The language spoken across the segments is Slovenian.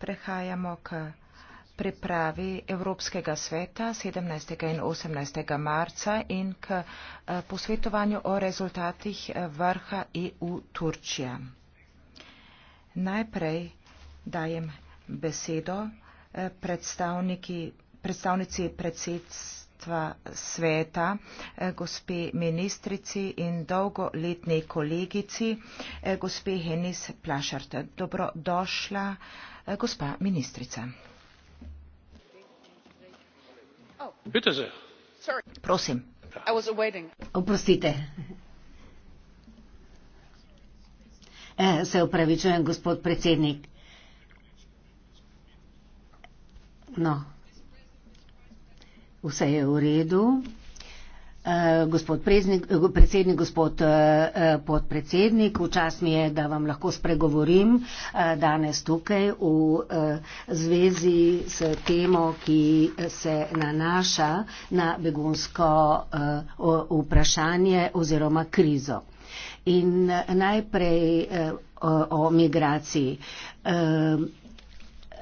Prehajamo k pripravi Evropskega sveta 17. in 18. marca in k eh, posvetovanju o rezultatih eh, vrha EU Turčija. Najprej dajem besedo eh, predstavniki, predstavnici predsedstva sveta, gospe ministrici in dolgoletni kolegici, gospe Henis Plašart. Dobrodošla. došla gospa ministrica. Prosim. Oprostite. E, se upravičujem, gospod predsednik. No, vse je v redu. Eh, gospod preznik, eh, predsednik, gospod eh, podpredsednik, v čas mi je, da vam lahko spregovorim danes tukaj v zvezi s temo, ki se nanaša na begunsko vprašanje oziroma krizo. In najprej o migraciji.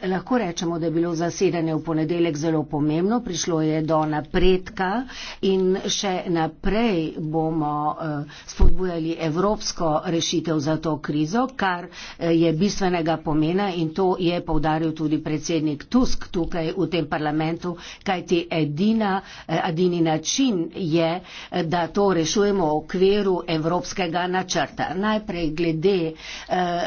Lahko rečemo, da je bilo zasedanje v ponedeljek zelo pomembno, prišlo je do napredka in še naprej bomo eh, spodbujali evropsko rešitev za to krizo, kar eh, je bistvenega pomena in to je povdaril tudi predsednik Tusk tukaj v tem parlamentu, kajti edina, eh, edini način je, da to rešujemo v okviru evropskega načrta. Najprej glede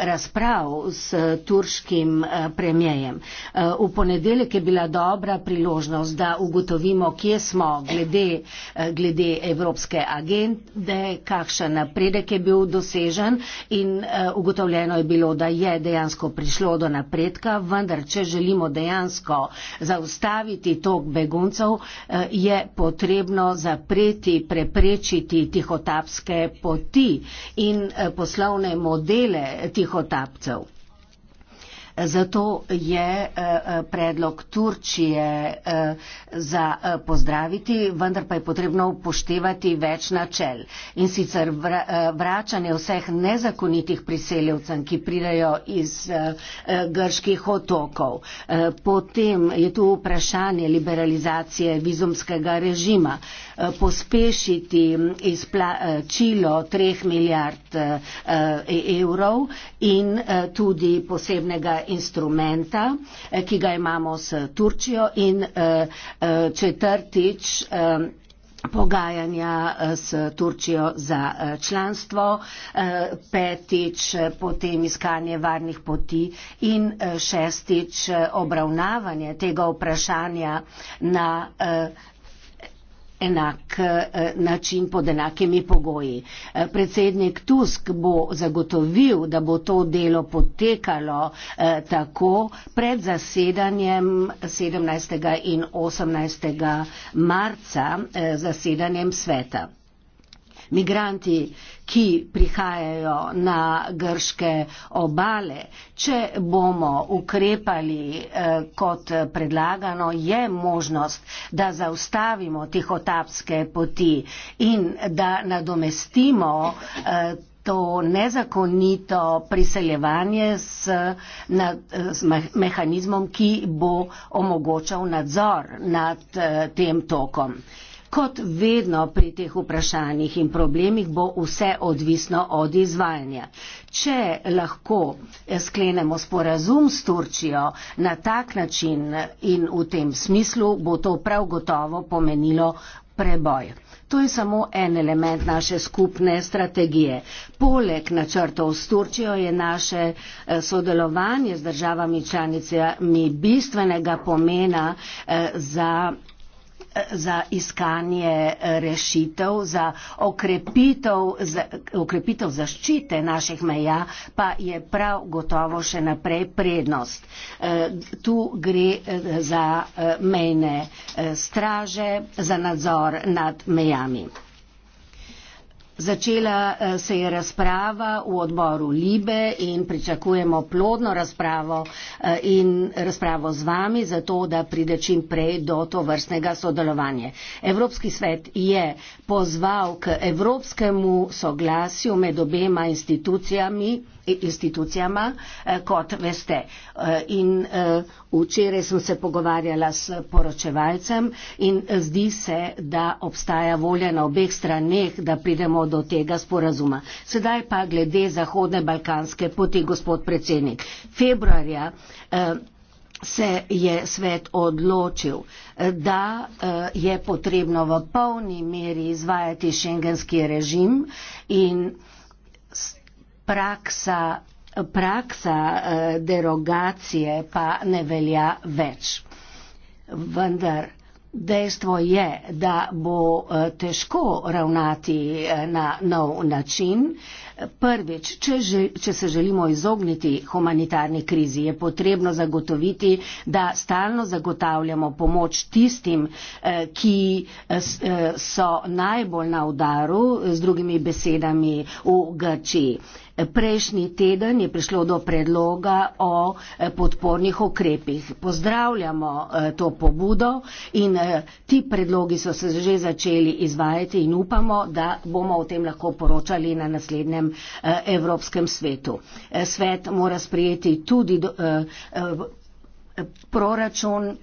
razprav s turškim premijem najem. Eh, v ponedeljek je bila dobra priložnost, da ugotovimo, kje smo glede, eh, glede Evropske agende, kakšen napredek je bil dosežen in eh, ugotovljeno je bilo, da je dejansko prišlo do napredka, vendar če želimo dejansko zaustaviti tok beguncev, je potrebno zapreti, preprečiti tihotapske poti in poslovne modele tihotapcev. Zato je eh, eh, predlog Turčije eh, za pozdraviti, vendar pa je potrebno upoštevati več načel. In sicer vračanje vseh nezakonitih priseljevcem, ki pridajo iz grških otokov. Potem je tu vprašanje liberalizacije vizumskega režima pospešiti izplačilo treh milijard eh, e-, evrov in eh, tudi posebnega instrumenta, eh, ki ga imamo s Turčijo in četrtič pogajanja s Turčijo za članstvo, petič potem iskanje varnih poti in šestič obravnavanje tega vprašanja na enak eh, način pod enakimi pogoji. Eh, predsednik Tusk bo zagotovil, da bo to delo potekalo eh, tako pred zasedanjem 17. in 18. marca zasedanjem sveta. Migranti, ki prihajajo na grške obale. Če bomo ukrepali eh, kot predlagano, je možnost, da zaustavimo tihotapske poti in da nadomestimo eh, to nezakonito priseljevanje s, nad, s mehanizmom, ki bo omogočal nadzor nad eh, tem tokom. Kot vedno pri teh vprašanjih in problemih bo vse odvisno od izvajanja. Če lahko sklenemo sporazum s Turčijo na tak način in v tem smislu, bo to prav gotovo pomenilo preboj. To je samo en element naše skupne strategije. Poleg načrtov s Turčijo je naše eh, sodelovanje z državami članicami bistvenega pomena eh, za za iskanje eh, rešitev, za okrepitev, za okrepitev zaščite naših meja, pa je prav gotovo še naprej prednost. Eh, tu gre eh, za mejne straže, za nadzor nad mejami. Začela eh, se je razprava v odboru Libe in pričakujemo plodno razpravo eh, in razpravo z vami, zato da pride čim prej do to vrstnega sodelovanja. Evropski svet je pozval k evropskemu soglasju med obema institucijami, institucijama, eh, kot veste. Eh, in eh, včeraj sem se pogovarjala s poročevalcem in zdi se, da obstaja volja na obeh straneh, da pridemo do tega sporazuma. Sedaj pa glede Zahodne Balkanske poti, gospod predsednik. Februarja se je svet odločil, da je potrebno v polni meri izvajati šengenski režim in praksa, praksa eh, derogacije pa ne velja več. Vendar dejstvo je, da bo eh, težko ravnati eh, na nov način, Prvič, če, žel, če se želimo izogniti humanitarni krizi, je potrebno zagotoviti, da stalno zagotavljamo pomoč tistim, eh, ki eh, eh, so najbolj na udaru, z drugimi besedami, v Grči. Prejšnji teden je prišlo do predloga o podpornih okrepih. Pozdravljamo to pobudo in ti predlogi so se že začeli izvajati in upamo, da bomo o tem lahko poročali na naslednjem Eh, evropskem svetu. Eh, svet mora sprejeti tudi eh, proračun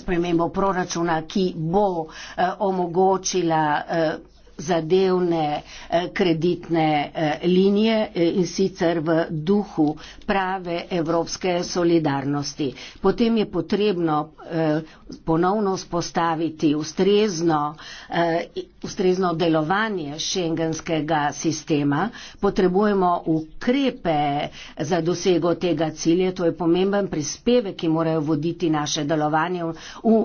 spremembo proračuna, ki bo eh, omogočila eh, zadevne eh, kreditne eh, linije eh, in sicer v duhu prave evropske solidarnosti. Potem je potrebno ponovno spostaviti ustrezno, ustrezno delovanje šengenskega sistema. Potrebujemo ukrepe za dosego tega cilja. To je pomemben prispevek, ki morajo voditi naše delovanje v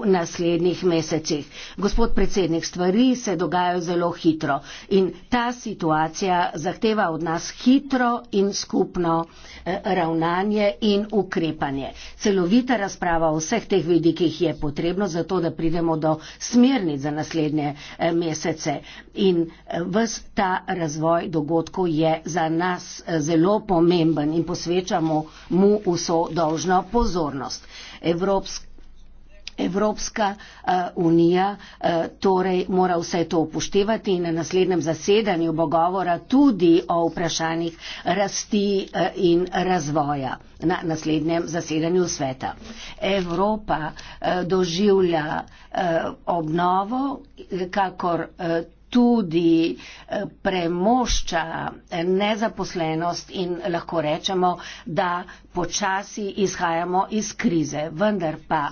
naslednjih mesecih. Gospod predsednik, stvari se dogajajo zelo hitro hitro. In ta situacija zahteva od nas hitro in skupno eh, ravnanje in ukrepanje. Celovita razprava o vseh teh vidikih je potrebno, zato da pridemo do smernic za naslednje eh, mesece. In eh, vs ta razvoj dogodkov je za nas zelo pomemben in posvečamo mu vso dolžno pozornost. Evropska Evropska uh, unija uh, torej mora vse to upoštevati in na naslednjem zasedanju bo govora tudi o vprašanjih rasti uh, in razvoja na naslednjem zasedanju sveta. Evropa uh, doživlja uh, obnovo, kakor uh, tudi premošča nezaposlenost in lahko rečemo, da počasi izhajamo iz krize, vendar pa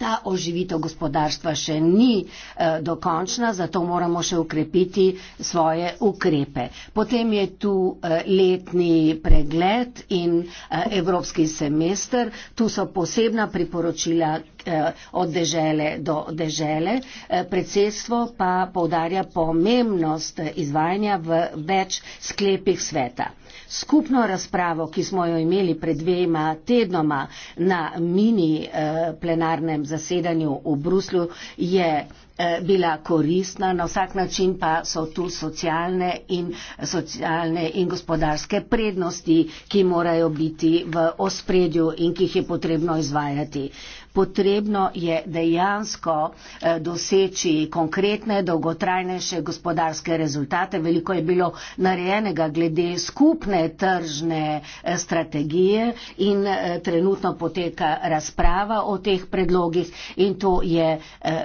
ta oživitev gospodarstva še ni eh, dokončna, zato moramo še ukrepiti svoje ukrepe. Potem je tu eh, letni pregled in eh, evropski semester. Tu so posebna priporočila eh, od dežele do dežele. Eh, predsedstvo pa povdarja pomembnost eh, izvajanja v več sklepih sveta skupno razpravo, ki smo jo imeli pred dvema tednoma na mini eh, plenarnem zasedanju v Bruslju, je eh, bila koristna, na vsak način pa so tu socialne in, socialne in gospodarske prednosti, ki morajo biti v ospredju in ki jih je potrebno izvajati potrebno je dejansko eh, doseči konkretne, dolgotrajnejše gospodarske rezultate. Veliko je bilo narejenega glede skupne tržne eh, strategije in eh, trenutno poteka razprava o teh predlogih in to je,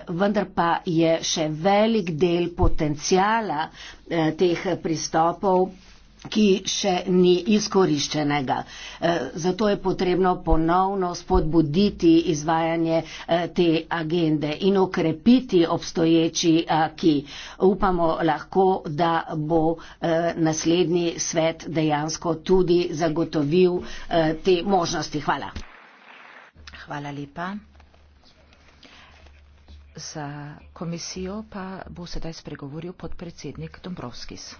vendar pa je še velik del potencijala teh pristopov ki še ni izkoriščenega. E, zato je potrebno ponovno spodbuditi izvajanje e, te agende in okrepiti obstoječi e, ki. Upamo lahko, da bo naslednji svet dejansko tudi zagotovil te možnosti. Hvala. Hvala lepa. Za komisijo pa bo sedaj spregovoril podpredsednik Dombrovskis.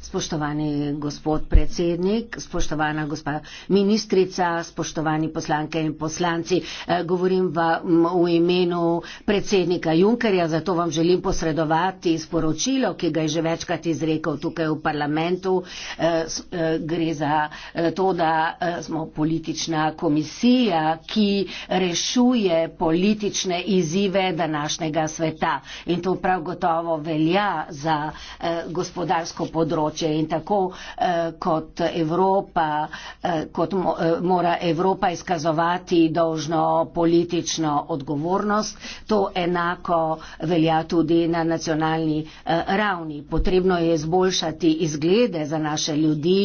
Spoštovani gospod predsednik, spoštovana gospa ministrica, spoštovani poslanke in poslanci, eh, govorim vam v imenu predsednika Junkerja, zato vam želim posredovati sporočilo, ki ga je že večkrat izrekel tukaj v parlamentu. Eh, eh, gre za to, da smo politična komisija, ki rešuje politične izzive današnjega sveta. In to prav gotovo velja za Eh, gospodarsko področje in tako eh, kot Evropa, eh, kot mora Evropa izkazovati dolžno politično odgovornost, to enako velja tudi na nacionalni ravni. Potrebno je izboljšati izglede za naše ljudi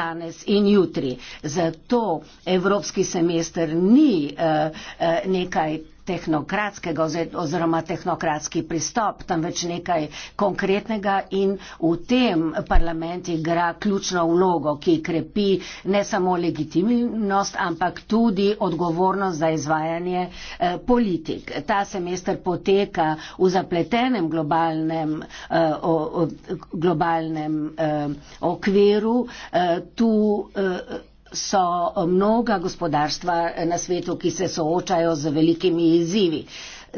danes in jutri. Zato evropski semester ni nekaj tehnokratskega oziroma tehnokratski pristop, temveč nekaj konkretnega in v tem parlament igra ključno vlogo, ki krepi ne samo legitimnost, ampak tudi odgovornost za izvajanje eh, politik. Ta semester poteka v zapletenem globalnem, eh, o, o, globalnem eh, okviru. Eh, tu, eh, so mnoga gospodarstva na svetu, ki se soočajo z velikimi izzivi.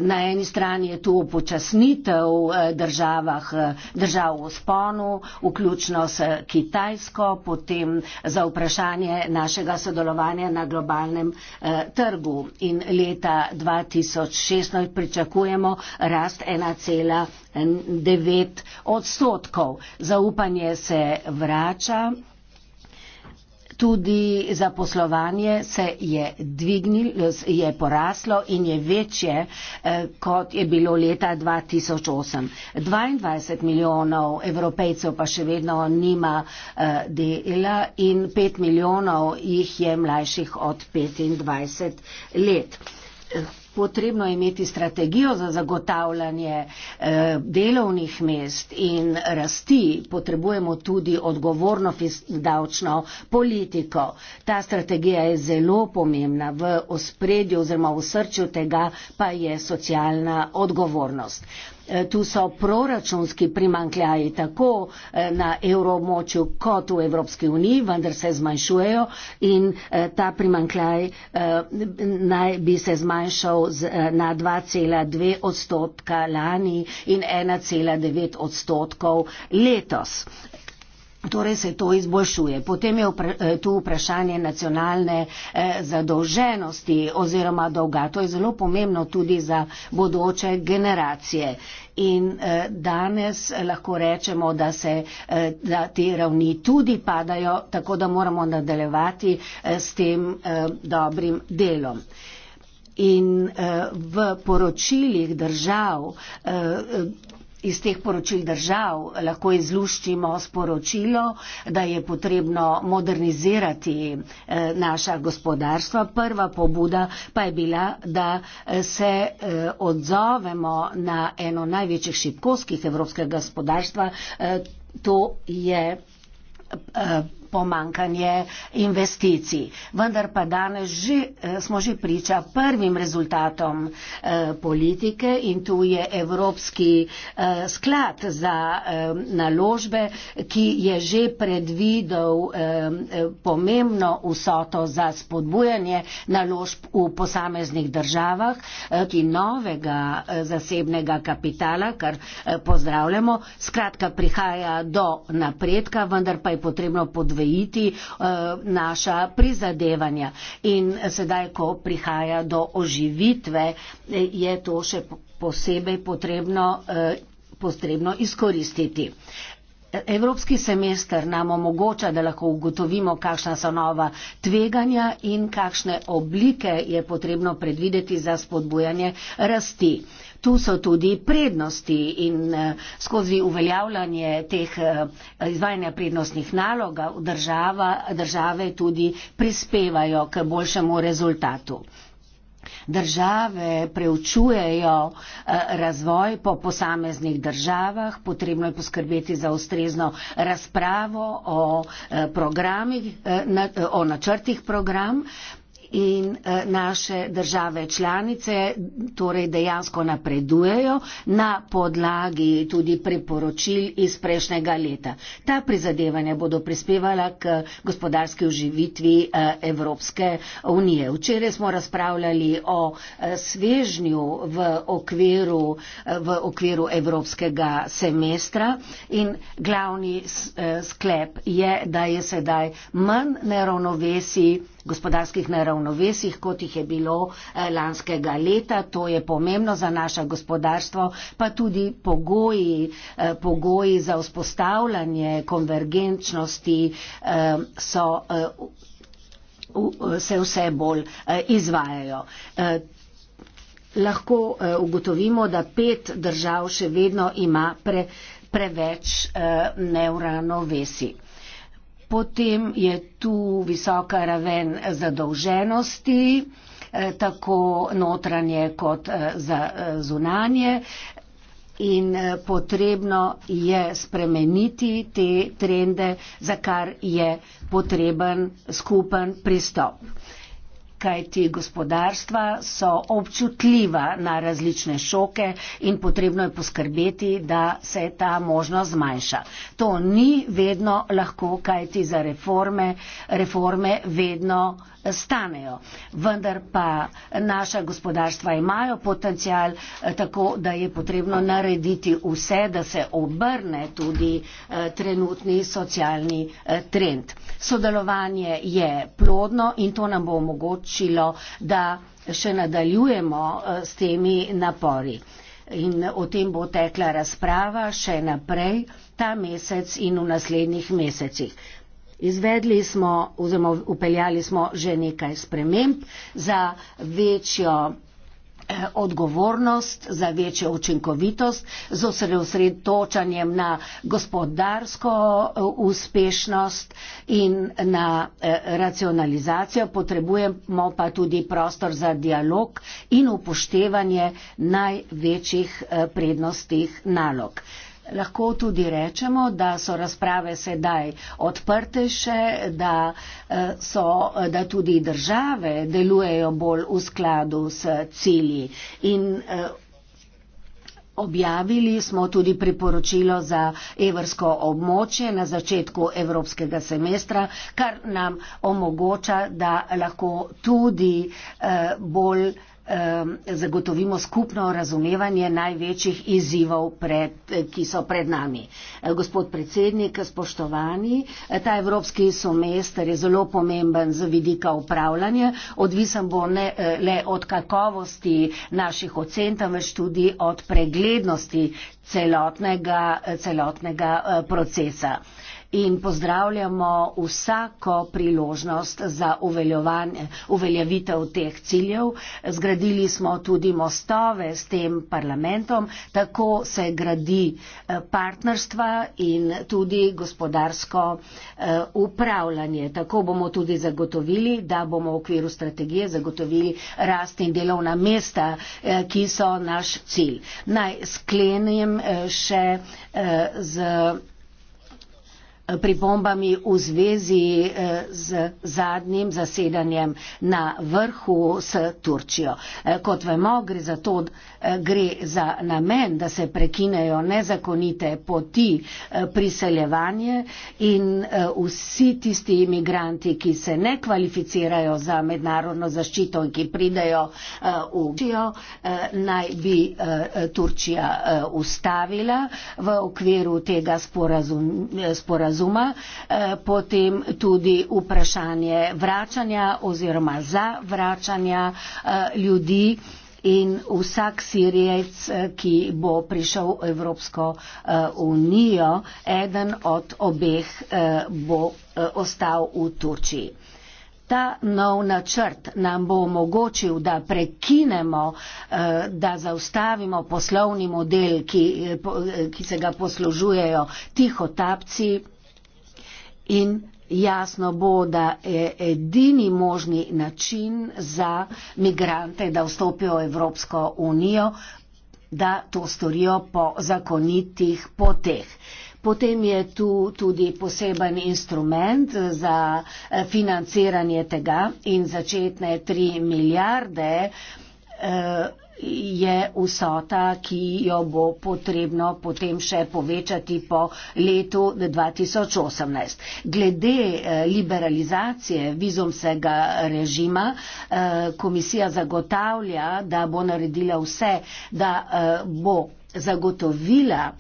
Na eni strani je tu upočasnitev eh, državah, eh, držav v sponu, vključno s Kitajsko, potem za vprašanje našega sodelovanja na globalnem eh, trgu. In leta 2016 pričakujemo rast 1,9 odstotkov. Zaupanje se vrača tudi zaposlovanje se je, dvignil, je poraslo in je večje, eh, kot je bilo leta 2008. 22 milijonov evropejcev pa še vedno nima eh, dela in 5 milijonov jih je mlajših od 25 let potrebno imeti strategijo za zagotavljanje eh, delovnih mest in rasti, potrebujemo tudi odgovorno davčno politiko. Ta strategija je zelo pomembna v ospredju oziroma v srčju tega pa je socialna odgovornost. Eh, tu so proračunski primankljaji tako eh, na evromočju kot v Evropski uniji, vendar se zmanjšujejo in eh, ta primankljaj naj bi se zmanjšal na 2,2 odstotka lani in 1,9 odstotkov letos. Torej se to izboljšuje. Potem je eh, tu vprašanje nacionalne eh, zadolženosti oziroma dolga. To je zelo pomembno tudi za bodoče generacije. In eh, danes lahko rečemo, da, se, da te ravni tudi padajo, tako da moramo nadaljevati s tem dobrim delom. In v poročilih držav iz teh poročil držav lahko izluščimo sporočilo, da je potrebno modernizirati eh, naša gospodarstva. Prva pobuda pa je bila, da eh, se eh, odzovemo na eno največjih šipkovskih evropskega gospodarstva. To je pomankanje investicij. Vendar pa danes že, eh, smo že priča prvim rezultatom eh, politike in tu je Evropski eh, sklad za naložbe, ki je že predvidel pomembno vsoto za spodbujanje naložb v posameznih državah, ki novega zasebnega kapitala, kar pozdravljamo, skratka prihaja do napredka, vendar pa je potrebno podvrniti podvojiti eh, naša prizadevanja. In sedaj, ko prihaja do oživitve, eh, je to še posebej potrebno, eh, potrebno izkoristiti. Evropski semester nam omogoča, da lahko ugotovimo, kakšna so nova tveganja in kakšne oblike je potrebno predvideti za spodbujanje rasti. Tu so tudi prednosti in eh, skozi uveljavljanje teh eh, izvajanja prednostnih naloga država, države tudi prispevajo k boljšemu rezultatu. Države preučujejo eh, razvoj po posameznih državah, potrebno je poskrbeti za ustrezno razpravo o, o načrtih program in eh, naše države članice torej dejansko napredujejo na podlagi tudi priporočil iz prejšnjega leta. Ta prizadevanja bodo prispevala k gospodarski oživitvi eh, Evropske unije. Včeraj smo razpravljali o eh, svežnju v okviru, v okviru Evropskega semestra in glavni sklep je, da je sedaj manj neravnovesij gospodarskih neravnovesjih, kot jih je bilo eh, lanskega leta. To je pomembno za naše gospodarstvo, pa tudi pogoji, eh, pogoji za vzpostavljanje konvergenčnosti eh, so, se vse bolj izvajajo. Lahko ugotovimo, da pet držav še vedno ima pre, preveč neuravnovesij. Potem je tu visoka raven zadolženosti, eh, tako notranje kot eh, za eh, zunanje. In potrebno je spremeniti te trende, za kar je potreben skupen pristop kajti gospodarstva so občutljiva na različne šoke in potrebno je poskrbeti, da se ta možnost zmanjša. To ni vedno lahko, kajti za reforme, reforme vedno stanejo. Vendar pa naša gospodarstva imajo potencial, eh, tako da je potrebno narediti vse, da se obrne tudi eh, trenutni socialni eh, trend. Sodelovanje je plodno in to nam bo omogočilo, da še nadaljujemo s temi napori. In o tem bo tekla razprava še naprej ta mesec in v naslednjih mesecih. Izvedli smo oziroma upeljali smo že nekaj sprememb za večjo eh, odgovornost za večjo učinkovitost z osredotočanjem na gospodarsko eh, uspešnost in na eh, racionalizacijo. Potrebujemo pa tudi prostor za dialog in upoštevanje največjih prednostih nalog lahko tudi rečemo, da so razprave sedaj odprtejše, da, eh, so, da tudi države delujejo bolj v skladu s cilji. In, eh, Objavili smo tudi priporočilo za evrsko območje na začetku evropskega semestra, kar nam omogoča, da lahko tudi eh, bolj eh, Um, zagotovimo skupno razumevanje največjih izzivov, pred, ki so pred nami. Eh, gospod predsednik, spoštovani, eh, ta evropski semester je zelo pomemben z vidika upravljanja, odvisen bo ne eh, le od kakovosti naših ocen, temveč tudi od preglednosti celotnega, celotnega procesa in pozdravljamo vsako priložnost za uveljavitev teh ciljev. Zgradili smo tudi mostove s tem parlamentom, tako se gradi eh, partnerstva in tudi gospodarsko eh, upravljanje. Tako bomo tudi zagotovili, da bomo v okviru strategije zagotovili rast in delovna mesta, eh, ki so naš cilj. Naj sklenim še z pripombami v zvezi eh, z zadnjim zasedanjem na vrhu s Turčijo. Eh, kot vemo, gre za to, da Eh, gre za namen, da se prekinejo nezakonite poti eh, priseljevanje in eh, vsi tisti imigranti, ki se ne kvalificirajo za mednarodno zaščito in ki pridejo v Turčijo, naj bi Turčija ustavila v okviru tega sporazuma. Potem tudi vprašanje vračanja oziroma za vračanja ljudi in vsak sirijec, eh, ki bo prišel v Evropsko eh, unijo, eden od obeh eh, bo ostal v Turčiji. Ta nov načrt nam bo omogočil, da prekinemo, da zaustavimo poslovni model, ki, ki se ga poslužujejo tiho tapci in jasno bo, da je edini možni način za migrante, da vstopijo v Evropsko unijo, da to storijo po zakonitih poteh. Potem je tu tudi poseben instrument za eh, financiranje tega in začetne 3 milijarde. Eh, je vsota, ki jo bo potrebno potem še povečati po letu 2018. Glede eh, liberalizacije vizumskega režima, eh, komisija zagotavlja, da bo naredila vse, da eh, bo zagotovila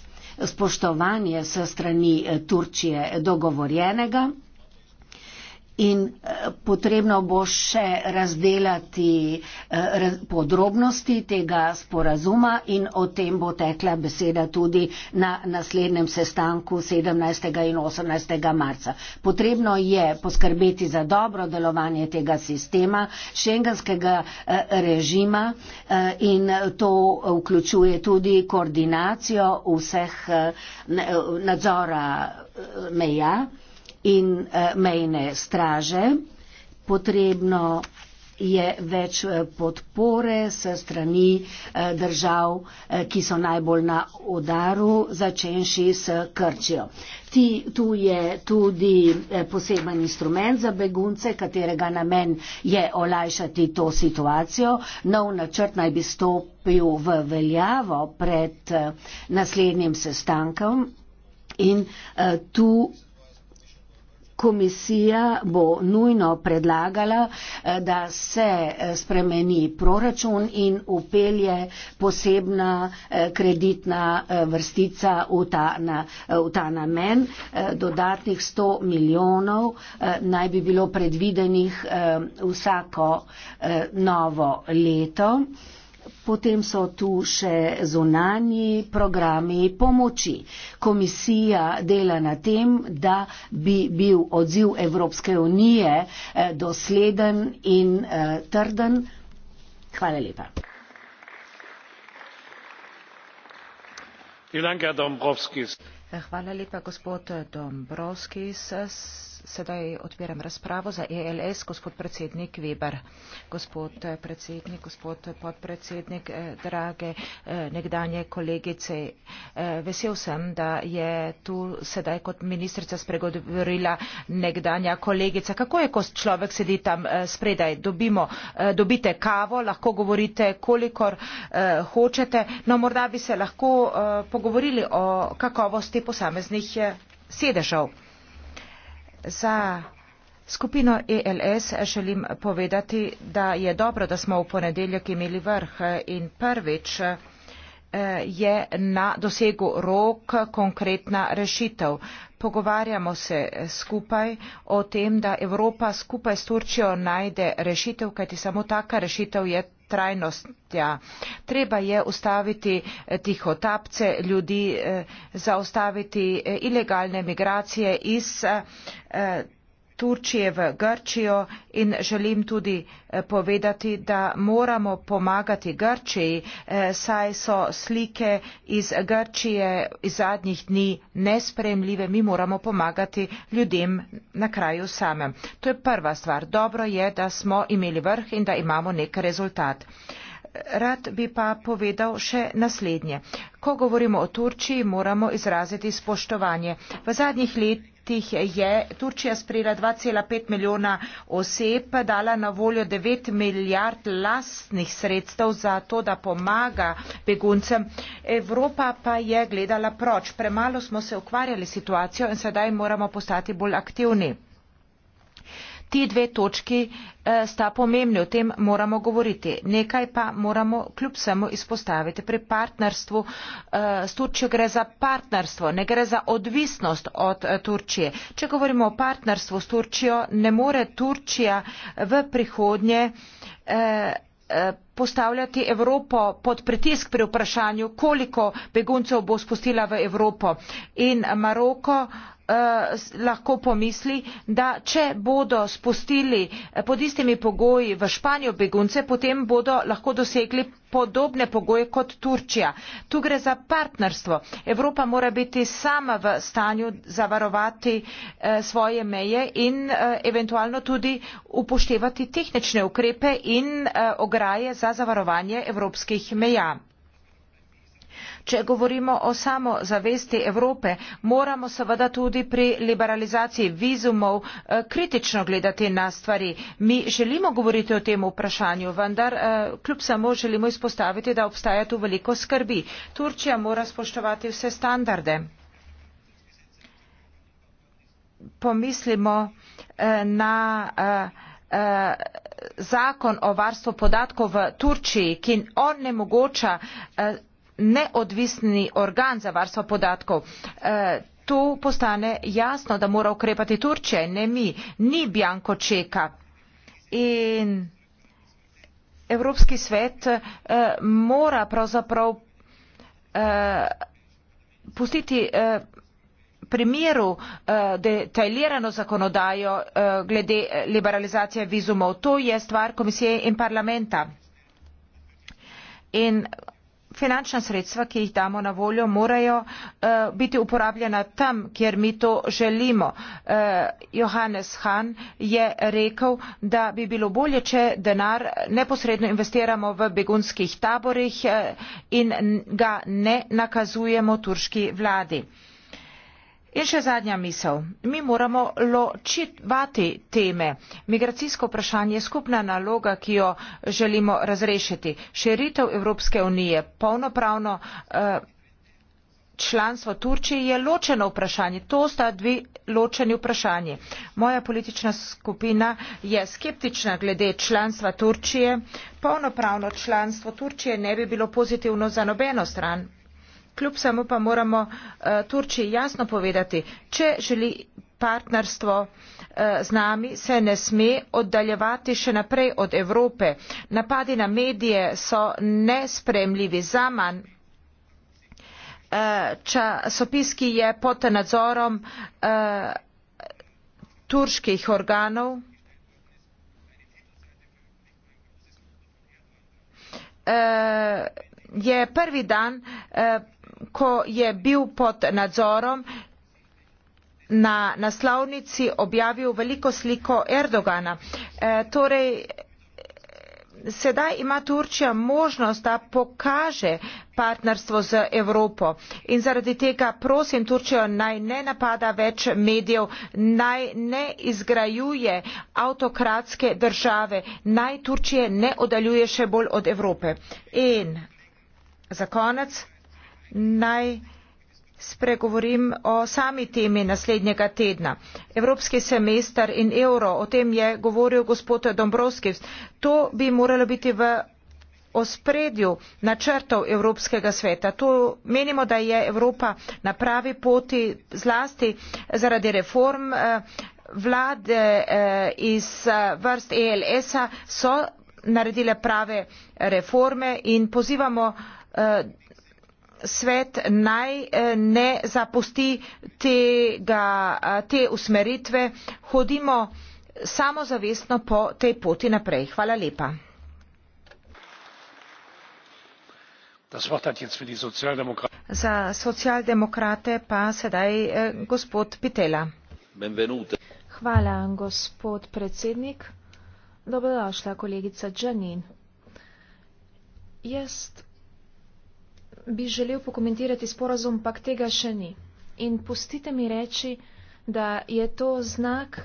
spoštovanje s strani Turčije dogovorjenega in eh, potrebno bo še razdelati eh, podrobnosti tega sporazuma in o tem bo tekla beseda tudi na naslednjem sestanku 17. in 18. marca. Potrebno je poskrbeti za dobro delovanje tega sistema, šengenskega eh, režima in to vključuje tudi koordinacijo vseh nadzora meja in eh, mejne straže. Potrebno je več eh, podpore se strani eh, držav, ki so najbolj na udaru, začenši s Krčijo. Ti, tu je tudi poseben instrument za begunce, katerega namen je olajšati to situacijo. Nov načrt naj bi stopil v veljavo pred naslednjim sestankom in tu komisija bo nujno predlagala, eh, da se eh, spremeni proračun in upelje posebna eh, kreditna vrstica v ta, na, v ta namen. Dodatnih 100 milijonov naj bi bilo predvidenih vsako novo leto. Potem so tu še zunanji programi pomoči. Komisija dela na tem, da bi bil odziv Evropske unije eh, dosleden in eh, trden. Hvala lepa. Eh, hvala lepa, gospod Dombrovskis. Sedaj odpiram razpravo za ELS, gospod predsednik Weber. Gospod eh, predsednik, gospod eh, podpredsednik, eh, drage nekdanje kolegice, vesel sem, da je tu sedaj kot ministrica spregovorila nekdanja kolegica. Kako je, ko človek sedi tam spredaj? Dobimo, dobite kavo, lahko govorite, kolikor hočete. No, morda bi se lahko pogovorili o kakovosti posameznih sedežev. Za skupino ELS želim povedati, da je dobro, da smo v ponedeljek imeli vrh in prvič eh, je na dosegu rok konkretna rešitev. Pogovarjamo se skupaj o tem, da Evropa skupaj s Turčijo najde rešitev, kajti samo taka rešitev je trajnostja. Treba je ustaviti eh, tiho tapce ljudi, eh, zaustaviti eh, ilegalne migracije iz turčije v grčijo in želim tudi eh, povedati da moramo pomagati grčiji eh, saj so slike iz grčije iz zadnjih dni nespremljive mi moramo pomagati ljudem na kraju samem to je prva stvar dobro je da smo imeli vrh in da imamo nek rezultat Rad bi pa povedal še naslednje. Ko govorimo o Turčiji, moramo izraziti spoštovanje. V zadnjih letih letih je Turčija sprejela 2,5 milijona oseb, dala na voljo 9 milijard lastnih sredstev za to, da pomaga beguncem. Evropa pa je gledala proč. Premalo smo se ukvarjali s situacijo in sedaj moramo postati bolj aktivni ti dve točki eh, sta pomembni o tem moramo govoriti nekaj pa moramo kljub vsemu izpostaviti pri partnerstvu eh, s turčijo gre za partnerstvo ne gre za odvisnost od eh, turčije če govorimo o partnerstvu s turčijo ne more turčija v prihodnje postavljati Evropo pod pritisk pri vprašanju, koliko beguncev bo spustila v Evropo. In Maroko uh, Eh, lahko pomisli da če bodo spustili eh, pod istimi pogoji v španijo begunce potem bodo lahko dosegli podobne pogoje kot turčija. tu gre za partnerstvo evropa mora biti sama v stanju zavarovati eh, svoje meje in eventualno tudi upoštevati tehnične ukrepe in ograje za zavarovanje evropskih meja če govorimo o samozavesti evrope moramo seveda tudi pri liberalizaciji vizumov eh, kritično gledati na stvari mi želimo govoriti o tem vprašanju vendar eh, kljub vsemu želimo izpostaviti da obstaja tu veliko skrbi turčija mora spoštovati vse standarde pomislimo eh, na zakon o varstvu podatkov v turčiji ki onemogoča neodvisni organ za varstvo podatkov e, tu postane jasno da mora ukrepati turčija in ne mi ni bianko čeka in evropski svet e, mora pravzaprav e, pustiti pri miru detajlirano zakonodajo glede liberalizacije vizumov to je stvar komisije in parlamenta in finančna sredstva ki jih damo na voljo morajo eh, biti uporabljena tam kjer mi to želimo. Eh, johannes hahn je rekel da bi bilo bolje če denar neposredno investiramo v begunskih taborih eh, in ga ne nakazujemo turški vladi. In še zadnja misel. Mi moramo ločitvati teme. Migracijsko vprašanje je skupna naloga, ki jo želimo razrešiti. Širitev Evropske unije, polnopravno eh, članstvo Turčije je ločeno vprašanje. To sta dve ločeni vprašanje. Moja politična skupina je skeptična glede članstva Turčije. Polnopravno članstvo Turčije ne bi bilo pozitivno za nobeno stran kljub samo pa moramo eh, Turčiji jasno povedati, če želi partnerstvo eh, z nami, se ne sme oddaljevati še naprej od Evrope. Napadi na medije so nespremljivi za manj. Eh, Časopis, ki je pod nadzorom turških organov, je prvi dan ko je bil pod nadzorom na naslovnici objavil veliko sliko erdogana e, torej sedaj ima turčija možnost da pokaže partnerstvo z evropo in zaradi tega prosim turčijo naj ne napada več medijev naj ne izgrajuje avtokratske države naj turčije ne oddaljuje še bolj od evrope in za konec naj spregovorim o sami temi naslednjega tedna. Evropski semester in euro, o tem je govoril gospod Dombrovski. To bi moralo biti v ospredju načrtov Evropskega sveta. To menimo, da je Evropa na pravi poti zlasti zaradi reform eh, vlade eh, iz eh, vrst ELS-a so naredile prave reforme in pozivamo svet naj eh, ne zapusti tega, eh, te usmeritve, hodimo samozavestno po tej poti naprej. Hvala lepa. Za socialdemokrate pa sedaj eh, gospod Pitela. Benvenute. Hvala, gospod predsednik. Dobrodošla, kolegica Džanin. Jaz bi želel pokomentirati sporazum, pa tega še ni. In pustite mi reči, da je to znak,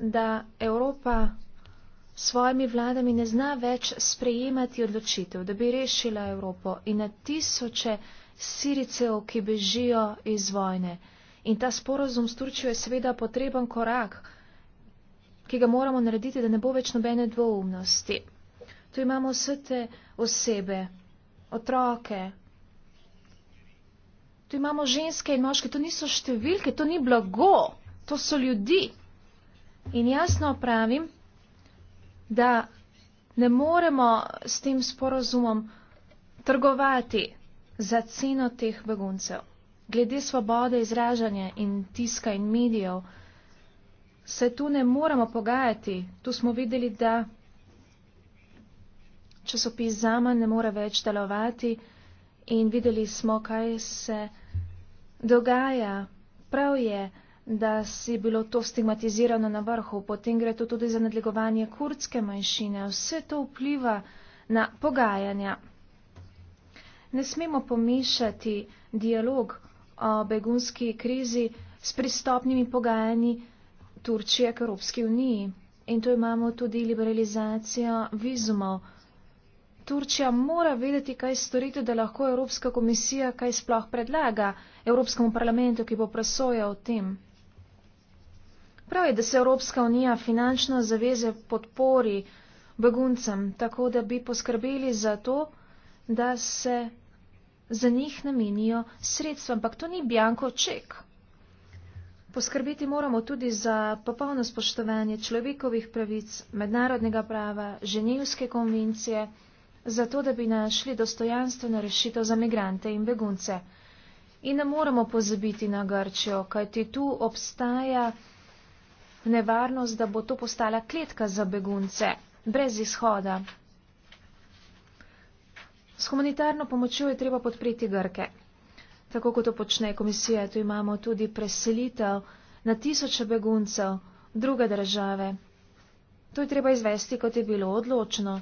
da Evropa s svojimi vladami ne zna več sprejemati odločitev, da bi rešila Evropo in na tisoče siricev, ki bežijo iz vojne. In ta sporozum s Turčijo je seveda potreben korak, ki ga moramo narediti, da ne bo več nobene dvoumnosti. Tu imamo vse te osebe, otroke. Tu imamo ženske in moške, to niso številke, to ni blago, to so ljudi. In jasno pravim, da ne moremo s tem sporozumom trgovati za ceno teh beguncev. Glede svobode izražanja in tiska in medijev, se tu ne moremo pogajati. Tu smo videli, da časopis zaman ne more več delovati in videli smo, kaj se dogaja. Prav je, da si bilo to stigmatizirano na vrhu, potem gre to tudi za nadlegovanje kurdske manjšine. Vse to vpliva na pogajanja. Ne smemo pomešati dialog o begunski krizi s pristopnimi pogajanji Turčije k Evropski uniji. In to imamo tudi liberalizacijo vizumov. Turčija mora vedeti, kaj storiti, da lahko Evropska komisija kaj sploh predlaga Evropskemu parlamentu, ki bo presojal o tem. Prav je, da se Evropska unija finančno zaveze podpori beguncem, tako da bi poskrbeli za to, da se za njih namenijo sredstva, ampak to ni bianko ček. Poskrbeti moramo tudi za popolno spoštovanje človekovih pravic, mednarodnega prava, ženevske konvencije zato da bi našli dostojanstveno rešitev za migrante in begunce. In ne moremo pozabiti na Grčijo, kajti tu obstaja nevarnost, da bo to postala kletka za begunce, brez izhoda. S humanitarno pomočjo je treba podpreti Grke. Tako kot to počne komisija, tu imamo tudi preselitev na tisoče beguncev druge države. To je treba izvesti, kot je bilo odločno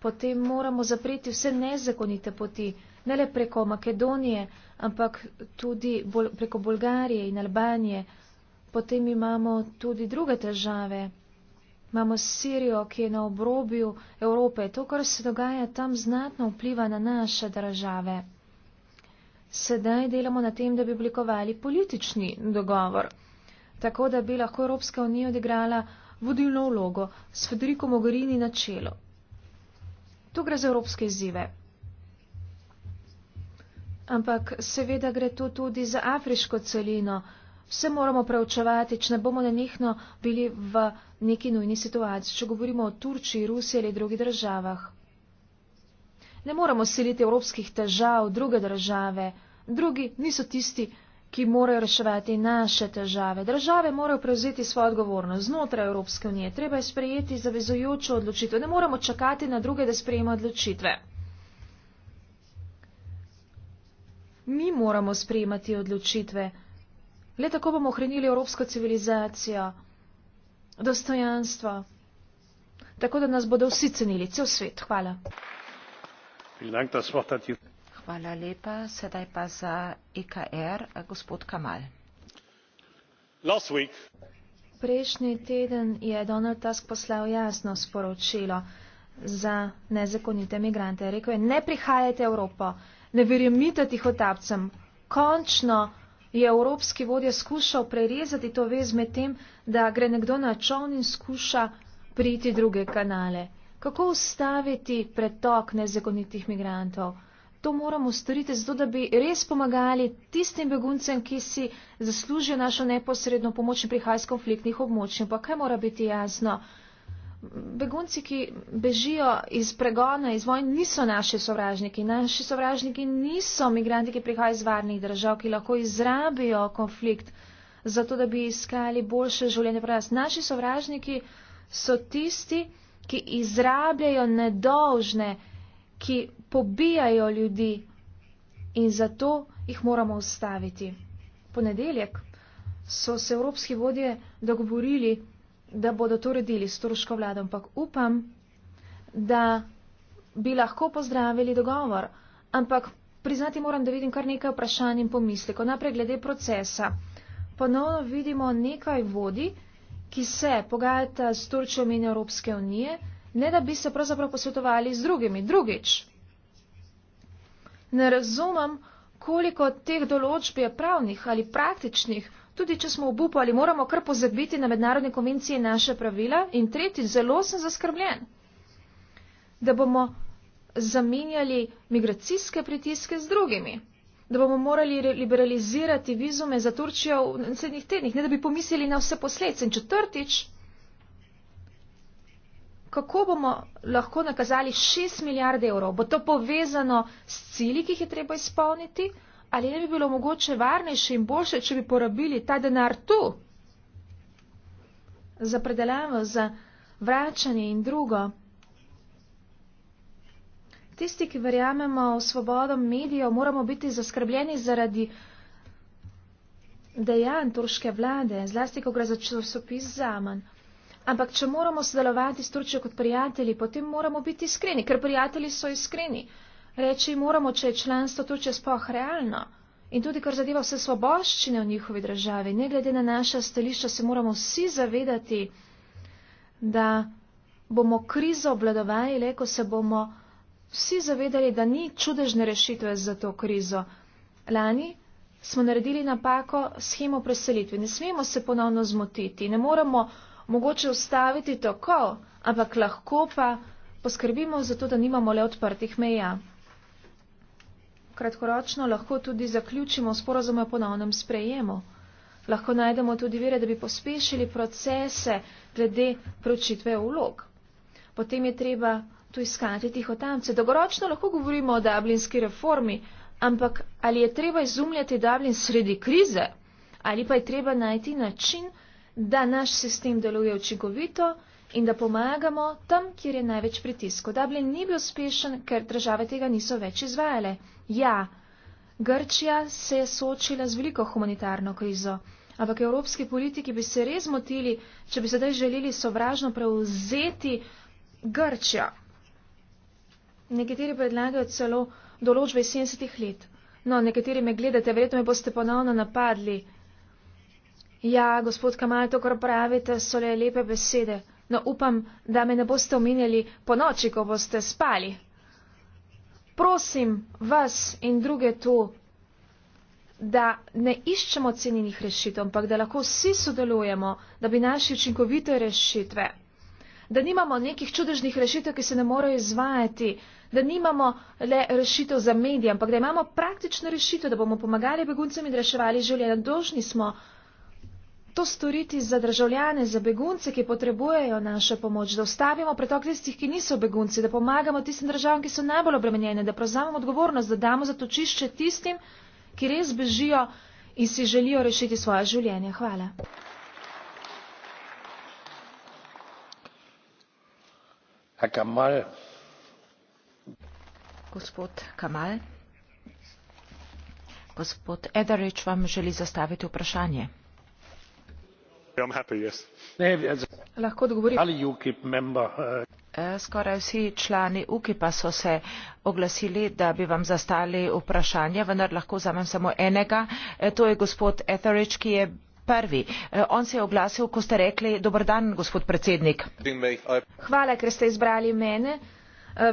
potem moramo zapreti vse nezakonite poti, ne le preko Makedonije, ampak tudi bol, preko Bolgarije in Albanije. Potem imamo tudi druge težave. Imamo Sirijo, ki je na obrobju Evrope. To, kar se dogaja tam, znatno vpliva na naše države. Sedaj delamo na tem, da bi oblikovali politični dogovor, tako da bi lahko Evropska unija odigrala vodilno vlogo s Federico Mogherini na čelo. Tu gre za evropske izzive. Ampak seveda gre tu tudi za afriško celino. Vse moramo preučevati, če ne bomo nenehno bili v neki nujni situaciji, če govorimo o Turčiji, Rusiji ali drugih državah. Ne moramo siliti evropskih težav v druge države. Drugi niso tisti, ki morajo reševati naše težave. Države morajo prevzeti svojo odgovornost znotraj Evropske unije. Treba je sprejeti zavezujočo odločitev. Ne moramo čakati na druge, da sprejemo odločitve. Mi moramo sprejemati odločitve. Le tako bomo ohranili evropsko civilizacijo, dostojanstvo. Tako da nas bodo vsi cenili, cel svet. Hvala. Hvala lepa. Sedaj pa za EKR, gospod Kamal. Prejšnji teden je Donald Tusk poslal jasno sporočilo za nezakonite migrante. Rekel je, ne prihajajte v Evropo, ne verjemite tihotapcem. Končno je evropski vodja skušal prerezati to vez med tem, da gre nekdo na čovn in skuša priti druge kanale. Kako ustaviti pretok nezakonitih migrantov? to moramo storiti, zato da bi res pomagali tistim beguncem, ki si zaslužijo našo neposredno pomoč in prihajajo z konfliktnih območij. Pa kaj mora biti jasno? Begunci, ki bežijo iz pregona, iz vojn, niso naši sovražniki. Naši sovražniki niso migranti, ki prihajajo iz varnih držav, ki lahko izrabijo konflikt, zato da bi iskali boljše življenje pri nas. Naši sovražniki so tisti, ki izrabljajo nedolžne, ki pobijajo ljudi in zato jih moramo ustaviti. Ponedeljek so se evropski vodje dogovorili, da bodo to redili s turško vlado, ampak upam, da bi lahko pozdravili dogovor. Ampak priznati moram, da vidim kar nekaj vprašanj in pomislekov. Najprej glede procesa. Ponovno vidimo nekaj vodi, ki se pogajata s Turčjo in Evropske unije, ne da bi se pravzaprav posvetovali z drugimi. Drugič, ne razumem, koliko teh določb je pravnih ali praktičnih, tudi če smo obupali, moramo kar pozabiti na mednarodne konvencije in naše pravila. In tretji, zelo sem zaskrbljen, da bomo zamenjali migracijske pritiske z drugimi, da bomo morali liberalizirati vizume za Turčijo v naslednjih tednih, ne da bi pomislili na vse posledice. In četrtič, kako bomo lahko nakazali 6 milijard evrov? Bo to povezano s cili, ki jih je treba izpolniti? Ali ne bi bilo mogoče varnejše in boljše, če bi porabili ta denar tu za predelavo, za vračanje in drugo? Tisti, ki verjamemo v svobodo medijev, moramo biti zaskrbljeni zaradi dejanj turške vlade, zlasti, ko gre za časopis Zaman. Ampak, če moramo sodelovati s Turčijo kot prijatelji, potem moramo biti iskreni, ker prijatelji so iskreni. Reči moramo, če je članstvo Turčije spoh realno. In tudi, kar zadeva vse svoboščine v njihovi državi, ne glede na naša stališča, se moramo vsi zavedati, da bomo krizo obladovali, le ko se bomo vsi zavedali, da ni čudežne rešitve za to krizo. Lani smo naredili napako s hemo preselitvi. Ne smemo se ponovno zmotiti. Ne moramo mogoče ustaviti tako, ampak lahko pa poskrbimo za to, da nimamo le odprtih meja. Kratkoročno lahko tudi zaključimo sporozume o ponovnem sprejemu. Lahko najdemo tudi vire, da bi pospešili procese glede pročitve vlog. Potem je treba tu iskati tihotamce. Dogoročno lahko govorimo o dablinski reformi, ampak ali je treba izumljati dablin sredi krize, ali pa je treba najti način, da naš sistem deluje učinkovito in da pomagamo tam, kjer je največ pritisko. Dublin ni bil uspešen, ker države tega niso več izvajale. Ja, Grčija se je soočila z veliko humanitarno krizo, ampak evropski politiki bi se res motili, če bi sedaj želeli sovražno prevzeti Grčijo. Nekateri predlagajo celo določbe iz 70-ih let. No, nekateri me gledate, verjetno me boste ponovno napadli, Ja, gospod Kamal, to, kar pravite, so le lepe besede. No, upam, da me ne boste omenjali po noči, ko boste spali. Prosim vas in druge tu, da ne iščemo cenjenih rešitev, ampak da lahko vsi sodelujemo, da bi naši učinkovite rešitve, da nimamo nekih čudežnih rešitev, ki se ne morejo izvajati, da nimamo le rešitev za medije, ampak da imamo praktične rešitve, da bomo pomagali beguncem in reševali življenje. Dožni smo to storiti za državljane, za begunce, ki potrebujejo našo pomoč, da ustavimo pretok tistih, ki niso begunci, da pomagamo tistim državam, ki so najbolj obremenjene, da prevzamemo odgovornost, da damo zatočišče tistim, ki res bežijo in si želijo rešiti svoje življenje. Hvala. Kamal. Gospod Kamal, gospod Ederič vam želi zastaviti vprašanje. Uh, uh, eh, skoraj vsi člani ukipa so se oglasili da bi vam zastavili vprašanje vendar lahko vzamem samo enega eh, to je gospod etheridge ki je prvi. Eh, on se je oglasil ko ste rekli dober dan gospod predsednik. hvala ker ste izbrali mene.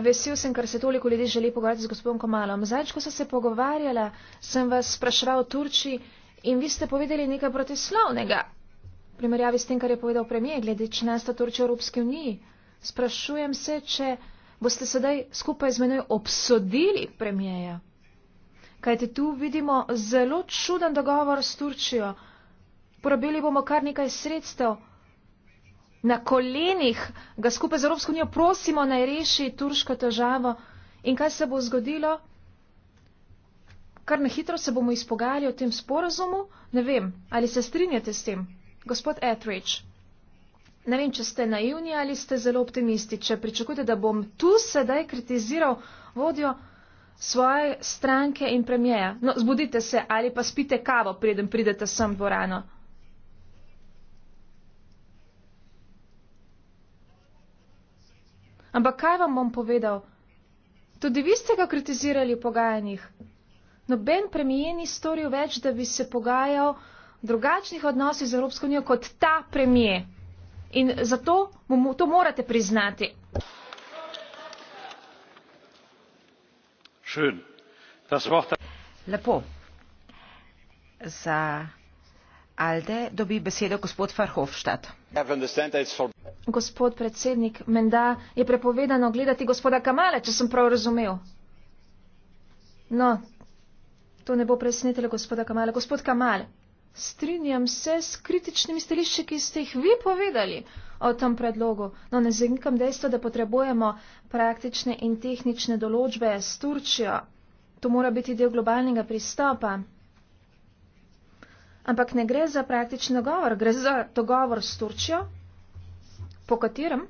vesel sem ker se toliko ljudi želi pogovarjati z gospodom kamalom. zadnjič ko sem se pogovarjala sem vas spraševal o turčiji in vi ste povedali nekaj protislovnega primerjavi s tem, kar je povedal premijer, glede članstva Turčije v Evropski uniji. Sprašujem se, če boste sedaj skupaj z menoj obsodili premijeja. Kajte tu vidimo zelo čuden dogovor s Turčijo. Porabili bomo kar nekaj sredstev. Na kolenih ga skupaj z Evropsko unijo prosimo, naj reši turško težavo. In kaj se bo zgodilo? Kar na hitro se bomo izpogajali o tem sporazumu. Ne vem, ali se strinjate s tem. Gospod Etheridge, ne vem, če ste naivni ali ste zelo optimisti, če pričakujete, da bom tu sedaj kritiziral vodjo svoje stranke in premijeja. No, zbudite se ali pa spite kavo, preden pridete sem dvorano. Ampak kaj vam bom povedal? Tudi vi ste ga kritizirali v pogajanjih. Noben premijer ni storil več, da bi se pogajal drugačnih odnosih z Evropsko unijo kot ta premije. In zato to morate priznati. Schön. Das Wort... Er- Lepo. Za Alde dobi besedo gospod Farhofstadt. For... Gospod predsednik, menda je prepovedano gledati gospoda Kamale, če sem prav razumel. No, to ne bo presenetilo gospoda Kamale. Gospod Kamale. Strinjam se s kritičnimi stališči, ki ste jih vi povedali o tem predlogu. No, ne zanikam dejstva, da potrebujemo praktične in tehnične določbe s Turčijo. To mora biti del globalnega pristopa. Ampak ne gre za praktičen dogovor, gre za dogovor s Turčijo, po katerem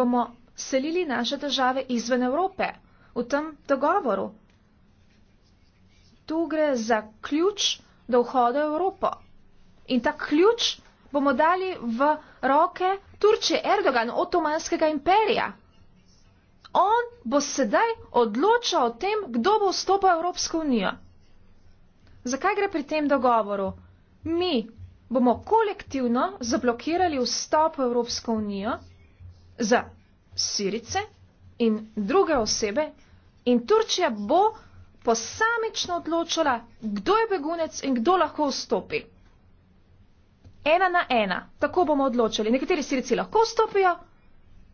bomo selili naše države izven Evrope v tem dogovoru. Tu gre za ključ do vhoda v Evropo. In ta ključ bomo dali v roke Turčije, Erdogan, Otomanskega imperija. On bo sedaj odločal o tem, kdo bo vstopil v Evropsko unijo. Zakaj gre pri tem dogovoru? Mi bomo kolektivno zablokirali vstop v Evropsko unijo za Sirice in druge osebe in Turčija bo posamično odločala, kdo je begunec in kdo lahko vstopi. Ena na ena, tako bomo odločali. Nekateri sirici lahko vstopijo,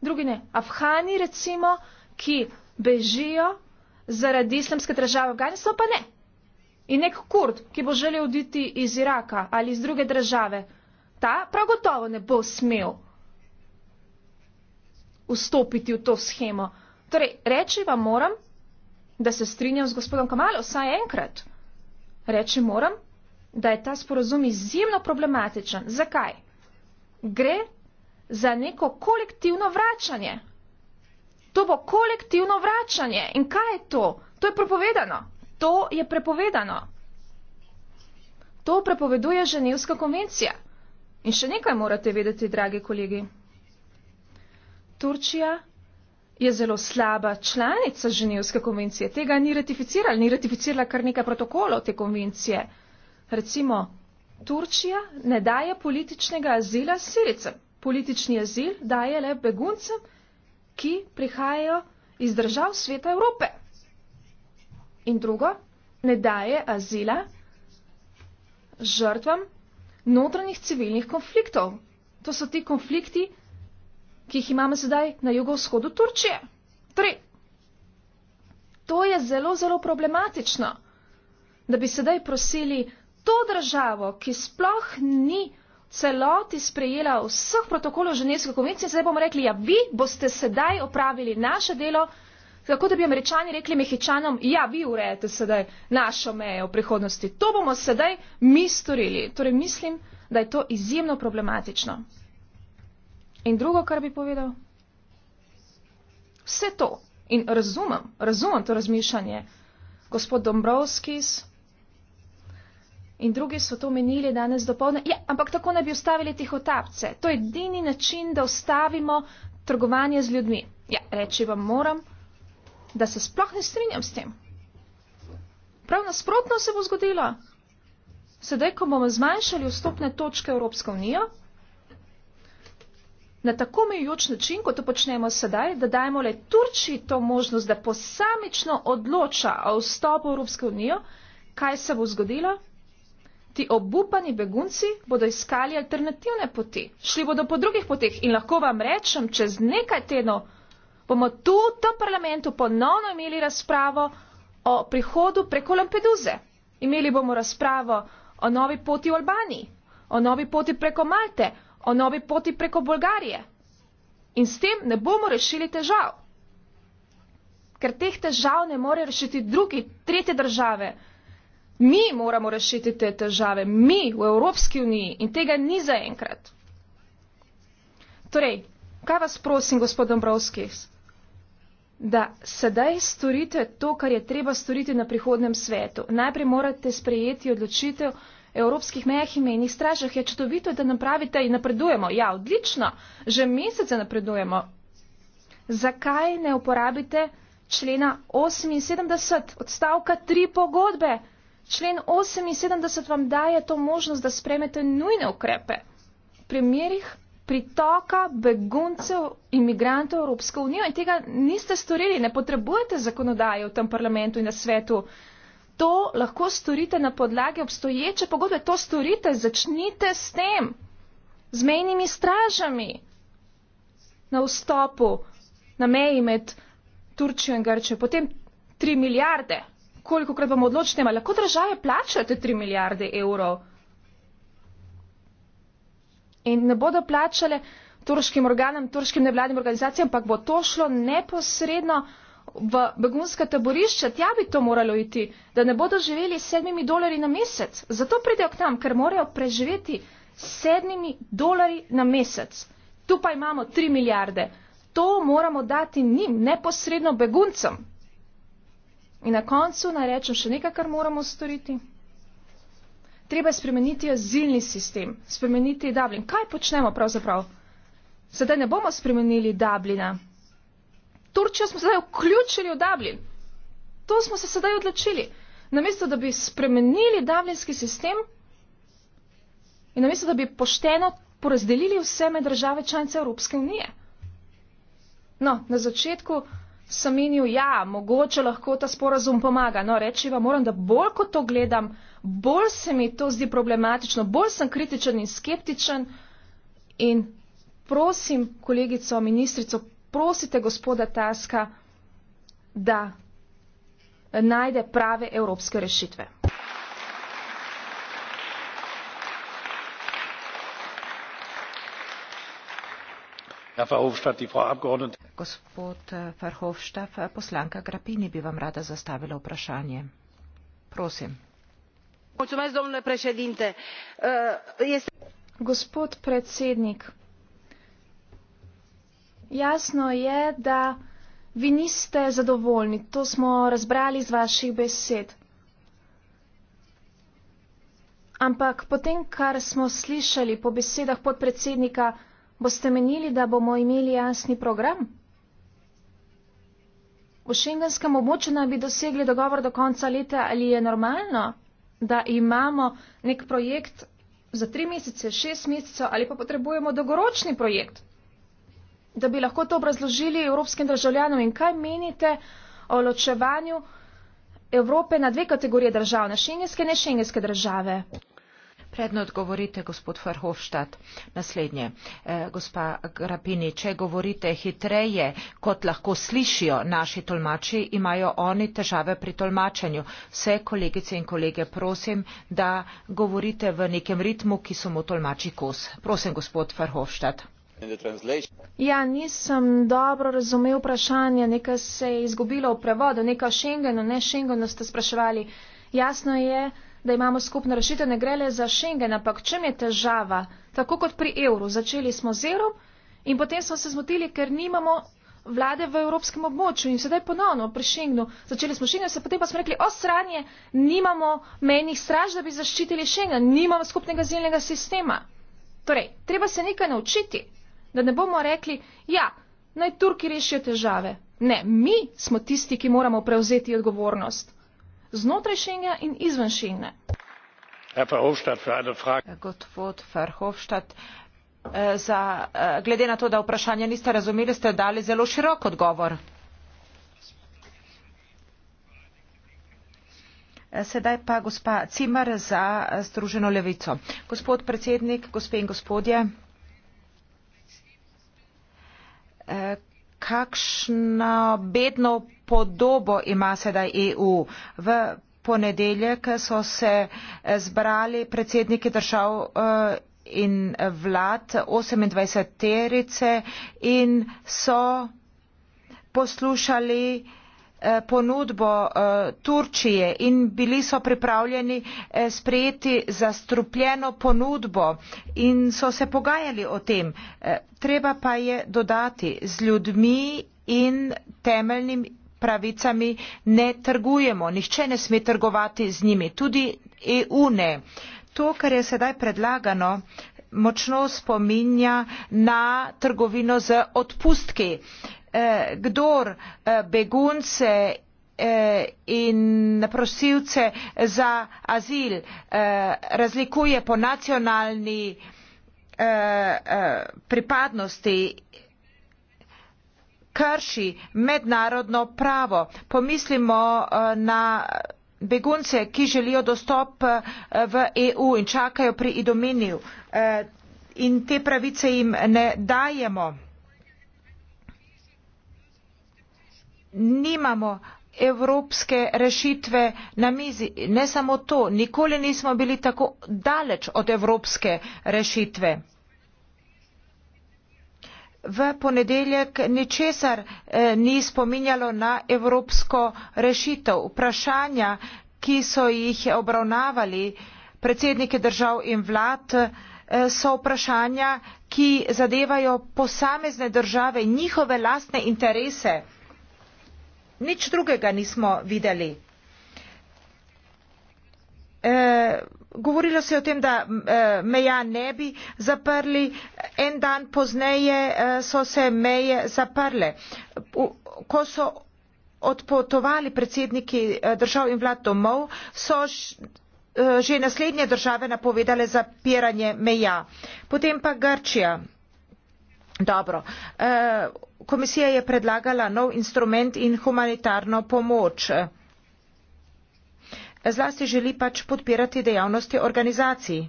drugi ne. Afhani, recimo, ki bežijo zaradi islamske države Afganistva, pa ne. In nek kurd, ki bo želel oditi iz Iraka ali iz druge države, ta prav gotovo ne bo smel vstopiti v to schemo. Torej, reči vam moram, da se strinjam z gospodom Kamalo, saj enkrat. Reči moram, da je ta sporozum izjemno problematičen. Zakaj? Gre za neko kolektivno vračanje. To bo kolektivno vračanje. In kaj je to? To je prepovedano. To je prepovedano. To prepoveduje Ženevska konvencija. In še nekaj morate vedeti, dragi kolegi. Turčija je zelo slaba članica Ženevske konvencije. Tega ni ratificirala, ni ratificirala kar nekaj protokolov te konvencije. Recimo, Turčija ne daje političnega azila siricam. Politični azil daje le beguncem, ki prihajajo iz držav sveta Evrope. In drugo, ne daje azila žrtvam notranjih civilnih konfliktov. To so ti konflikti, ki jih imamo sedaj na jugovzhodu Turčije. Tri. Torej, to je zelo, zelo problematično, da bi sedaj prosili to državo, ki sploh ni celoti sprejela vseh protokolov ženevske konvencije, zdaj bomo rekli, ja, vi boste sedaj opravili naše delo, tako da bi američani rekli mehičanom, ja, vi urejete sedaj našo mejo v prihodnosti. To bomo sedaj mi storili. Torej mislim, da je to izjemno problematično. In drugo, kar bi povedal, vse to in razumem, razumem to razmišljanje. Gospod Dombrovskis in drugi so to menili danes dopolne. Ja, ampak tako ne bi ustavili tih otapce. To je edini način, da ustavimo trgovanje z ljudmi. Ja, reči vam moram, da se sploh ne strinjam s tem. Prav nasprotno se bo zgodilo. Sedaj, ko bomo zmanjšali vstopne točke Evropske unije, na tako mejujoč način, kot to počnemo sedaj, da dajemo le Turčiji to možnost, da posamično odloča o vstopu v Evropsko unijo, kaj se bo zgodilo? Ti obupani begunci bodo iskali alternativne poti, šli bodo po drugih poteh in lahko vam rečem, čez nekaj tedno bomo tu v tem parlamentu ponovno imeli razpravo o prihodu preko Lampeduze. Imeli bomo razpravo o novi poti v Albaniji, o novi poti preko Malte, o novi poti preko Bolgarije. In s tem ne bomo rešili težav. Ker teh težav ne more rešiti drugi, tretje države. Mi moramo rešiti te težave, mi v Evropski uniji in tega ni zaenkrat. Torej, kaj vas prosim, gospod Dombrovski, da sedaj storite to, kar je treba storiti na prihodnem svetu. Najprej morate sprejeti odločitev, evropskih mejah in mejnih stražah, je čudovito, da nam pravite in napredujemo. Ja, odlično, že mesece napredujemo. Zakaj ne uporabite člena 78 odstavka 3 pogodbe? Člen 78 vam daje to možnost, da spremete nujne ukrepe. V primerih pritoka beguncev in imigrantov v Evropsko unijo in tega niste storili, ne potrebujete zakonodaje v tem parlamentu in na svetu to lahko storite na podlagi obstoječe pogodbe, to storite, začnite s tem, z mejnimi stražami na vstopu, na meji med Turčijo in Grčijo, potem 3 milijarde, koliko krat bomo odločili, ali lahko države plačajo te 3 milijarde evrov. In ne bodo plačale turškim organom, turškim nevladnim organizacijam, ampak bo to šlo neposredno v begunska taborišča, tja bi to moralo iti, da ne bodo živeli s sedmimi dolari na mesec. Zato pridejo k nam, ker morajo preživeti s sedmimi dolari na mesec. Tu pa imamo tri milijarde. To moramo dati njim, neposredno beguncem. In na koncu naj rečem še nekaj, kar moramo storiti. Treba je spremeniti azilni sistem, spremeniti Dublin. Kaj počnemo pravzaprav? Sedaj ne bomo spremenili Dublina, Turčijo smo sedaj vključili v Dublin. To smo se sedaj odločili. Namesto, da bi spremenili davljenski sistem in namesto, da bi pošteno porazdelili vse med države članice Evropske unije. No, na začetku sem menil, ja, mogoče lahko ta sporazum pomaga. No, reči vam moram, da bolj ko to gledam, bolj se mi to zdi problematično, bolj sem kritičen in skeptičen in prosim kolegico ministrico, prosite gospoda Taska, da najde prave evropske rešitve. Gospod Farhofštaf, eh, eh, poslanka Grapini bi vam rada zastavila vprašanje. Prosim. Eh, Gospod predsednik, Jasno je, da vi niste zadovoljni. To smo razbrali iz vaših besed. Ampak potem, kar smo slišali po besedah podpredsednika, boste menili, da bomo imeli jasni program? V šengenskem območju naj bi dosegli dogovor do konca leta, ali je normalno, da imamo nek projekt za tri mesece, šest mesecev ali pa potrebujemo dolgoročni projekt da bi lahko to obrazložili evropskim državljanom in kaj menite o ločevanju Evrope na dve kategorije držav, na šengenske in nešengenske države. Predno odgovorite, gospod Farhofštad, naslednje. E, gospa Grapini, če govorite hitreje, kot lahko slišijo naši tolmači, imajo oni težave pri tolmačenju. Vse kolegice in kolege prosim, da govorite v nekem ritmu, ki so mu tolmači kos. Prosim, gospod Farhofštad. Ja, nisem dobro razumel vprašanje, nekaj se je izgubilo v prevodu, nekaj o Schengenu, ne Schengenu ste spraševali. Jasno je, da imamo skupno rešitev, ne gre le za Schengen, ampak čem je težava? Tako kot pri evru, začeli smo z evrom in potem smo se zmotili, ker nimamo vlade v evropskem območju in sedaj ponovno pri Schengenu. Začeli smo Schengen, se potem pa smo rekli, o sranje, nimamo menih straž, da bi zaščitili Schengen, nimamo skupnega zilnega sistema. Torej, treba se nekaj naučiti da ne bomo rekli, ja, naj Turki rešijo težave. Ne, mi smo tisti, ki moramo prevzeti odgovornost. Znotraj šenja in izven šenja. Gospod Verhofstadt, eh, za, eh, glede na to, da vprašanje niste razumeli, ste dali zelo širok odgovor. Eh, sedaj pa gospa Cimer za Združeno levico. Gospod predsednik, gospe in gospodje kakšno bedno podobo ima sedaj EU. V ponedeljek so se eh, zbrali predsedniki držav eh, in vlad 28 terice in so poslušali Eh, ponudbo eh, turčije in bili so pripravljeni eh, sprejeti zastrupljeno ponudbo in so se pogajali o tem. Treba pa je dodati, z ljudmi in temeljnim pravicami ne trgujemo, nihče ne sme trgovati z njimi, tudi EU ne. To, kar je sedaj predlagano, močno spominja na trgovino z odpustki. Eh, Eh, kdor eh, begunce eh, in prosilce za azil razlikuje po nacionalni pripadnosti krši mednarodno pravo. Pomislimo na begunce, ki želijo dostop v EU in čakajo pri idominiju in te pravice jim ne dajemo. nimamo evropske rešitve na mizi. Ne samo to, nikoli nismo bili tako daleč od evropske rešitve. V ponedeljek ničesar eh, ni spominjalo na evropsko rešitev. Vprašanja, ki so jih obravnavali predsednike držav in vlad, eh, so vprašanja, ki zadevajo posamezne države in njihove lastne interese nič drugega nismo videli. E, govorilo se je o tem, da e, meja ne bi zaprli, en dan pozneje e, so se meje zaprle. U, ko so odpotovali predsedniki e, držav in vlad domov, so š, e, že naslednje države napovedale zapiranje meja. Potem pa Grčija. Dobro. E, komisija je predlagala nov instrument in humanitarno pomoč zlasti želi pač podpirati dejavnosti organizacij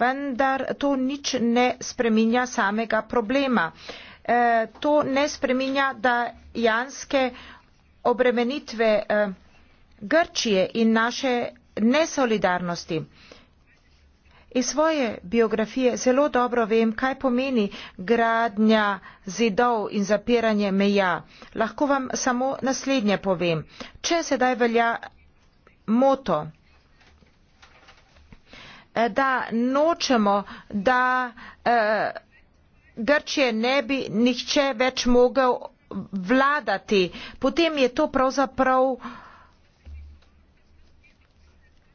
vendar to nič ne spreminja samega problema e, to ne spreminja da janske obremenitve e, grčije in naše nesolidarnosti Iz svoje biografije zelo dobro vem, kaj pomeni gradnja zidov in zapiranje meja. Lahko vam samo naslednje povem. Če sedaj velja moto, eh, da nočemo, da eh, Grčije ne bi nihče več mogel vladati, potem je to pravzaprav.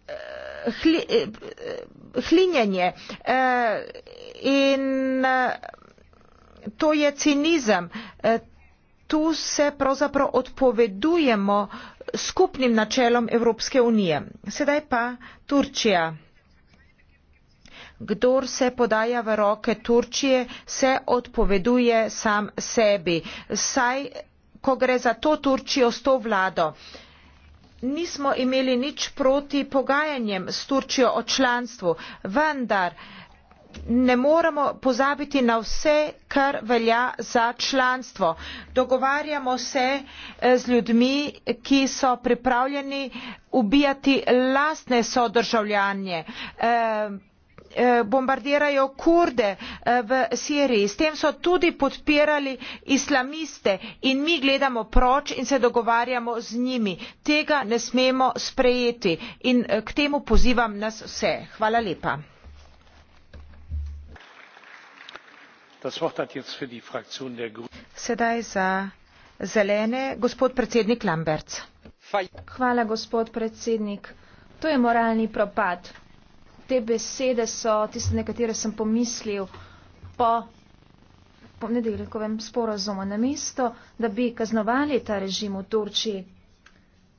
Eh, hli, eh, hlinjenje. E, in e, to je cinizem. E, tu se pravzaprav odpovedujemo skupnim načelom Evropske unije. Sedaj pa Turčija. Kdor se podaja v roke Turčije, se odpoveduje sam sebi. Saj, ko gre za to Turčijo s to vlado. Uh, nismo imeli nič proti pogajanjem s Turčijo o članstvu, vendar ne moremo pozabiti na vse, kar velja za članstvo. Dogovarjamo se eh, z ljudmi, ki so pripravljeni ubijati lastne sodržavljanje. E, Eh, bombardirajo kurde eh, v siriji s tem so tudi podpirali islamiste in mi gledamo proč in se dogovarjamo z njimi tega ne smemo sprejeti in eh, k temu pozivam nas vse hvala lepa Sedaj za zelene, gospod predsednik Lamberts. Hvala, gospod predsednik. To je moralni propad te besede so tiste, na katere sem pomislil po, po nedeljkovem sporazumu. Na mesto, da bi kaznovali ta režim v Turčiji,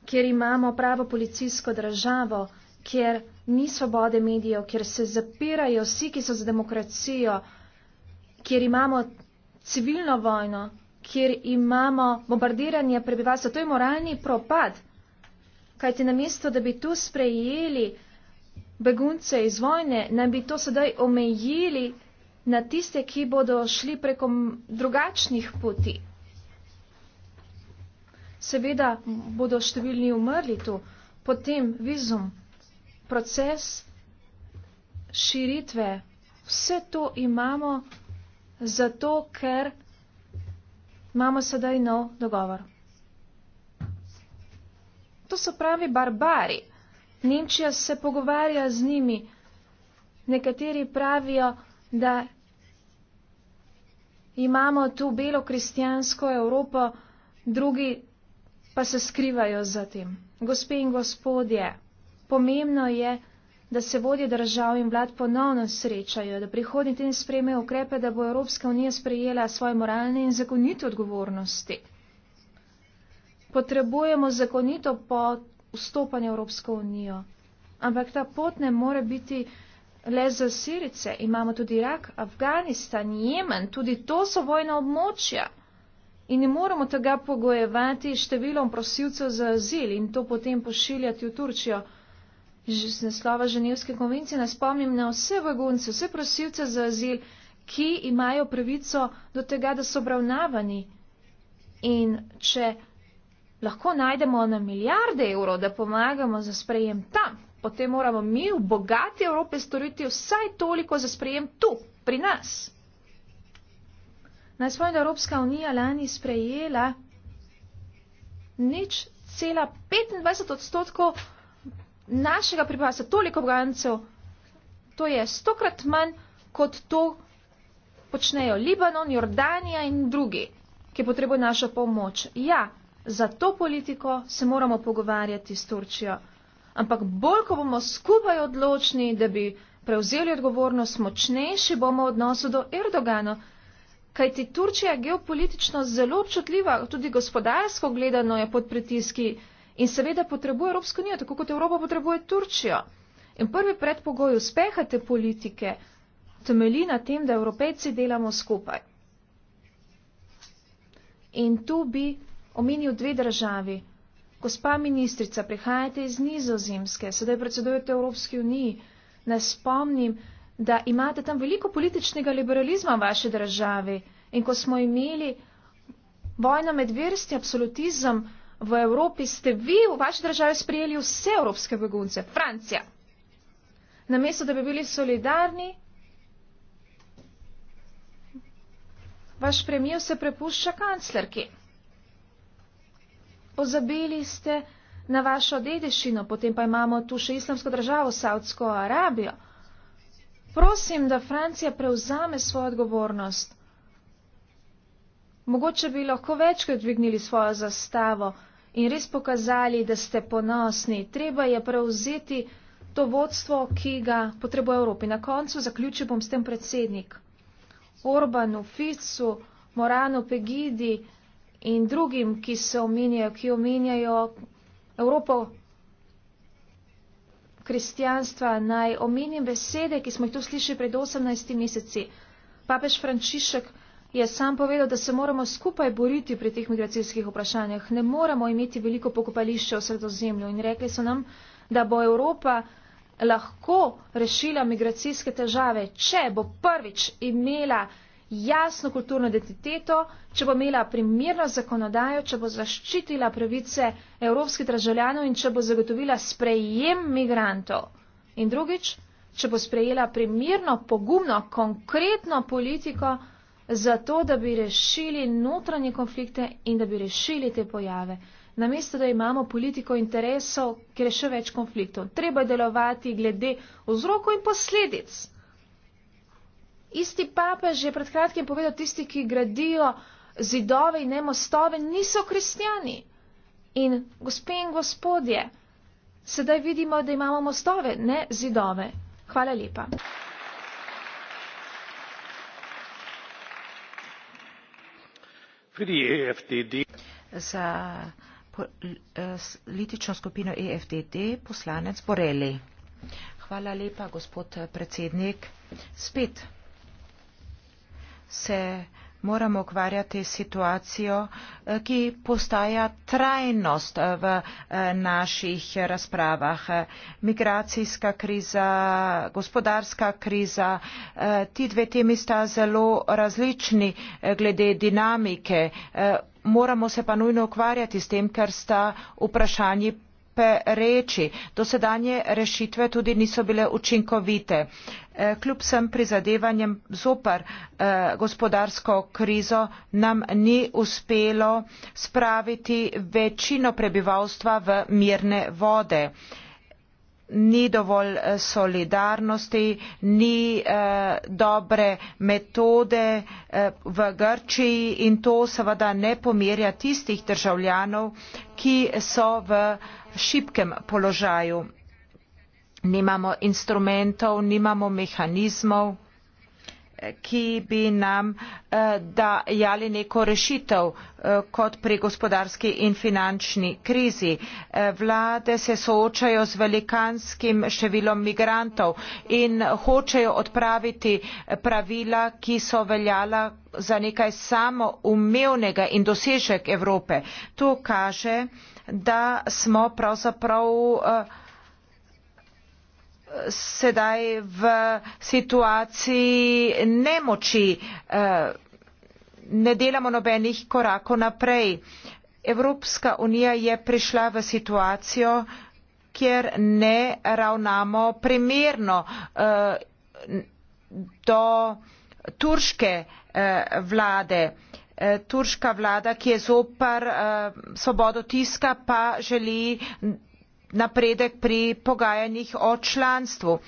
kjer imamo pravo policijsko državo, kjer ni svobode medijev, kjer se zapirajo vsi, ki so za demokracijo, kjer imamo civilno vojno, kjer imamo bombardiranje prebivalstva. To je moralni propad. Kajti namesto, da bi tu sprejeli begunce iz vojne, naj bi to sedaj omejili na tiste, ki bodo šli preko drugačnih poti. Seveda bodo številni umrli tu, potem vizum, proces širitve, vse to imamo zato, ker imamo sedaj nov dogovor. To so pravi barbari. Nemčija se pogovarja z njimi. Nekateri pravijo, da imamo tu belo kristijansko Evropo, drugi pa se skrivajo za tem. Gospe in gospodje, pomembno je, da se vodje držav in vlad ponovno srečajo, da prihodnji teden sprejmejo ukrepe, da bo Evropska unija sprejela svoje moralne in zakonite odgovornosti. Potrebujemo zakonito pot vstopanje v Evropsko unijo. Ampak ta pot ne more biti le za Sirice. Imamo tudi Irak, Afganistan, Jemen, tudi to so vojna območja. In ne moramo tega pogojevati številom prosilcev za azil in to potem pošiljati v Turčijo. Že z naslova Ženevske konvencije nas spomnim na vse vagonce, vse prosilce za azil, ki imajo pravico do tega, da so obravnavani. In če lahko najdemo na milijarde evrov, da pomagamo za sprejem tam, potem moramo mi v bogati Evropi storiti vsaj toliko za sprejem tu, pri nas. Naj spomnim, da Evropska unija lani sprejela nič cela 25 odstotkov našega pripasa, toliko bogancev, to je stokrat manj, kot to počnejo Libanon, Jordanija in drugi, ki potrebujejo našo pomoč. Ja, Za to politiko se moramo pogovarjati s Turčijo. Ampak bolj, ko bomo skupaj odločni, da bi prevzeli odgovornost, močnejši bomo v odnosu do Erdogana. Kajti Turčija je geopolitično zelo občutljiva, tudi gospodarsko gledano je pod pritiski in seveda potrebuje Evropsko unijo, tako kot Evropa potrebuje Turčijo. In prvi predpogoj uspeha te politike temelji na tem, da evropejci delamo skupaj. In tu bi omenil dve državi. Gospa ministrica, prihajate iz nizozemske, sedaj predsedujete Evropski uniji. Ne spomnim, da imate tam veliko političnega liberalizma v vaši državi. In ko smo imeli vojno med versti, absolutizem v Evropi, ste vi v vaši državi sprijeli vse evropske begunce. Francija. Namesto, da bi bili solidarni, vaš premijev se prepušča kanclerki pozabili ste na vašo dediščino, potem pa imamo tu še islamsko državo, Saudsko Arabijo. Prosim, da Francija prevzame svojo odgovornost. Mogoče bi lahko večkrat dvignili svojo zastavo in res pokazali, da ste ponosni. Treba je prevzeti to vodstvo, ki ga potrebuje Evropi. Na koncu zaključil bom s tem predsednik. Orbanu, Ficu, Moranu, Pegidi, in drugim, ki se omenjajo, ki omenjajo Evropo kristijanstva, naj omenim besede, ki smo jih tu slišali pred 18 meseci. Papež Frančišek je sam povedal, da se moramo skupaj boriti pri teh migracijskih vprašanjah. Ne moramo imeti veliko pokopališče v sredozemlju. In rekli so nam, da bo Evropa lahko rešila migracijske težave, če bo prvič imela jasno kulturno identiteto, če bo imela primerno zakonodajo, če bo zaščitila pravice evropskih državljanov in če bo zagotovila sprejem migrantov. In drugič, če bo sprejela primerno, pogumno, konkretno politiko za to, da bi rešili notranje konflikte in da bi rešili te pojave. Namesto, da imamo politiko interesov, ker je še več konfliktov. Treba je delovati glede vzrokov in posledic. Isti papež je pred kratkim povedal, tisti, ki gradijo zidove in ne mostove, niso kristijani. In gospe in gospodje, sedaj vidimo, da imamo mostove, ne zidove. Hvala lepa. E Za politično eh, skupino EFDD poslanec Boreli. Hvala lepa, gospod eh, predsednik. Spet se moramo ukvarjati s situacijo, eh, ki postaja trajnost eh, v eh, naših razpravah. Migracijska kriza, gospodarska kriza, ti dve temi sta zelo različni glede dinamike. Moramo se pa nujno ukvarjati s tem, ker sta vprašanji lepe reči. Dosedanje rešitve tudi niso bile učinkovite. E, kljub vsem prizadevanjem zopr e, gospodarsko krizo nam ni uspelo spraviti večino prebivalstva v mirne vode ni dovolj eh, solidarnosti ni eh, dobre metode eh, v grčiji in to seveda ne pomirja tistih državljanov ki so v šibkem položaju nimamo instrumentov nimamo mehanizmov ki bi nam eh, dajali neko rešitev eh, kot pri gospodarski in finančni krizi. Eh, vlade se soočajo z velikanskim številom migrantov in hočejo odpraviti pravila, ki so veljala za nekaj samoumevnega in dosežek Evrope. To kaže, da smo pravzaprav uh, sedaj v situaciji nemoči. Eh, ne delamo nobenih korakov naprej. Evropska unija je prišla v situacijo, kjer ne ravnamo primerno eh, do turške eh, vlade. Turška vlada, ki je zopr svobodo tiska, pa želi napredek pri pogajanjih o članstvu.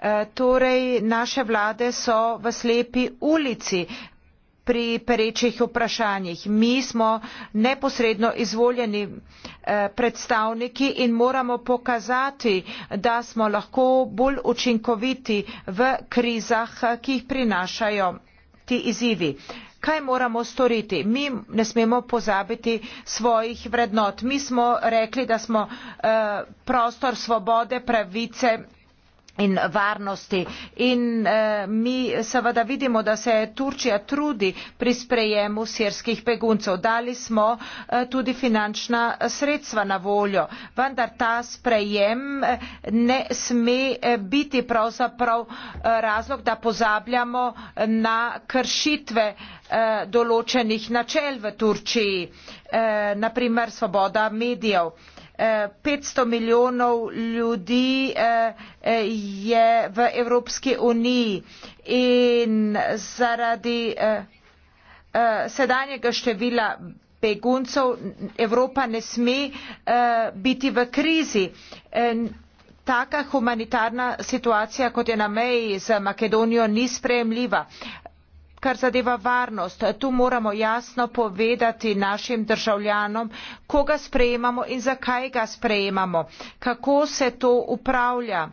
E, torej naše vlade so v slepi ulici pri perečih vprašanjih. Mi smo neposredno izvoljeni e, predstavniki in moramo pokazati, da smo lahko bolj učinkoviti v krizah, ki jih prinašajo ti izzivi kaj moramo storiti. Mi ne smemo pozabiti svojih vrednot. Mi smo rekli, da smo uh, prostor svobode, pravice in varnosti in eh, mi seveda vidimo, da se Turčija trudi pri sprejemu sirskih beguncev. Dali smo eh, tudi finančna sredstva na voljo, vendar ta sprejem eh, ne sme biti pravzaprav razlog, da pozabljamo na kršitve določenih načel v Turčiji, naprimer svoboda medijev petsto milijonov ljudi eh, eh, je v Evropski uniji in zaradi eh, sedanjega števila beguncev Evropa ne sme biti v krizi. Taka humanitarna situacija, kot je na meji z Makedonijo, ni sprejemljiva kar zadeva varnost tu moramo jasno povedati našim državljanom koga sprejemamo in zakaj ga sprejemamo kako se to upravlja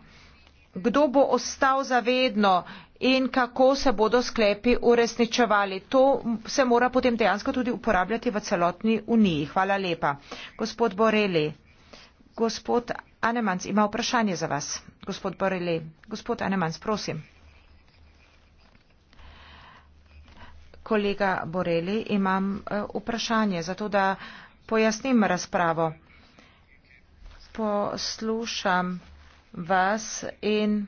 kdo bo ostal zavedno in kako se bodo sklepi uresničevali. To se mora potem dejansko tudi uporabljati v celotni uniji. Hvala lepa. Gospod Boreli, gospod Anemans ima vprašanje za vas. Gospod Boreli, gospod Anemans, prosim. Kolega Boreli, imam eh, vprašanje, zato da pojasnim razpravo. Poslušam vas in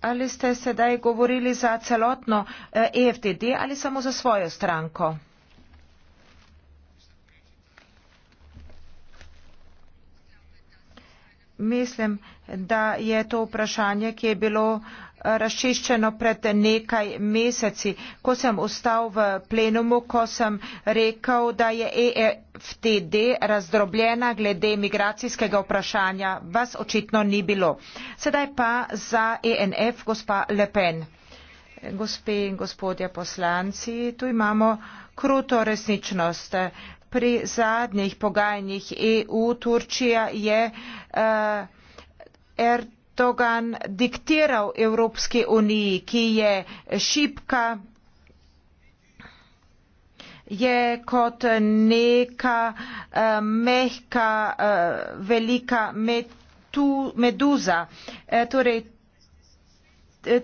ali ste sedaj govorili za celotno EFTD eh, e ali samo za svojo stranko? mislim, da je to vprašanje, ki je bilo eh, razčiščeno pred nekaj meseci, ko sem ustal v plenumu, ko sem rekel, da je EFTD razdrobljena glede migracijskega vprašanja. Vas očitno ni bilo. Sedaj pa za ENF, gospa Le Pen. Gospe in gospodje poslanci, tu imamo kruto resničnost pri zadnjih pogajanjih EU Turčija je uh, Erdogan diktiral Evropski uniji, ki je šipka, je kot neka uh, mehka, uh, velika metu, meduza. Uh, torej,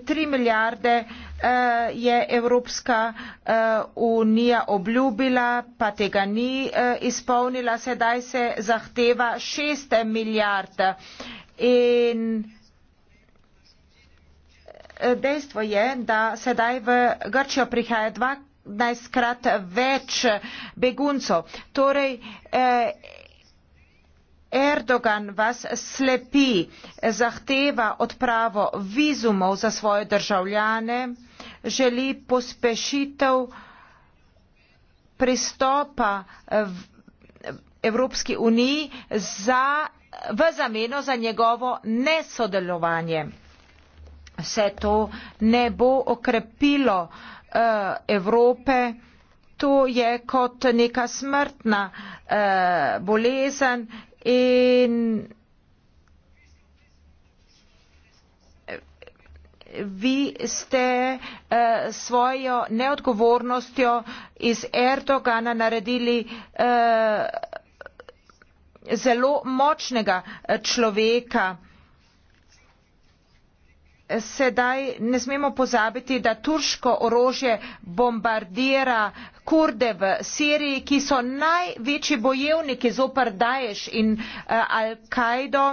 tri milijarde eh, je Evropska eh, unija obljubila, pa tega ni eh, izpolnila, sedaj se zahteva šeste milijarde. In dejstvo je, da sedaj v Grčijo prihaja dvanajstkrat več beguncov. Torej, erdogan vas slepi zahteva odpravo vizumov za svoje državljane želi pospešitev pristopa evropski uniji za, v zameno za njegovo nesodelovanje vse to ne bo okrepilo eh, Evrope, to je kot neka smrtna eh, bolezen, in vi ste eh, svojo neodgovornostjo iz Erdogana naredili eh, zelo močnega eh, človeka sedaj ne smemo pozabiti, da turško orožje bombardira kurde v Siriji, ki so največji bojevniki zoper Daesh in eh, Al-Kaido.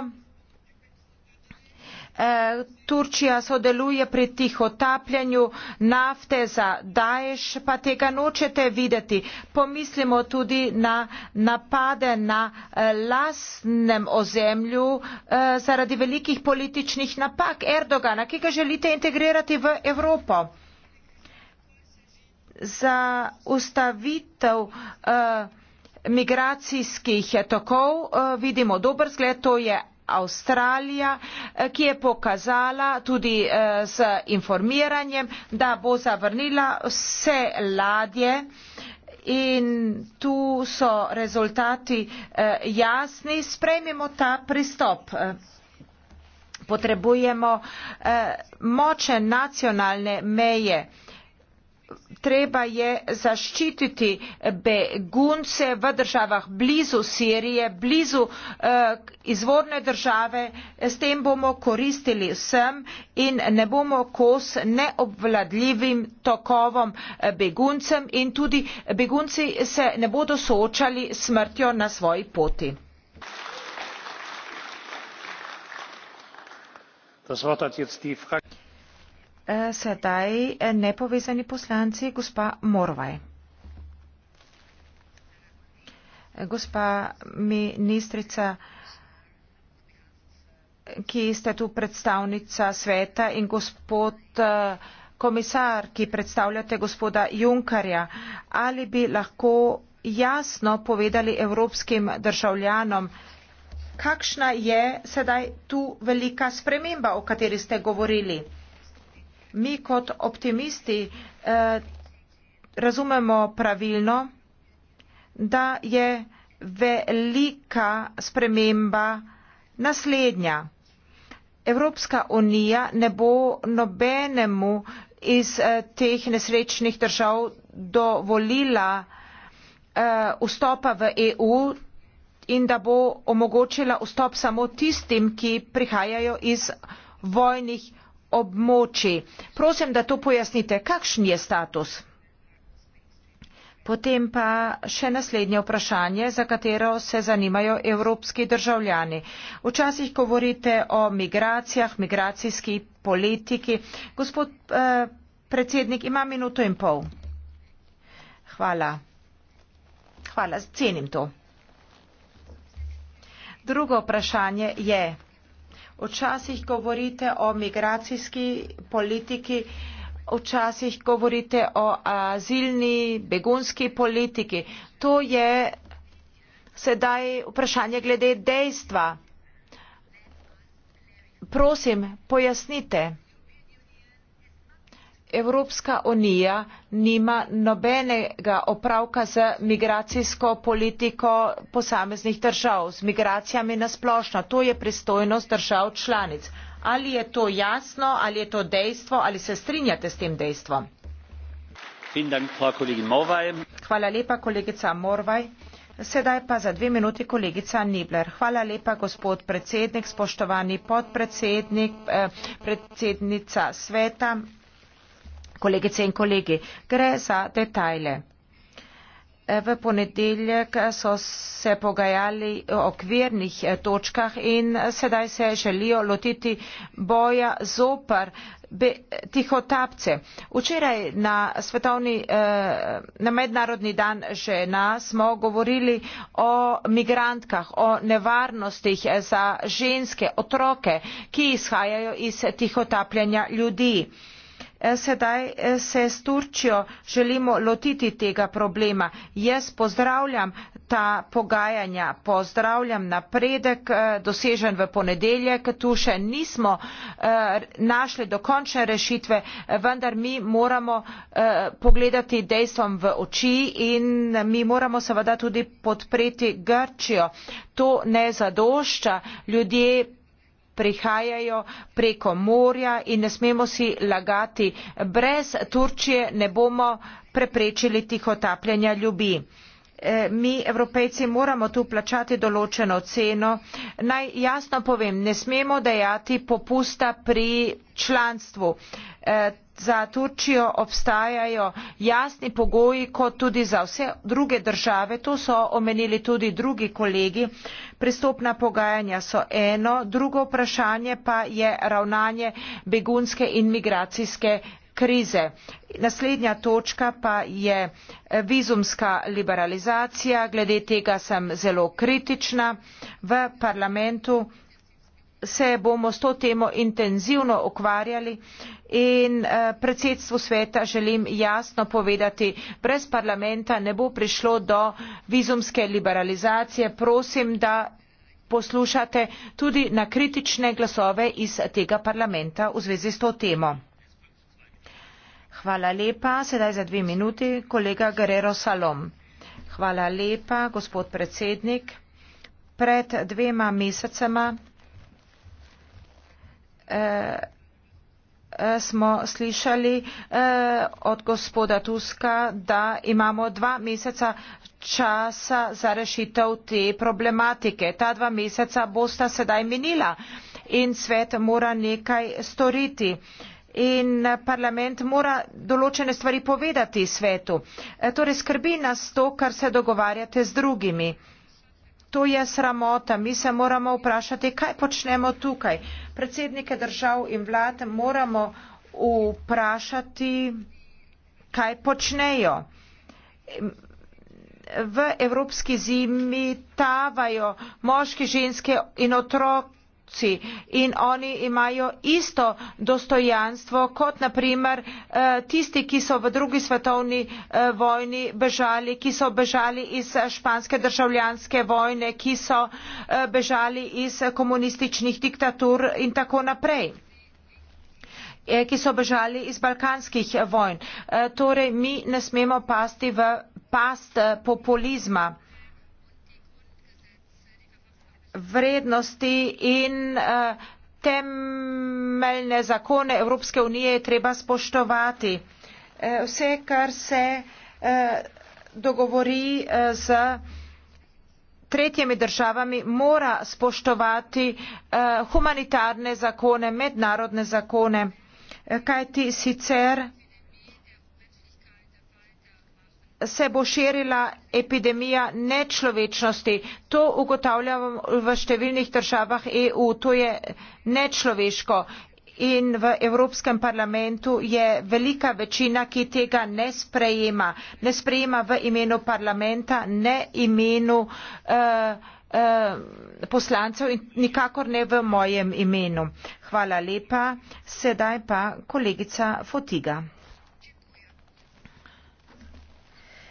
Eh, turčija sodeluje pri tihotapljanju nafte za daješ pa tega nočete videti pomislimo tudi na napade na eh, lastnem ozemlju eh, zaradi velikih političnih napak erdogana ki ga želite integrirati v evropo za ustavitev migracijskih tokov vidimo dober zgled to je avstralija eh, ki je pokazala tudi eh, z informiranjem da bo zavrnila vse ladje in tu so rezultati eh, jasni sprejmimo ta pristop potrebujemo močne nacionalne meje treba je zaščititi begunce v državah blizu Sirije, blizu eh, izvorne države, s tem bomo koristili vsem in ne bomo kos neobvladljivim tokovom eh, beguncem in tudi begunci se ne bodo soočali s smrtjo na svoji poti. E, sedaj e, nepovezani poslanci, gospa Morvaj. Gospa ministrica, ki ste tu predstavnica sveta in gospod e, komisar, ki predstavljate gospoda Junkarja, ali bi lahko jasno povedali evropskim državljanom, kakšna je sedaj tu velika sprememba, o kateri ste govorili? mi kot optimisti eh, razumemo pravilno, da je velika sprememba naslednja. Evropska unija ne bo nobenemu iz eh, teh nesrečnih držav dovolila eh, vstopa v EU in da bo omogočila vstop samo tistim, ki prihajajo iz vojnih območij. Prosim, da to pojasnite, kakšen je status. Potem pa še naslednje vprašanje, za katero se zanimajo evropski državljani. Včasih govorite o migracijah, migracijski politiki. Gospod eh, predsednik, ima minuto in pol. Hvala. Hvala, cenim to. Drugo vprašanje je, Včasih govorite o migracijski politiki, včasih govorite o azilni, begunski politiki. To je sedaj vprašanje glede dejstva. Prosim, pojasnite evropska unija nima nobenega opravka z migracijsko politiko posameznih držav z migracijami na splošno to je pristojnost držav članic ali je to jasno ali je to dejstvo ali se strinjate s tem dejstvom hvala lepa kolegica morvai sedaj pa za dve minuti kolegica nibler hvala lepa gospod predsednik spoštovani podpredsednik eh, predsednica sveta kolegice in kolegi, gre za detajle. V ponedeljek so se pogajali o okvirnih eh, točkah in eh, sedaj se želijo lotiti boja zopr tihotapce. Včeraj na, svetovni, eh, na mednarodni dan žena smo govorili o migrantkah, o nevarnostih za ženske otroke, ki izhajajo iz tihotapljanja ljudi. Eh, sedaj eh, se s turčijo želimo lotiti tega problema jaz pozdravljam ta pogajanja pozdravljam napredek eh, dosežen v ponedeljek tu še nismo našli dokončne rešitve vendar mi moramo pogledati dejstvom v oči in mi moramo seveda tudi podpreti grčijo to ne zadošča ljudje prihajajo preko morja in ne smemo si lagati, brez Turčije ne bomo preprečili tihotapljenja ljubi. E, mi, evropejci, moramo tu plačati določeno ceno. Naj jasno povem, ne smemo dajati popusta pri članstvu. E, za turčijo obstajajo jasni pogoji kot tudi za vse druge države to so omenili tudi drugi kolegi pristopna pogajanja so eno drugo vprašanje pa je ravnanje begunske in migracijske krize naslednja točka pa je eh, vizumska liberalizacija glede tega sem zelo kritična v parlamentu se bomo s to temo intenzivno ukvarjali in eh, predsedstvu sveta želim jasno povedati, brez parlamenta ne bo prišlo do vizumske liberalizacije. Prosim, da poslušate tudi na kritične glasove iz tega parlamenta v zvezi s to temo. Hvala lepa. Sedaj za dve minuti kolega Guerrero Salom. Hvala lepa, gospod predsednik. Pred dvema mesecema Eh, eh, smo slišali eh, od gospoda Tuska, da imamo dva meseca časa za rešitev te problematike. Ta dva meseca bosta sedaj minila in svet mora nekaj storiti. In parlament mora določene stvari povedati svetu. Torej skrbi nas to, kar se dogovarjate z drugimi. To je sramota. Mi se moramo vprašati, kaj počnemo tukaj. Predsednike držav in vlad moramo vprašati, kaj počnejo. V evropski zimi tavajo moški, ženske in otroci otroci in oni imajo isto dostojanstvo kot na primer eh, tisti, ki so v drugi svetovni eh, vojni bežali, ki so bežali iz eh, španske državljanske vojne, ki so bežali iz komunističnih diktatur in tako naprej ki so bežali iz balkanskih vojn. Torej, mi ne smemo pasti v past populizma vrednosti in eh, temeljne zakone Evropske unije je treba spoštovati. Eh, vse, kar se eh, dogovori z tretjimi državami, mora spoštovati humanitarne zakone, mednarodne zakone, kajti sicer se bo širila epidemija nečlovečnosti to ugotavljamo v številnih državah eu to je nečloveško in v evropskem parlamentu je velika večina ki tega ne sprejema ne sprejema v imenu parlamenta ne imenu uh, uh, poslancev in nikakor ne v mojem imenu hvala lepa sedaj pa kolegica fotiga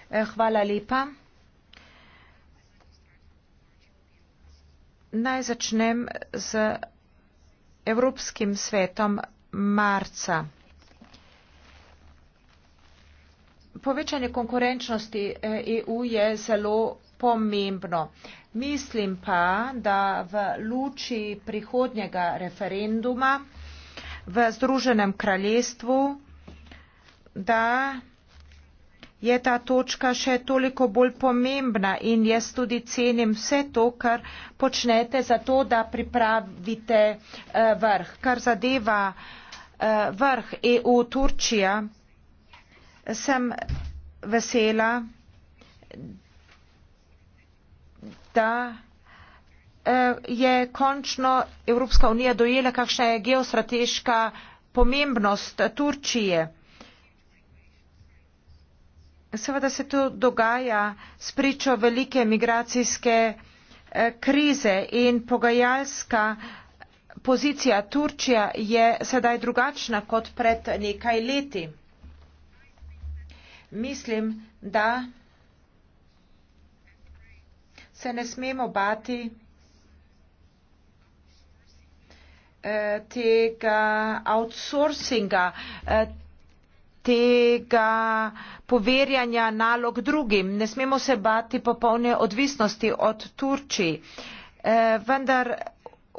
Eh, hvala lepa. Naj začnem z Evropskim svetom marca. Povečanje konkurenčnosti EU eh, e je zelo pomembno. Mislim pa, da v luči prihodnjega referenduma v Združenem kraljestvu, da je ta točka še toliko bolj pomembna in jaz tudi cenim vse to, kar počnete za to, da pripravite eh, vrh. Kar zadeva eh, vrh EU Turčija, sem vesela, da eh, je končno Evropska unija dojela, kakšna je geostrateška pomembnost Turčije. Seveda se to dogaja s pričo velike migracijske eh, krize in pogajalska eh, pozicija Turčija je sedaj drugačna kot pred nekaj leti. Mislim, da se ne smemo bati eh, tega outsourcinga, tega poverjanja nalog drugim. Ne smemo se bati popolne odvisnosti od Turčije. Eh, vendar